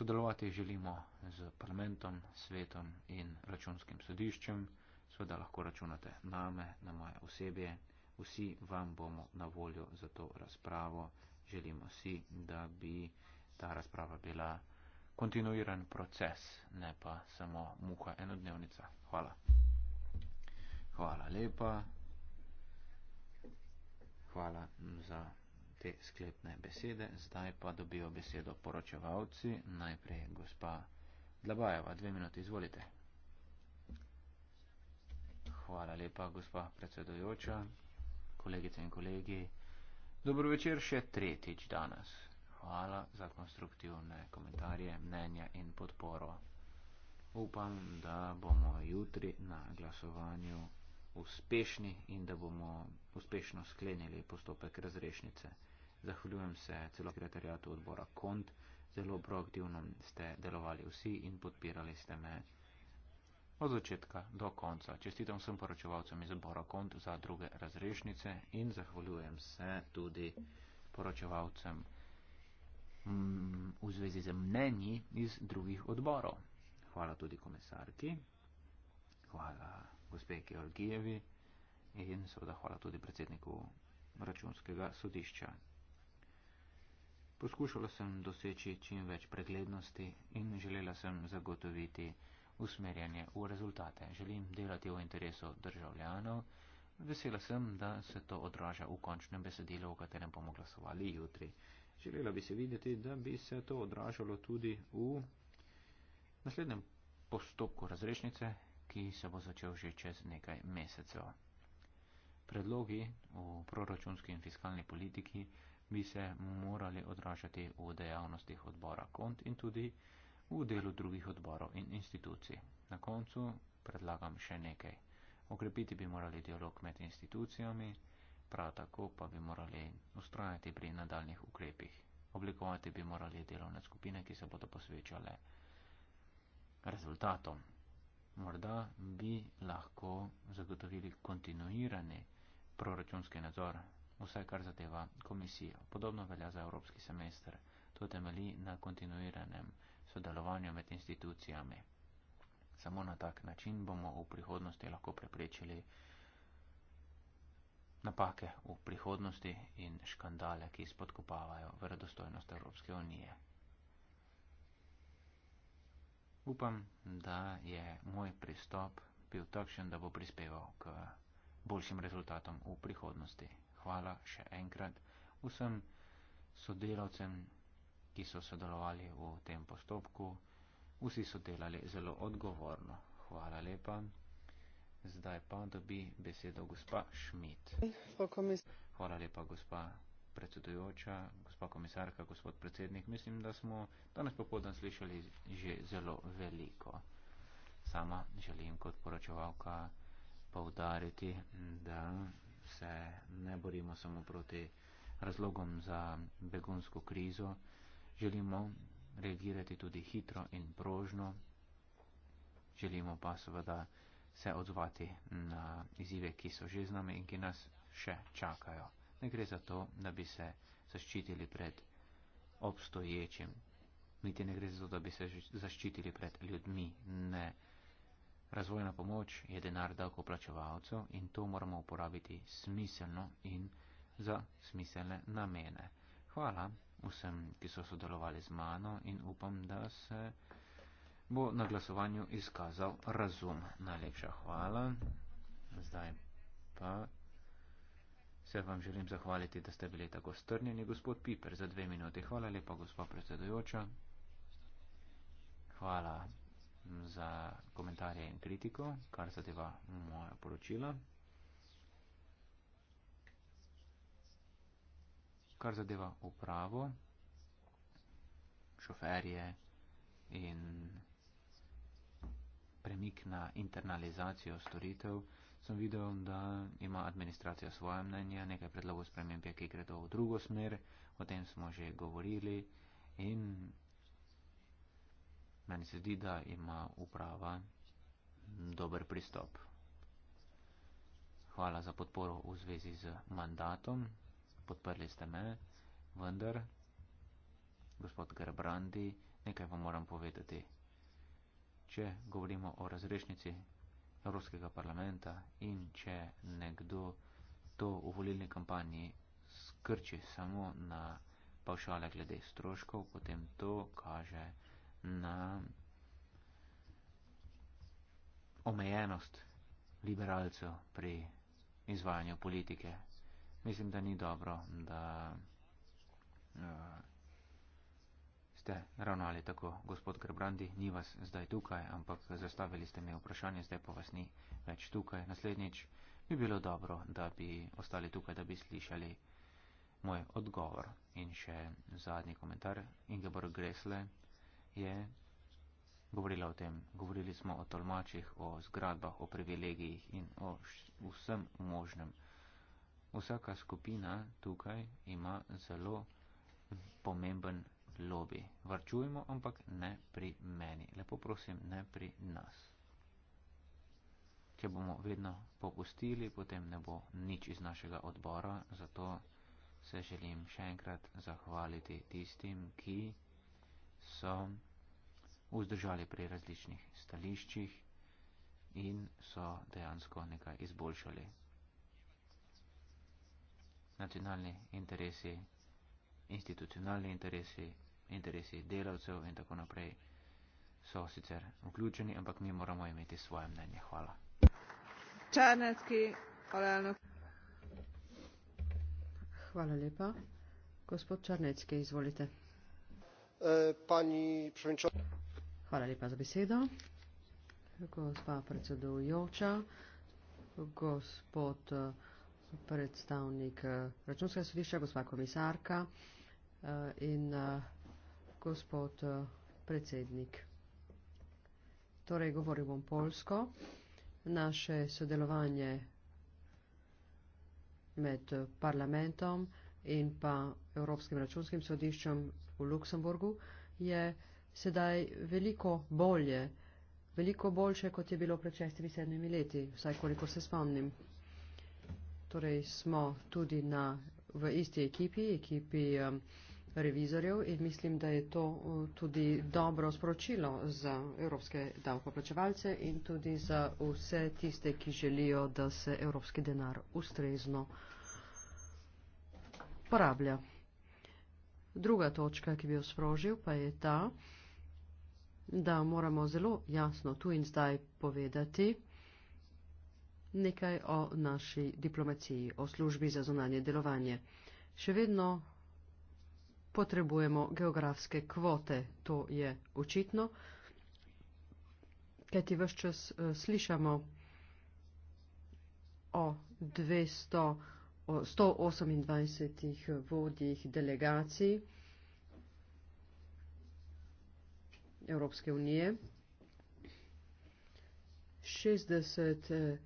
Sodelovati želimo z parlamentom, svetom in računskim sodiščem. Sveda lahko računate name, na moje osebje. Vsi vam bomo na voljo za to razpravo. Želimo si, da bi ta razprava bila kontinuiran proces, ne pa samo muha enodnevnica. Hvala. Hvala lepa. Hvala za te sklepne besede. Zdaj pa dobijo besedo poročevalci, najprej gospa Dlabajeva. Dve minuti, izvolite. Hvala lepa, gospa predsedojoča, kolegice in kolegi. Dobro večer še tretjič danes. Hvala za konstruktivne komentarje, mnenja in podporo. Upam, da bomo jutri na glasovanju uspešni in da bomo uspešno sklenili postopek razrešnice. Zahvaljujem se celo sekretarijatu odbora KONT, zelo proaktivno ste delovali vsi in podpirali ste me od začetka do konca. Čestitam vsem poročevalcem iz odbora KONT za druge razrešnice in zahvaljujem se tudi poročevalcem mm, v zvezi z mnenji iz drugih odborov. Hvala tudi komisarki, hvala gospe Georgijevi in seveda hvala tudi predsedniku računskega sodišča. Poskušala sem doseči čim več preglednosti in želela sem zagotoviti usmerjanje v rezultate. Želim delati v interesu državljanov. Vesela sem, da se to odraža v končnem besedilu, o katerem bomo glasovali jutri. Želela bi se videti, da bi se to odražalo tudi v naslednjem postopku razrešnice, ki se bo začel že čez nekaj mesecev. Predlogi v proračunski in fiskalni politiki bi se morali odražati v dejavnostih odbora KONT in tudi v delu drugih odborov in institucij. Na koncu predlagam še nekaj. Okrepiti bi morali dialog med institucijami, prav tako pa bi morali ustrajati pri nadaljnih ukrepih. Oblikovati bi morali delovne skupine, ki se bodo posvečale rezultatom. Morda bi lahko zagotovili kontinuirani proračunski nadzor vsaj kar zadeva komisijo. Podobno velja za evropski semester. To temelji na kontinuiranem sodelovanju med institucijami. Samo na tak način bomo v prihodnosti lahko preprečili napake v prihodnosti in škandale, ki spodkopavajo verodostojnost Evropske unije. Upam, da je moj pristop bil takšen, da bo prispeval k boljšim rezultatom v prihodnosti hvala še enkrat vsem sodelavcem, ki so sodelovali v tem postopku. Vsi so delali zelo odgovorno. Hvala lepa. Zdaj pa dobi besedo gospa Šmit. Hvala lepa, gospa predsedujoča, gospa komisarka, gospod predsednik. Mislim, da smo danes popoldan slišali že zelo veliko. Sama želim kot poročevalka poudariti, da se ne borimo samo proti razlogom za begunsko krizo, želimo reagirati tudi hitro in prožno, želimo pa seveda se odzvati na izzive, ki so že z nami in ki nas še čakajo. Ne gre za to, da bi se zaščitili pred obstoječim, niti ne gre za to, da bi se zaščitili pred ljudmi. Ne. Razvojna pomoč je denar davkoplačevalcev in to moramo uporabiti smiselno in za smiselne namene. Hvala vsem, ki so sodelovali z mano in upam, da se bo na glasovanju izkazal razum. Najlepša hvala. Zdaj pa se vam želim zahvaliti, da ste bili tako strnjeni, gospod Piper, za dve minuti. Hvala lepa, gospod predsedujoča. Hvala za komentarje in kritiko, kar zadeva moja poročila. Kar zadeva upravo, šoferje in premik na internalizacijo storitev, sem videl, da ima administracija svoje mnenje, nekaj predlogov spremembe, ki gredo v drugo smer, o tem smo že govorili in Meni se zdi, da ima uprava dober pristop. Hvala za podporo v zvezi z mandatom. Podprli ste me, vendar, gospod Gerbrandi, nekaj vam moram povedati. Če govorimo o razrešnici Evropskega parlamenta in če nekdo to v volilni kampanji skrči samo na pavšale glede stroškov, potem to kaže, da na omejenost liberalcev pri izvajanju politike. Mislim, da ni dobro, da uh, ste ravnali tako, gospod Grebrandi, ni vas zdaj tukaj, ampak zastavili ste mi vprašanje, zdaj pa vas ni več tukaj. Naslednjič bi bilo dobro, da bi ostali tukaj, da bi slišali moj odgovor. In še zadnji komentar, Ingeborg Gresle je govorila o tem. Govorili smo o tolmačih, o zgradbah, o privilegijih in o vsem možnem. Vsaka skupina tukaj ima zelo pomemben lobby. Varčujmo, ampak ne pri meni. Lepo prosim, ne pri nas. Če bomo vedno popustili, potem ne bo nič iz našega odbora, zato se želim še enkrat zahvaliti tistim, ki so vzdržali pri različnih stališčih in so dejansko nekaj izboljšali. Nacionalni interesi, institucionalni interesi, interesi delavcev in tako naprej so sicer vključeni, ampak mi moramo imeti svoje mnenje. Hvala. Črnecki, kolejno. Hvala lepa. Gospod Črnecki, izvolite pani predsedujoča gospod predstavnik računskega sodišča gospa komisarka in gospod predsednik torej govoril bom poljsko naše sodelovanje med parlamentom in pa Evropskim računskim sodiščem v Luksemburgu, je sedaj veliko bolje, veliko boljše, kot je bilo pred šestimi sedmimi leti, vsaj koliko se spomnim. Torej smo tudi na, v isti ekipi, ekipi um, revizorjev in mislim, da je to uh, tudi dobro sporočilo za evropske davkoplačevalce in tudi za vse tiste, ki želijo, da se evropski denar ustrezno. Uh, porablja. Druga točka, ki bi jo sprožil, pa je ta, da moramo zelo jasno tu in zdaj povedati nekaj o naši diplomaciji, o službi za zunanje delovanje. Še vedno potrebujemo geografske kvote, to je očitno, kajti vse čas eh, slišamo o 200 128 vodjih delegacij Evropske unije, 60 eh,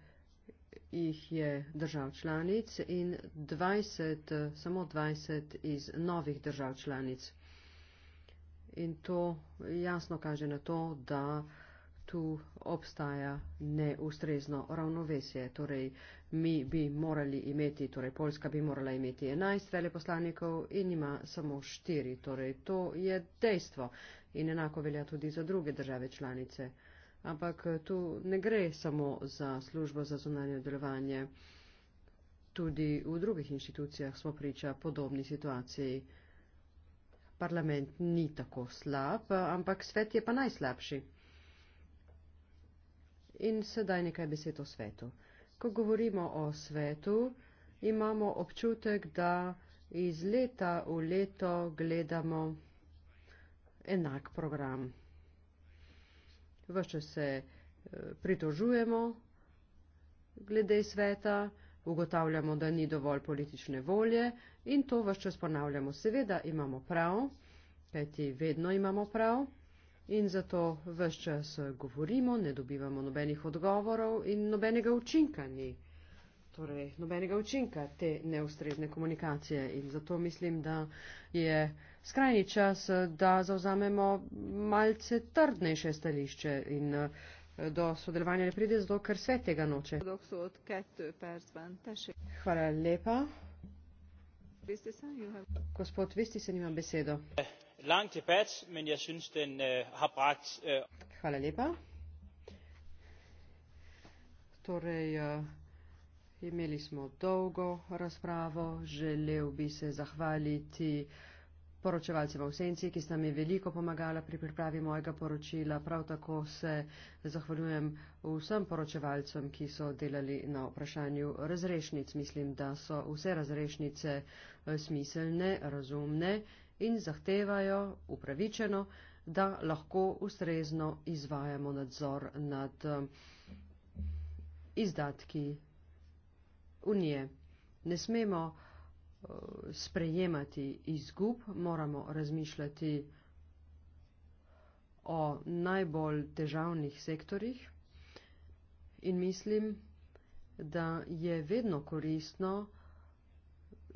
jih je držav članic in 20, eh, samo 20 iz novih držav članic. In to jasno kaže na to, da tu obstaja neustrezno ravnovesje, torej mi bi morali imeti, torej Poljska bi morala imeti 11 veleposlanikov in ima samo 4. Torej to je dejstvo in enako velja tudi za druge države članice. Ampak tu ne gre samo za službo za zunanje delovanje. Tudi v drugih inštitucijah smo priča podobni situaciji. Parlament ni tako slab, ampak svet je pa najslabši. In sedaj nekaj besed o svetu ko govorimo o svetu, imamo občutek, da iz leta v leto gledamo enak program. Vse se eh, pritožujemo glede sveta, ugotavljamo, da ni dovolj politične volje in to vse ponavljamo. Seveda imamo prav, kajti vedno imamo prav in zato vse čas govorimo, ne dobivamo nobenih odgovorov in nobenega učinka ni. Torej, nobenega učinka te neustrezne komunikacije in zato mislim, da je skrajni čas, da zauzamemo malce trdnejše stališče in eh, do sodelovanja ne pride zato, ker svet tega noče. Hvala lepa. Gospod Vistisen ima besedo. Eh, lang debat men jeg synes den uh, har bragt uh... Hvala lepa. Torej uh, imeli smo dolgo razpravo, želel bi se zahvaliti poročevalcem v senci, ki sta mi veliko pomagala pri pripravi mojega poročila. Prav tako se zahvaljujem vsem poročevalcem, ki so delali na vprašanju razrešnic. Mislim, da so vse razrešnice e, smiselne, razumne in zahtevajo upravičeno, da lahko ustrezno izvajamo nadzor nad um, izdatki unije. Ne smemo uh, sprejemati izgub, moramo razmišljati o najbolj težavnih sektorjih in mislim, da je vedno koristno,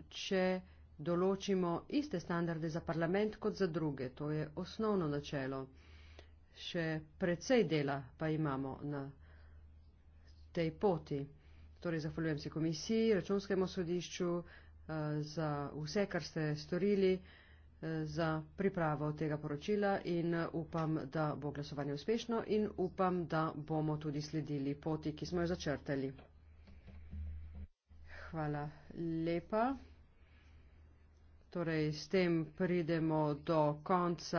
če določimo iste standarde za parlament kot za druge. To je osnovno načelo. Še precej dela pa imamo na tej poti. Torej, zahvaljujem se komisiji, računskemu sodišču eh, za vse, kar ste storili eh, za pripravo tega poročila in eh, upam, da bo glasovanje uspešno in upam, da bomo tudi sledili poti, ki smo jo začrtali. Hvala lepa. Torej, s tem pridemo do konca.